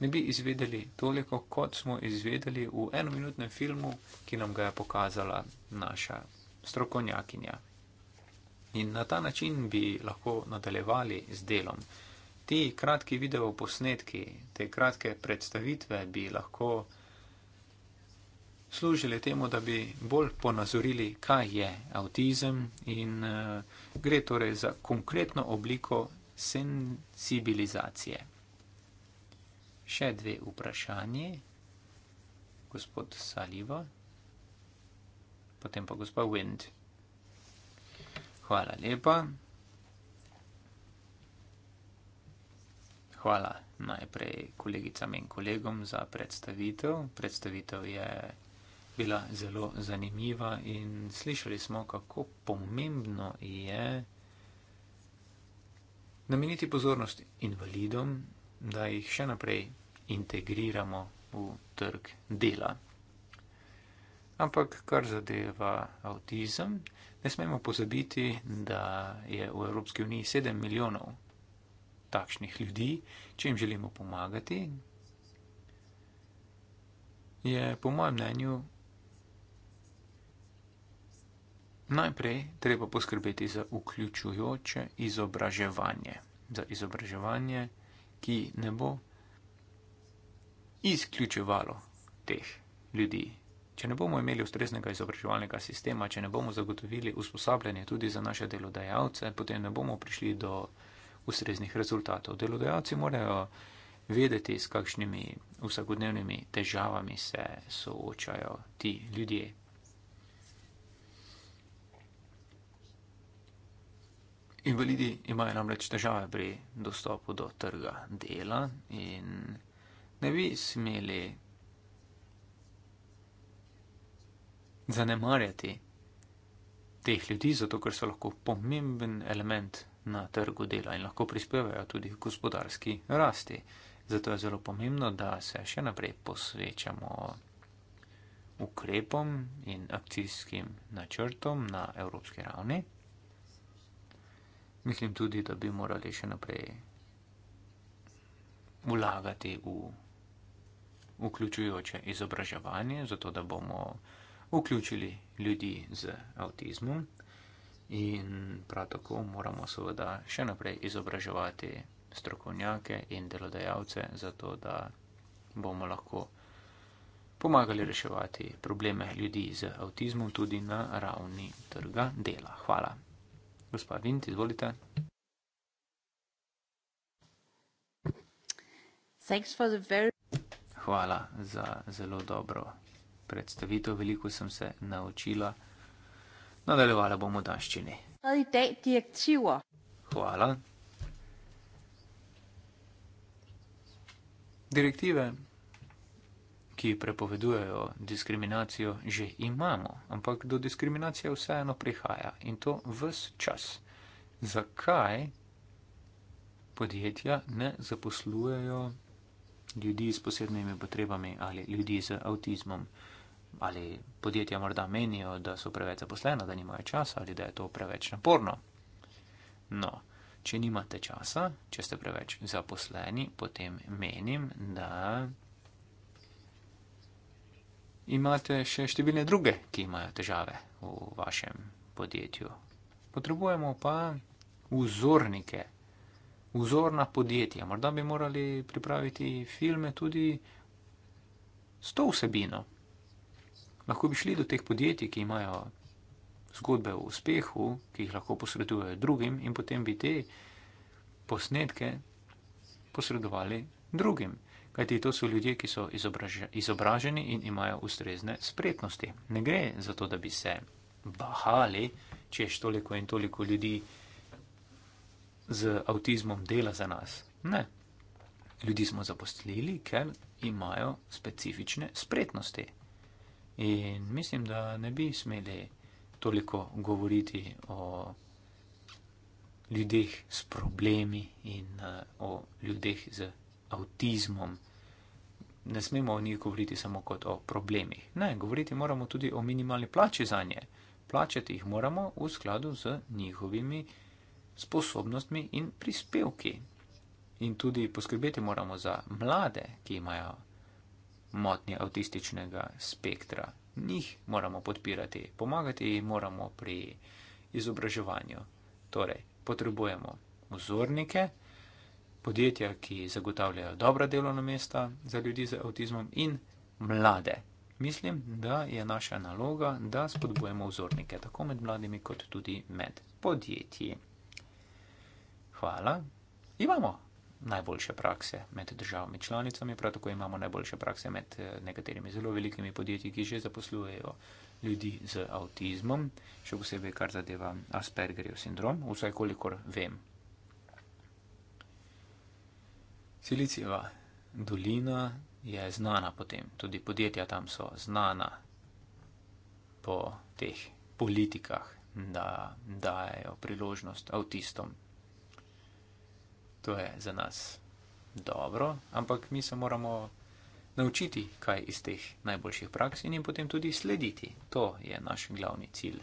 ne bi izvedeli toliko, kot smo izvedeli v enominutnem filmu, ki nam ga je pokazala naša strokovnjakinja. In na ta način bi lahko nadaljevali z delom. Ti kratki video posnetki, te kratke predstavitve bi lahko služile temu, da bi bolj ponazorili, kaj je avtizem in uh, gre torej za konkretno obliko sensibilizacije. Še dve vprašanje, gospod Saliva, potem pa gospa Wind. Hvala lepa. Hvala najprej kolegicam in kolegom za predstavitev. Predstavitev je bila zelo zanimiva in slišali smo, kako pomembno je nameniti pozornost invalidom, da jih še naprej integriramo v trg dela. Ampak, kar zadeva avtizem, ne smemo pozabiti, da je v Evropski uniji 7 milijonov takšnih ljudi, če jim želimo pomagati, je po mojem mnenju Najprej treba poskrbeti za vključujoče izobraževanje, za izobraževanje, ki ne bo izključevalo teh ljudi. Če ne bomo imeli ustreznega izobraževalnega sistema, če ne bomo zagotovili usposabljanje tudi za naše delodajalce, potem ne bomo prišli do ustreznih rezultatov. Delodajalci morajo vedeti, s kakšnimi vsakodnevnimi težavami se soočajo ti ljudje. Invalidi imajo namreč težave pri dostopu do trga dela in ne bi smeli zanemarjati teh ljudi, zato ker so lahko pomemben element na trgu dela in lahko prispevajo tudi v gospodarski rasti. Zato je zelo pomembno, da se še naprej posvečamo ukrepom in akcijskim načrtom na evropski ravni. Mislim tudi, da bi morali še naprej vlagati v vključujoče izobraževanje, zato da bomo vključili ljudi z avtizmom. In prav tako moramo seveda še naprej izobraževati strokovnjake in delodajalce, zato da bomo lahko pomagali reševati probleme ljudi z avtizmom tudi na ravni trga dela. Hvala. Gospa Vint, izvolite. Hvala za zelo dobro predstavitev. Veliko sem se naučila. Nadaljevala bomo danščini. Hvala. Direktive ki prepovedujejo diskriminacijo, že imamo, ampak do diskriminacije vseeno prihaja in to vse čas. Zakaj podjetja ne zaposlujejo ljudi s posebnimi potrebami ali ljudi z avtizmom? Ali podjetja morda menijo, da so preveč zaposlena, da nimajo časa ali da je to preveč naporno? No, če nimate časa, če ste preveč zaposleni, potem menim, da imate še številne druge, ki imajo težave v vašem podjetju. Potrebujemo pa vzornike, vzorna podjetja. Morda bi morali pripraviti filme tudi s to vsebino. Lahko bi šli do teh podjetij, ki imajo zgodbe o uspehu, ki jih lahko posredujejo drugim in potem bi te posnetke posredovali drugim. Kajti to so ljudje, ki so izobraženi in imajo ustrezne spretnosti. Ne gre za to, da bi se bahali, češ toliko in toliko ljudi z avtizmom dela za nas. Ne. Ljudi smo zaposlili, ker imajo specifične spretnosti. In mislim, da ne bi smeli toliko govoriti o ljudeh s problemi in uh, o ljudeh z avtizmom. Ne smemo o njih govoriti samo kot o problemih. Ne, govoriti moramo tudi o minimalni plači za nje. Plačati jih moramo v skladu z njihovimi sposobnostmi in prispevki. In tudi poskrbeti moramo za mlade, ki imajo motnje avtističnega spektra. Njih moramo podpirati, pomagati jim moramo pri izobraževanju. Torej, potrebujemo vzornike podjetja, ki zagotavljajo dobra delovna mesta za ljudi z avtizmom in mlade. Mislim, da je naša naloga, da spodbujemo vzornike tako med mladimi, kot tudi med podjetji. Hvala. Imamo najboljše prakse med državami članicami, prav tako imamo najboljše prakse med eh, nekaterimi zelo velikimi podjetji, ki že zaposlujejo ljudi z avtizmom, še posebej kar zadeva Aspergerjev sindrom, vsaj kolikor vem, Silicijeva dolina je znana potem, tudi podjetja tam so znana po teh politikah, da dajo priložnost avtistom. To je za nas dobro, ampak mi se moramo naučiti, kaj iz teh najboljših praks in jim potem tudi slediti. To je naš glavni cilj.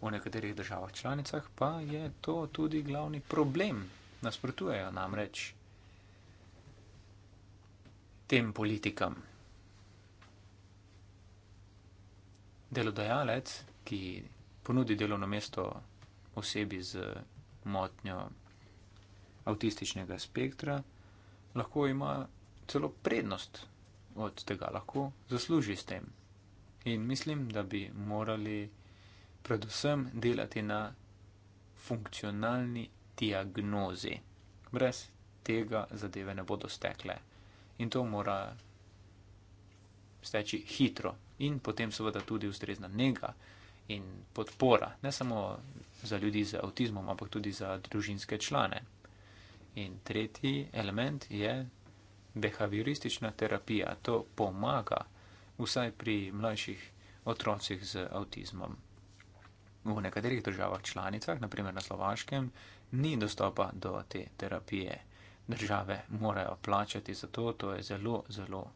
V nekaterih državah članicah pa je to tudi glavni problem. Nasprotujejo namreč tem politikam. Delodajalec, ki ponudi delovno mesto osebi z motnjo avtističnega spektra, lahko ima celo prednost od tega, lahko zasluži s tem. In mislim, da bi morali predvsem delati na funkcionalni diagnozi. Brez tega zadeve ne bodo stekle in to mora steči hitro. In potem seveda tudi ustrezna njega in podpora, ne samo za ljudi z avtizmom, ampak tudi za družinske člane. In tretji element je behavioristična terapija. To pomaga vsaj pri mlajših otrocih z avtizmom. V nekaterih državah članicah, naprimer na Slovaškem, ni dostopa do te terapije države morajo plačati za to, to je zelo, zelo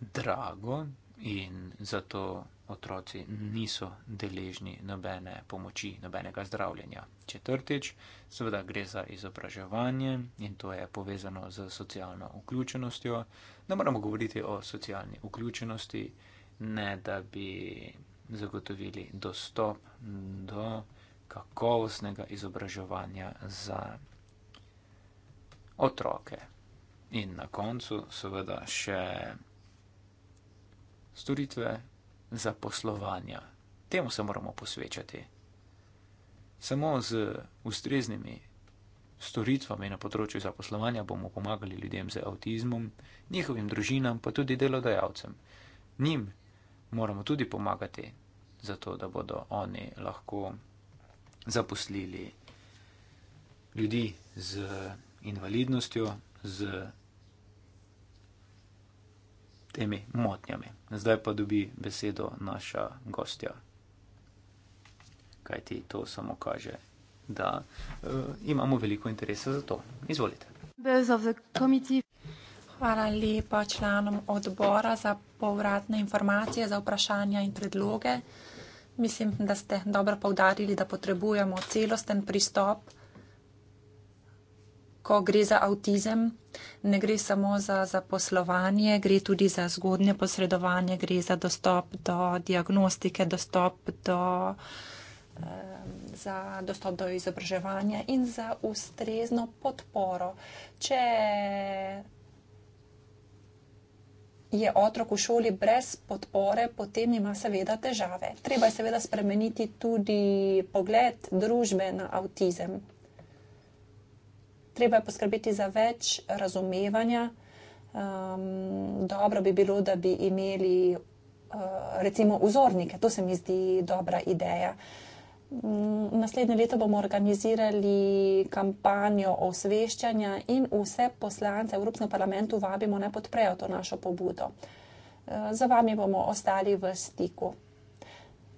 drago in zato otroci niso deležni nobene pomoči, nobenega zdravljenja. Četrtič, seveda gre za izobraževanje in to je povezano z socialno vključenostjo. Ne moramo govoriti o socialni vključenosti, ne da bi zagotovili dostop do kakovostnega izobraževanja za otroke. In na koncu, seveda, še storitve za poslovanje. Temu se moramo posvečati. Samo z ustreznimi storitvami na področju zaposlovanja bomo pomagali ljudem z avtizmom, njihovim družinam, pa tudi delodajalcem. Njim moramo tudi pomagati, zato da bodo oni lahko zaposlili ljudi z avtizmom invalidnostjo, z temi motnjami. Zdaj pa dobi besedo naša gostja. Kaj ti to samo kaže, da uh, imamo veliko interesa za to? Izvolite. Hvala lepa članom odbora za povratne informacije, za vprašanja in predloge. Mislim, da ste dobro povdarili, da potrebujemo celosten pristop ko gre za avtizem, ne gre samo za zaposlovanje, gre tudi za zgodnje posredovanje, gre za dostop do diagnostike, dostop do, eh, za dostop do izobraževanja in za ustrezno podporo. Če je otrok v šoli brez podpore, potem ima seveda težave. Treba je seveda spremeniti tudi pogled družbe na avtizem treba je poskrbeti za več razumevanja. Um, dobro bi bilo, da bi imeli uh, recimo vzornike, to se mi zdi dobra ideja. Mm, naslednje leto bomo organizirali kampanjo osveščanja in vse poslance v Evropskem parlamentu vabimo, da podprejo to našo pobudo. Uh, za vami bomo ostali v stiku.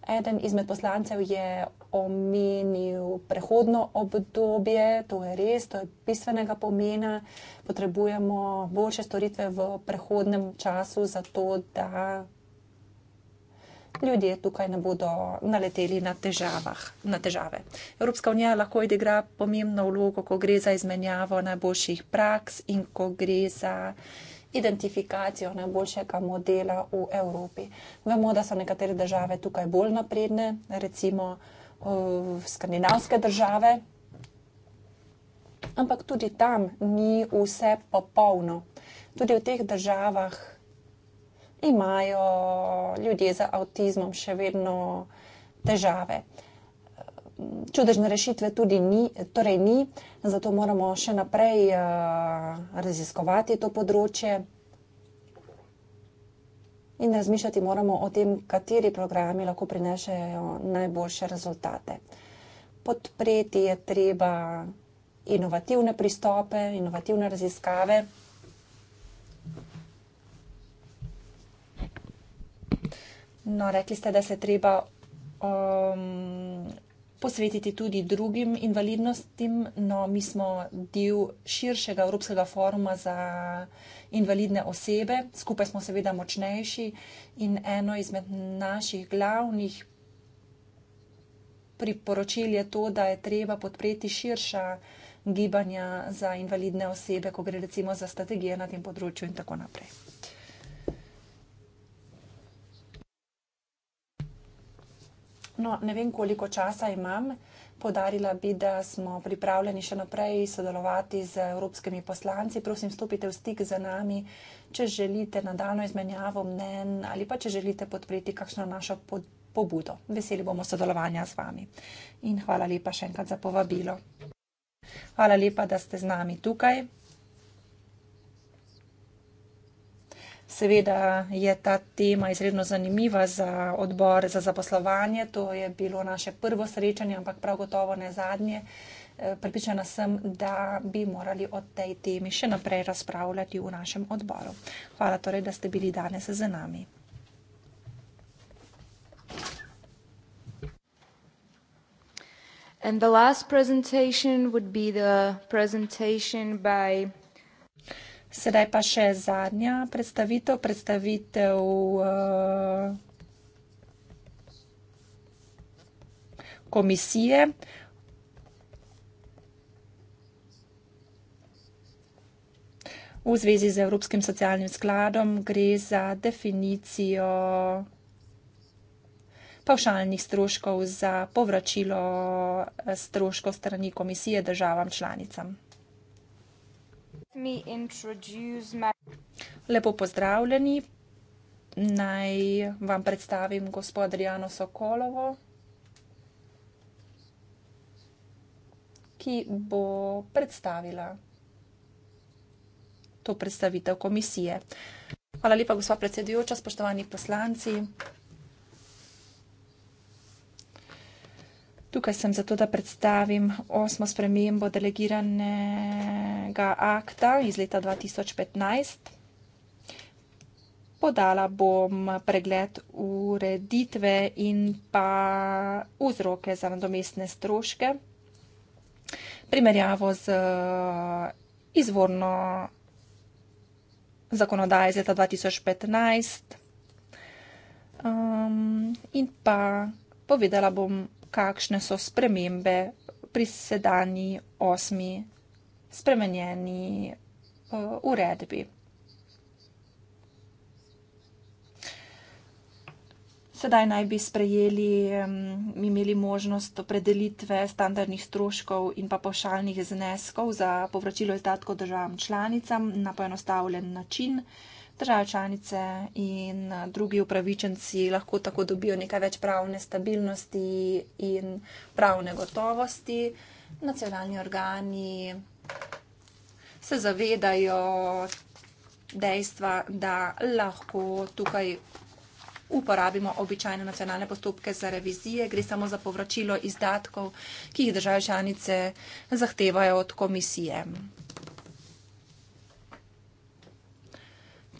Eden izmed poslancev je omenil prehodno obdobje, to je res, to je bistvenega pomena. Potrebujemo boljše storitve v prehodnem času, zato da ljudje tukaj ne bodo naleteli na, na težave. Evropska unija lahko igra pomembno vlogo, ko gre za izmenjavo najboljših praks in ko gre za identifikacijo najboljšega modela v Evropi. Vemo, da so nekatere države tukaj bolj napredne, recimo eh, skandinavske države, ampak tudi tam ni vse popolno. Tudi v teh državah imajo ljudje z avtizmom še vedno težave čudežne rešitve tudi ni, torej ni, zato moramo še naprej uh, raziskovati to področje in razmišljati moramo o tem, kateri programi lahko prinešajo najboljše rezultate. Podpreti je treba inovativne pristope, inovativne raziskave. No, rekli ste, da se treba um, posvetiti tudi drugim invalidnostim. No, mi smo del širšega Evropskega foruma za invalidne osebe, skupaj smo seveda močnejši in eno izmed naših glavnih priporočil je to, da je treba podpreti širša gibanja za invalidne osebe, ko gre recimo za strategije na tem področju in tako naprej. No, ne vem, koliko časa imam. Podarila bi, da smo pripravljeni še naprej sodelovati z evropskimi poslanci. Prosim, stopite v stik z nami, če želite nadaljno izmenjavo mnen ali pa če želite podpreti kakšno našo pod, pobudo. Veseli bomo sodelovanja z vami. In hvala lepa še enkrat za povabilo. Hvala lepa, da ste z nami tukaj. Seveda je ta tema izredno zanimiva za odbor za zaposlovanje. To je bilo naše prvo srečanje, ampak prav gotovo ne zadnje. Eh, pripričana sem, da bi morali o tej temi še naprej razpravljati v našem odboru. Hvala torej, da ste bili danes z nami. In the last presentation would be the presentation by Sedaj pa še zadnja predstavitev, predstavitev eh, komisije. V zvezi z Evropskim socialnim skladom gre za definicijo pavšalnih stroškov za povračilo eh, stroškov strani komisije državam članicam. Lepo pozdravljeni. Naj vam predstavim gospod Adriano Sokolovo, ki bo predstavila to predstavitev komisije. Hvala lepa, gospa predsedujoča, spoštovani poslanci. Tukaj sem zato, da predstavim osmo spremembo delegiranega akta iz leta 2015. Podala bom pregled ureditve in pa vzroke za nadomestne stroške, primerjavo z eh, izvorno zakonodaj iz leta 2015 um, ehm, in pa povedala bom kakšne so spremembe pri sedanji osmi spremenjeni eh, uredbi. Sedaj naj bi sprejeli, imeli možnost opredelitve standardnih stroškov in pa pošaljnih zneskov za povračilo izdatkov državam članicam na poenostavljen način. Države članice in eh, drugi upravičenci lahko tako dobijo nekaj več pravne stabilnosti in pravne gotovosti. Nacionalni organi se zavedajo dejstva, da lahko tukaj uporabimo običajne nacionalne postopke za revizije, gre samo za povračilo izdatkov, ki jih države članice zahtevajo od komisije.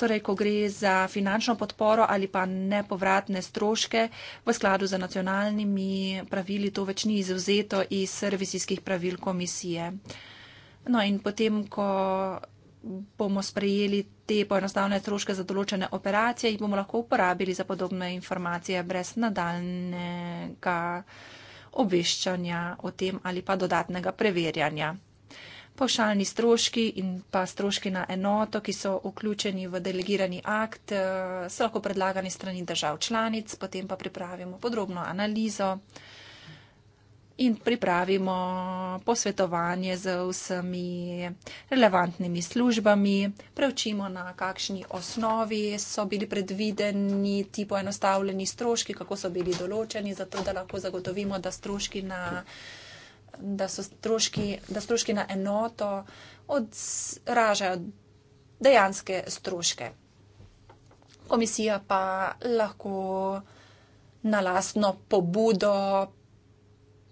torej ko gre za finančno podporo ali pa nepovratne stroške, v skladu z nacionalnimi pravili to več ni izuzeto iz servisijskih pravil komisije. No in potem, ko bomo sprejeli te poenostavne stroške za določene operacije, jih bomo lahko uporabili za podobne informacije brez nadaljnega obveščanja o tem ali pa dodatnega preverjanja pavšalni stroški in pa stroški na enoto, ki so vključeni v delegirani akt, eh, so lahko predlagani strani držav članic, potem pa pripravimo podrobno analizo in pripravimo posvetovanje z vsemi relevantnimi službami, preučimo na kakšni osnovi so bili predvideni ti poenostavljeni stroški, kako so bili določeni, zato da lahko zagotovimo, da stroški na da so stroški, da stroški na enoto odražajo dejanske stroške. Komisija pa lahko na lastno pobudo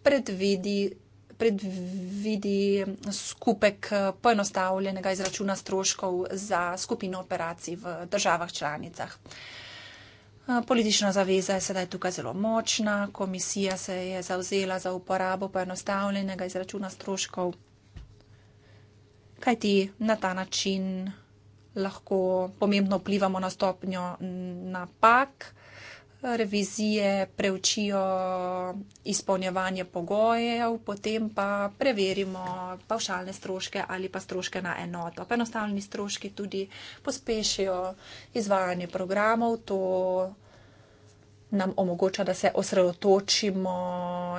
predvidi, predvidi skupek poenostavljenega izračuna stroškov za skupino operacij v državah članicah. Eh, politična zaveza je sedaj tukaj zelo močna, komisija se je zauzela za uporabo poenostavljenega izračuna stroškov, kajti na ta način lahko pomembno vplivamo na stopnjo napak. Revizije preučijo izpolnjevanje pogojev, potem pa preverimo pavšalne stroške ali pa stroške na enoto. Enostavni stroški tudi pospešijo izvajanje programov, to nam omogoča, da se osredotočimo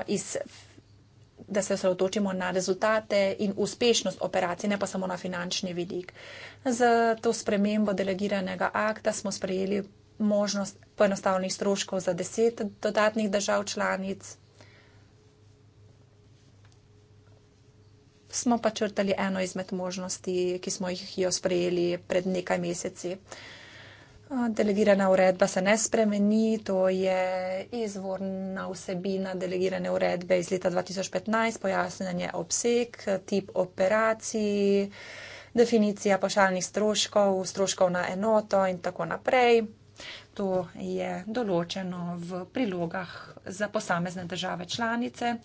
iz. Da se osredotočimo na rezultate in uspešnost operacije, ne pa samo na finančni vidik. Z to spremembo delegiranega akta smo sprejeli možnost poenostavnih stroškov za deset dodatnih držav članic. Smo pa črtali eno izmed možnosti, ki smo jih jo sprejeli pred nekaj meseci. Uh, Delegirana uredba se ne spremeni, to je izvorna vsebina delegirane uredbe iz leta 2015, pojasnjanje obseg, tip operacij, definicija pošaljnih stroškov, stroškov na enoto in tako naprej. To je določeno v prilogah za posamezne države članice.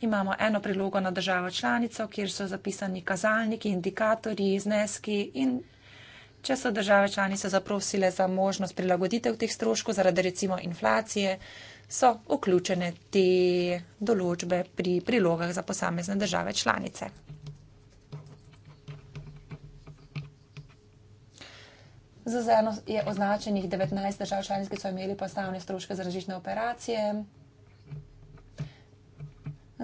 Imamo eno prilogo na državo članico, kjer so zapisani kazalniki, indikatorji, zneski in Če so države članice zaprosile za možnost prilagoditev teh stroškov zaradi recimo inflacije, so vključene te določbe pri prilogah za posamezne države članice. Za zeleno je označenih 19 držav članic, ki so imeli postavljene stroške za različne operacije.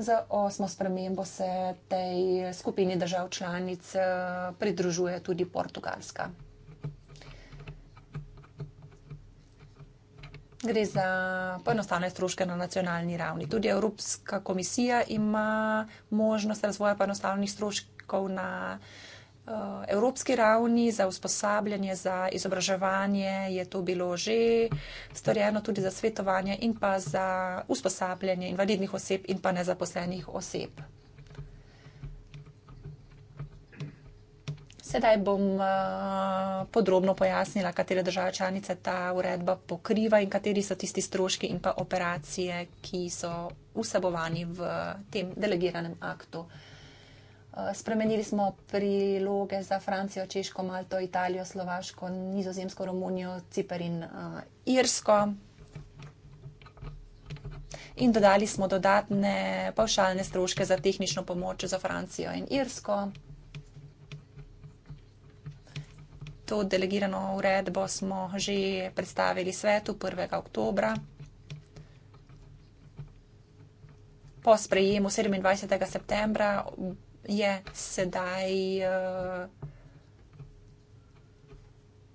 Za osmo spremembo se tej skupini držav članic eh, pridružuje tudi Portugalska. Gre za poenostavljene stroške na nacionalni ravni. Tudi Evropska komisija ima možnost razvoja poenostavljenih stroškov na uh, evropski ravni za usposabljanje, za izobraževanje. Je to bilo že storjeno tudi za svetovanje in pa za usposabljanje invalidnih oseb in pa nezaposlenih oseb. Sedaj bom eh, podrobno pojasnila, katere države članice ta uredba pokriva in kateri so tisti stroški in pa operacije, ki so vsebovani v tem delegiranem aktu. Eh, spremenili smo priloge za Francijo, Češko, Malto, Italijo, Slovaško, Nizozemsko, Romunijo, Cipr in uh, Irsko. In dodali smo dodatne pavšalne stroške za tehnično pomoč za Francijo in Irsko. to delegirano uredbo smo že predstavili svetu 1. oktober. Po sprejemu 27. septembra je sedaj eh,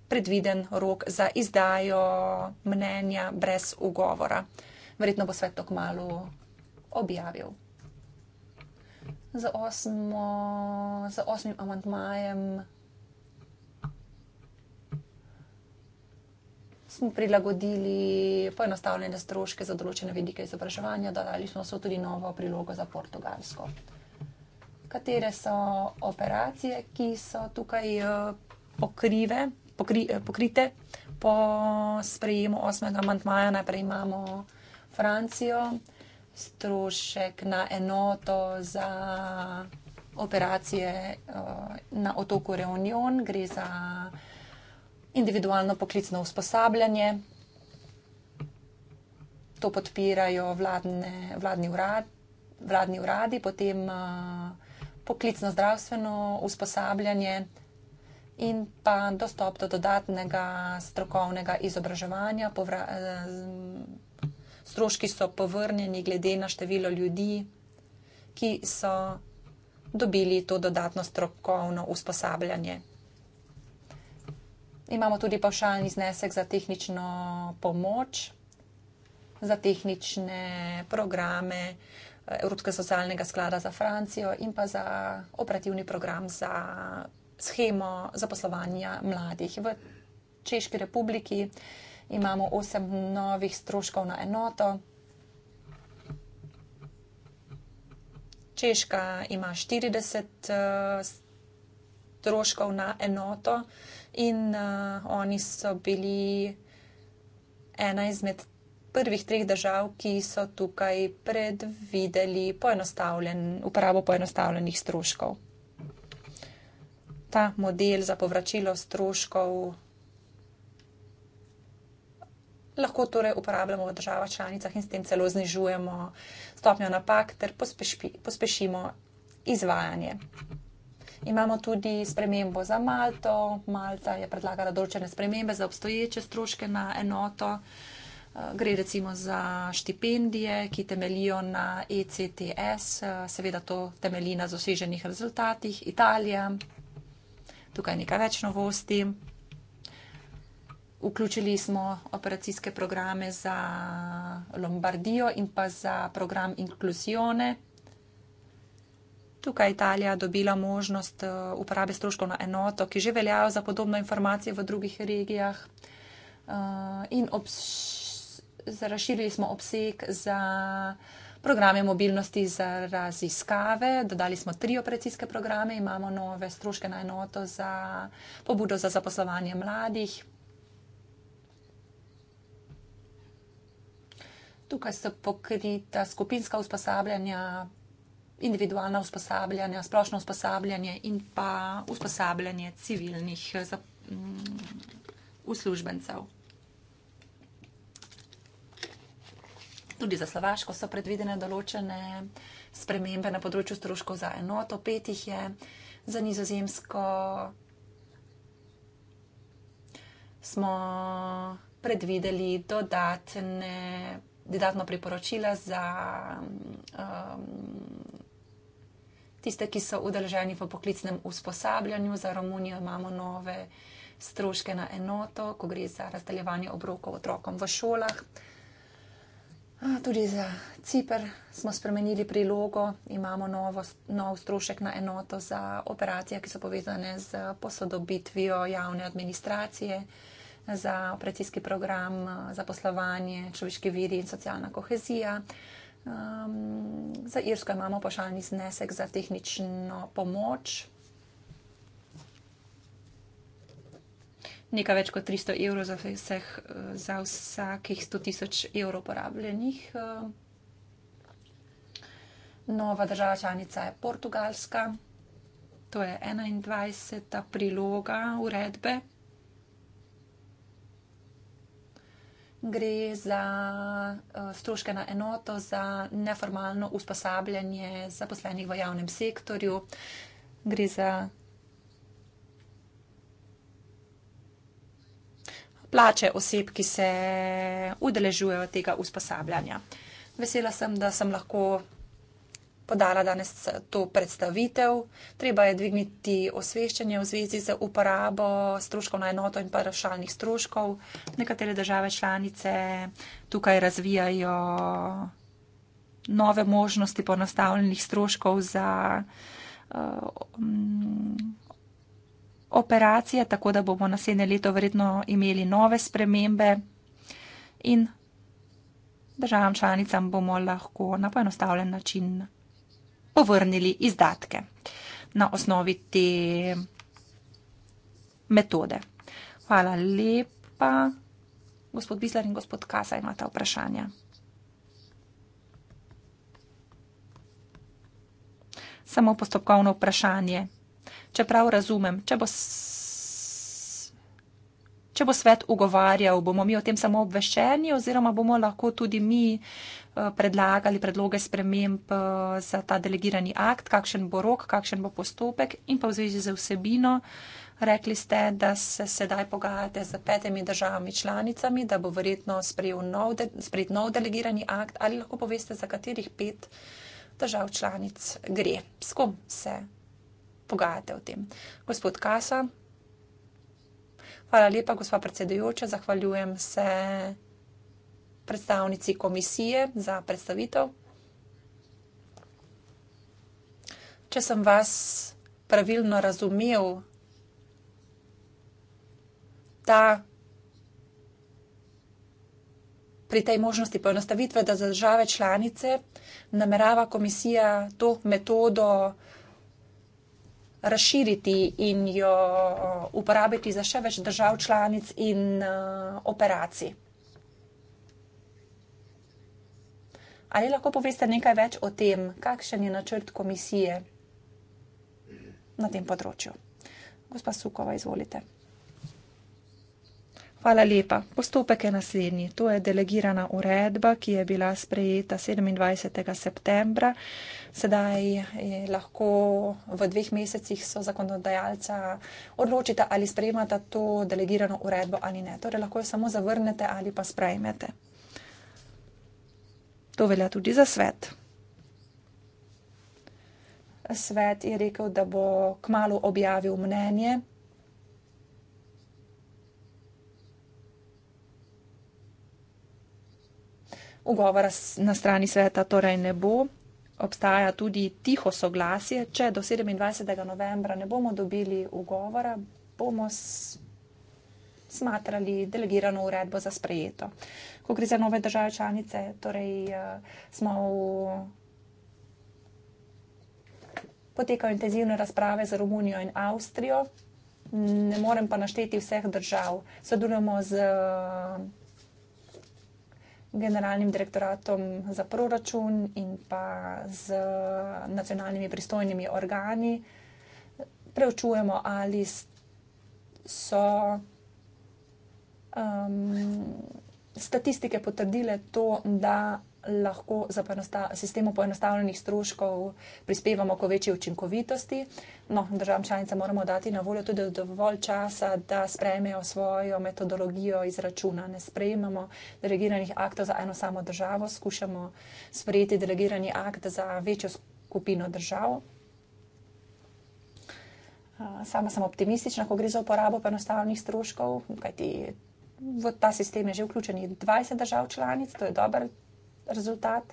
predviden rok za izdajo mnenja brez ugovora. Verjetno bo svet to kmalo objavil. Z osmim amantmajem smo prilagodili poenostavljene stroške za določene vidike izobraževanja, dodali smo tudi novo prilogo za portugalsko. Katere so operacije, ki so tukaj eh, pokrive, pokri, eh, pokrite po sprejemu 8. amantmaja? Najprej imamo Francijo, strošek na enoto za operacije eh, na otoku Reunion, gre za individualno poklicno usposabljanje. To podpirajo vladne, vladni, urad, vladni uradi, potem eh, poklicno zdravstveno usposabljanje in pa dostop do dodatnega strokovnega izobraževanja. Povra, eh, stroški so povrnjeni glede na število ljudi, ki so dobili to dodatno strokovno usposabljanje imamo tudi pašalni znesek za tehnično pomoč, za tehnične programe eh, Evropskega socialnega sklada za Francijo in pa za operativni program za schemo zaposlovanja mladih. V Češki republiki imamo osem novih stroškov na enoto. Češka ima 40 eh, stroškov na enoto in uh, oni so bili ena izmed prvih treh držav, ki so tukaj predvideli poenostavljen, uporabo poenostavljenih stroškov. Ta model za povračilo stroškov lahko torej uporabljamo v državah članicah in s tem celo znižujemo stopnjo napak ter pospeši, pospešimo izvajanje. Imamo tudi spremembo za Malto. Malta je predlagala določene spremembe za obstoječe stroške na enoto. Eh, gre recimo za štipendije, ki temelijo na ECTS, eh, seveda to temelji na zoseženih rezultatih. Italija, tukaj nekaj več novosti. Vključili smo operacijske programe za Lombardijo in pa za program Inklusione, tukaj Italija dobila možnost eh, uporabe stroškov na enoto, ki že veljajo za podobno informacijo v drugih regijah. Eh, in razširili smo obseg za programe mobilnosti za raziskave, dodali smo tri operacijske programe, imamo nove stroške na enoto za pobudo za zaposlovanje mladih. Tukaj so pokrita skupinska usposabljanja, individualna usposabljanja, splošno usposabljanje in pa usposabljanje civilnih za, um, uslužbencev. Tudi za Slovaško so predvidene določene spremembe na področju stroškov za enoto, pet jih je, za nizozemsko smo predvideli dodatne, dodatno priporočila za mm, um, tiste, ki so udeleženi v poklicnem usposabljanju, za Romunijo imamo nove stroške na enoto, ko gre za razdeljevanje obrokov otrokom v šolah. Tudi za Cipr smo spremenili prilogo, imamo novo, nov strošek na enoto za operacije, ki so povezane z posodobitvijo javne administracije, za operacijski program za poslovanje, človeški viri in socialna kohezija. Um, za Irsko imamo pašalni znesek za tehnično pomoč. Nekaj več kot 300 evrov za, vseh, eh, za vsakih 100 tisoč evrov porabljenih. Ehm, nova država članica je Portugalska. To je 21. priloga uredbe. gre za eh, stroške na enoto, za neformalno usposabljanje zaposlenih v javnem sektorju, gre za plače oseb, ki se udeležujejo tega usposabljanja. Vesela sem, da sem lahko podala danes eh, to predstavitev. Treba je dvigniti osveščanje v zvezi z uporabo stroškov na enoto in paravšalnih stroškov. Nekatere države članice tukaj razvijajo nove možnosti ponastavljenih stroškov za uh, operacije, tako da bomo naslednje leto verjetno imeli nove spremembe in državam članicam bomo lahko na poenostavljen način povrnili izdatke na osnovi te metode. Hvala lepa. Gospod Bizler in gospod Kasa imata vprašanja. Samo postopkovno vprašanje. Čeprav razumem, če bo s če bo svet ugovarjal, bomo mi o tem samo obveščeni oziroma bomo lahko tudi mi eh, predlagali predloge sprememb eh, za ta delegirani akt, kakšen bo rok, kakšen bo postopek in pa v zvezi z vsebino. Rekli ste, da se sedaj pogajate z petimi državami članicami, da bo verjetno sprejel nov, de, sprejet nov delegirani akt. Ali lahko poveste, za katerih pet držav članic gre? S kom se pogajate o tem? Gospod Kasa, Hvala lepa, gospa predsedujoča. Zahvaljujem se predstavnici komisije za predstavitev. Če sem vas pravilno razumel, da pri tej možnosti poenostavitve, da za države članice namerava komisija to metodo uh, razširiti in jo uh, uporabiti za še več držav članic in uh, operacij. Ali lahko poveste nekaj več o tem, kakšen je načrt komisije na tem področju? Gospa Sukova, izvolite. Hvala lepa. Postopek je naslednji. To je delegirana uredba, ki je bila sprejeta 27. septembra. Sedaj eh, lahko v dveh mesecih so zakonodajalca odločita, ali sprejmata to delegirano uredbo ali ne. Torej lahko jo samo zavrnete ali pa sprejmete. To velja tudi za svet. Svet je rekel, da bo kmalo objavil mnenje. Ugovora na strani sveta torej ne bo. Obstaja tudi tiho soglasje. Če do 27. novembra ne bomo dobili ugovora, bomo smatrali delegirano uredbo za sprejeto. Ko gre za nove države članice, torej eh, smo v. Potekajo intenzivne razprave z Romunijo in Avstrijo, ne morem pa našteti vseh držav. Sodelujemo z generalnim direktoratom za proračun in pa z nacionalnimi pristojnimi organi preučujemo, ali so um, statistike potrdile to, da lahko za sistemu poenostavljenih stroškov prispevamo k večji učinkovitosti. No, državam članicam moramo dati na voljo tudi dovolj časa, da sprejmejo svojo metodologijo izračuna. Ne sprejemamo delegiranih aktov za eno samo državo, skušamo sprejeti delegirani akt za večjo skupino držav. Sama sem optimistična, ko gre za uporabo poenostavljenih stroškov, kajti v ta sistem je že vključenih 20 držav članic, to je dober rezultat.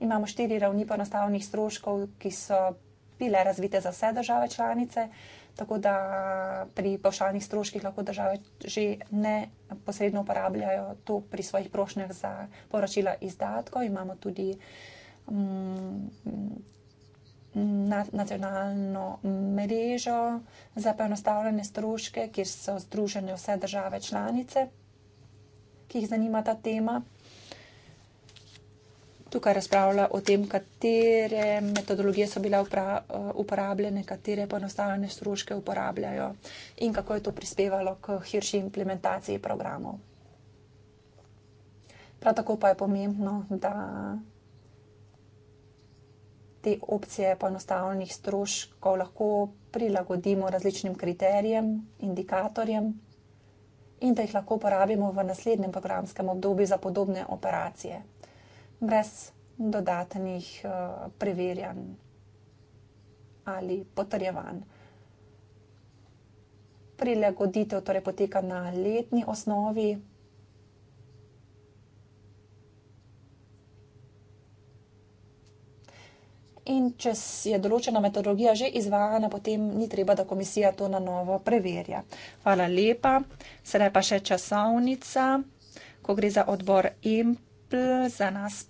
Imamo štiri ravni ponostavnih stroškov, ki so bile razvite za vse države članice, tako da pri pošaljnih stroških lahko države že ne posredno uporabljajo to pri svojih prošnjah za poročila izdatkov. Imamo tudi mm, mm, na, nacionalno mrežo za ponostavljene stroške, kjer so združene vse države članice ki jih zanima ta tema. Tukaj razpravlja o tem, katere metodologije so bile upra, uporabljene, katere poenostavljene stroške uporabljajo in kako je to prispevalo k hirši implementaciji programov. Prav tako pa je pomembno, da te opcije poenostavljenih stroškov lahko prilagodimo različnim kriterijem, indikatorjem in da jih lahko uporabimo v naslednjem programskem obdobju za podobne operacije, brez dodatnih eh, preverjanj ali potrjevanj. Prilagoditev torej poteka na letni osnovi, in če je določena metodologija že izvajana, potem ni treba, da komisija to na novo preverja. Hvala lepa. Sedaj pa še časovnica. Ko gre za odbor EMPL, za nas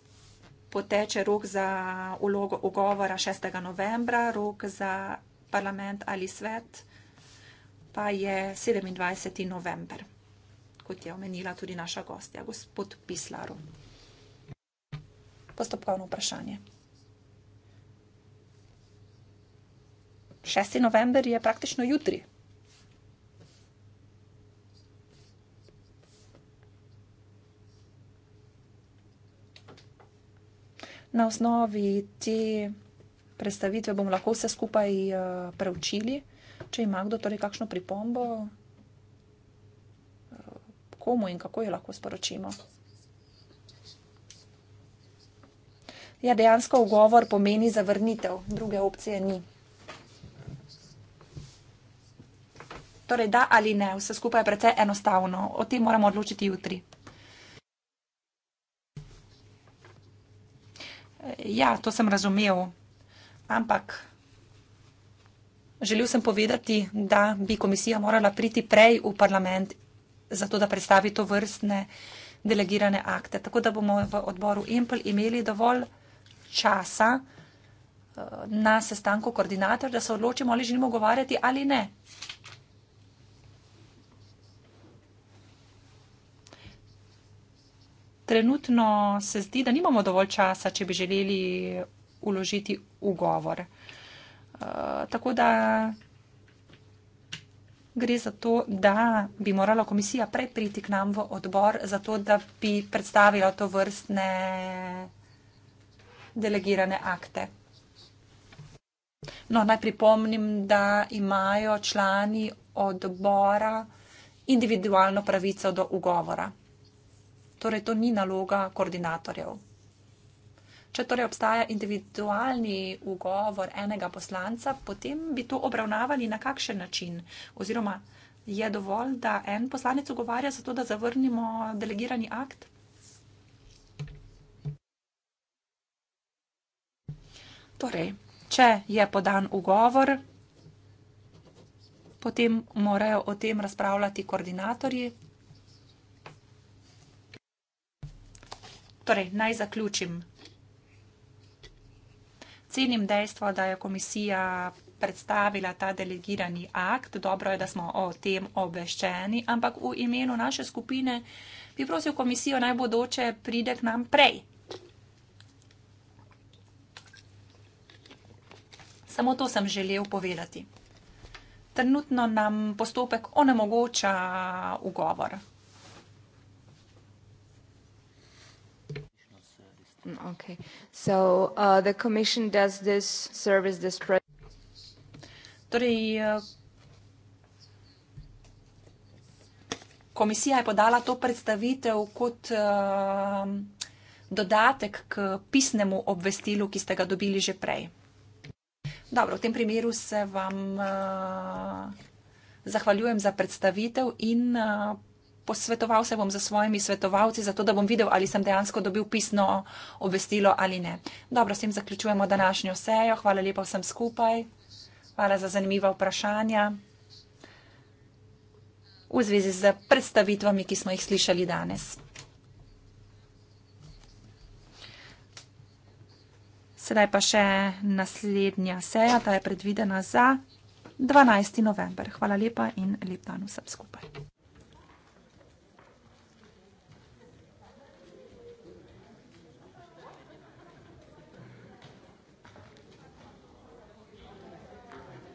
poteče rok za ulogo ugovora 6. novembra, rok za parlament ali svet pa je 27. november, kot je omenila tudi naša gostja, gospod Pislaru. Postopkovno vprašanje. 6. november je praktično jutri. Na osnovi te predstavitve bomo lahko vse skupaj uh, preučili. Če ima kdo torej kakšno pripombo, uh, komu in kako jo lahko sporočimo. Ja, dejansko ugovor pomeni zavrnitev, druge opcije ni. Torej, da ali ne, vse skupaj je precej enostavno. O tem moramo odločiti jutri. Ja, to sem razumel, ampak želel sem povedati, da bi komisija morala priti prej v parlament, zato da predstavi to vrstne delegirane akte. Tako da bomo v odboru Impel imeli dovolj časa eh, na sestanku koordinator, da se odločimo, ali želimo govarjati ali ne. trenutno se zdi, da nimamo dovolj časa, če bi želeli uložiti ugovor. Uh, tako da gre za to, da bi morala komisija prej priti k nam v odbor, zato da bi predstavila to vrstne delegirane akte. No, naj pripomnim, da imajo člani odbora individualno pravico do ugovora. Torej, to ni naloga koordinatorjev. Če torej obstaja individualni ugovor enega poslanca, potem bi to obravnavali na kakšen način? Oziroma, je dovolj, da en poslanec ugovarja za to, da zavrnimo delegirani akt? Torej, če je podan ugovor, potem morajo o tem razpravljati koordinatorji, Torej, naj zaključim. Cenim dejstvo, da je komisija predstavila ta delegirani akt. Dobro je, da smo o tem obveščeni, ampak v imenu naše skupine bi prosil komisijo naj bodoče pride k nam prej. Samo to sem želel povedati. Trenutno nam postopek onemogoča ugovor. Mm, okay. So, uh, the commission does this service this pre- Torej, uh, komisija je podala to predstavitev kot uh, dodatek k pisnemu obvestilu, ki ste ga dobili že prej. Dobro, v tem primeru se vam uh, zahvaljujem za predstavitev in uh, posvetoval se bom z svojimi svetovalci, zato da bom videl, ali sem dejansko dobil pisno obvestilo ali ne. Dobro, s tem zaključujemo današnjo sejo. Hvala lepa vsem skupaj. Hvala za zanimiva vprašanja v zvezi z predstavitvami, ki smo jih slišali danes. Sedaj pa še naslednja seja, ta je predvidena za 12. november. Hvala lepa in lep dan vsem skupaj.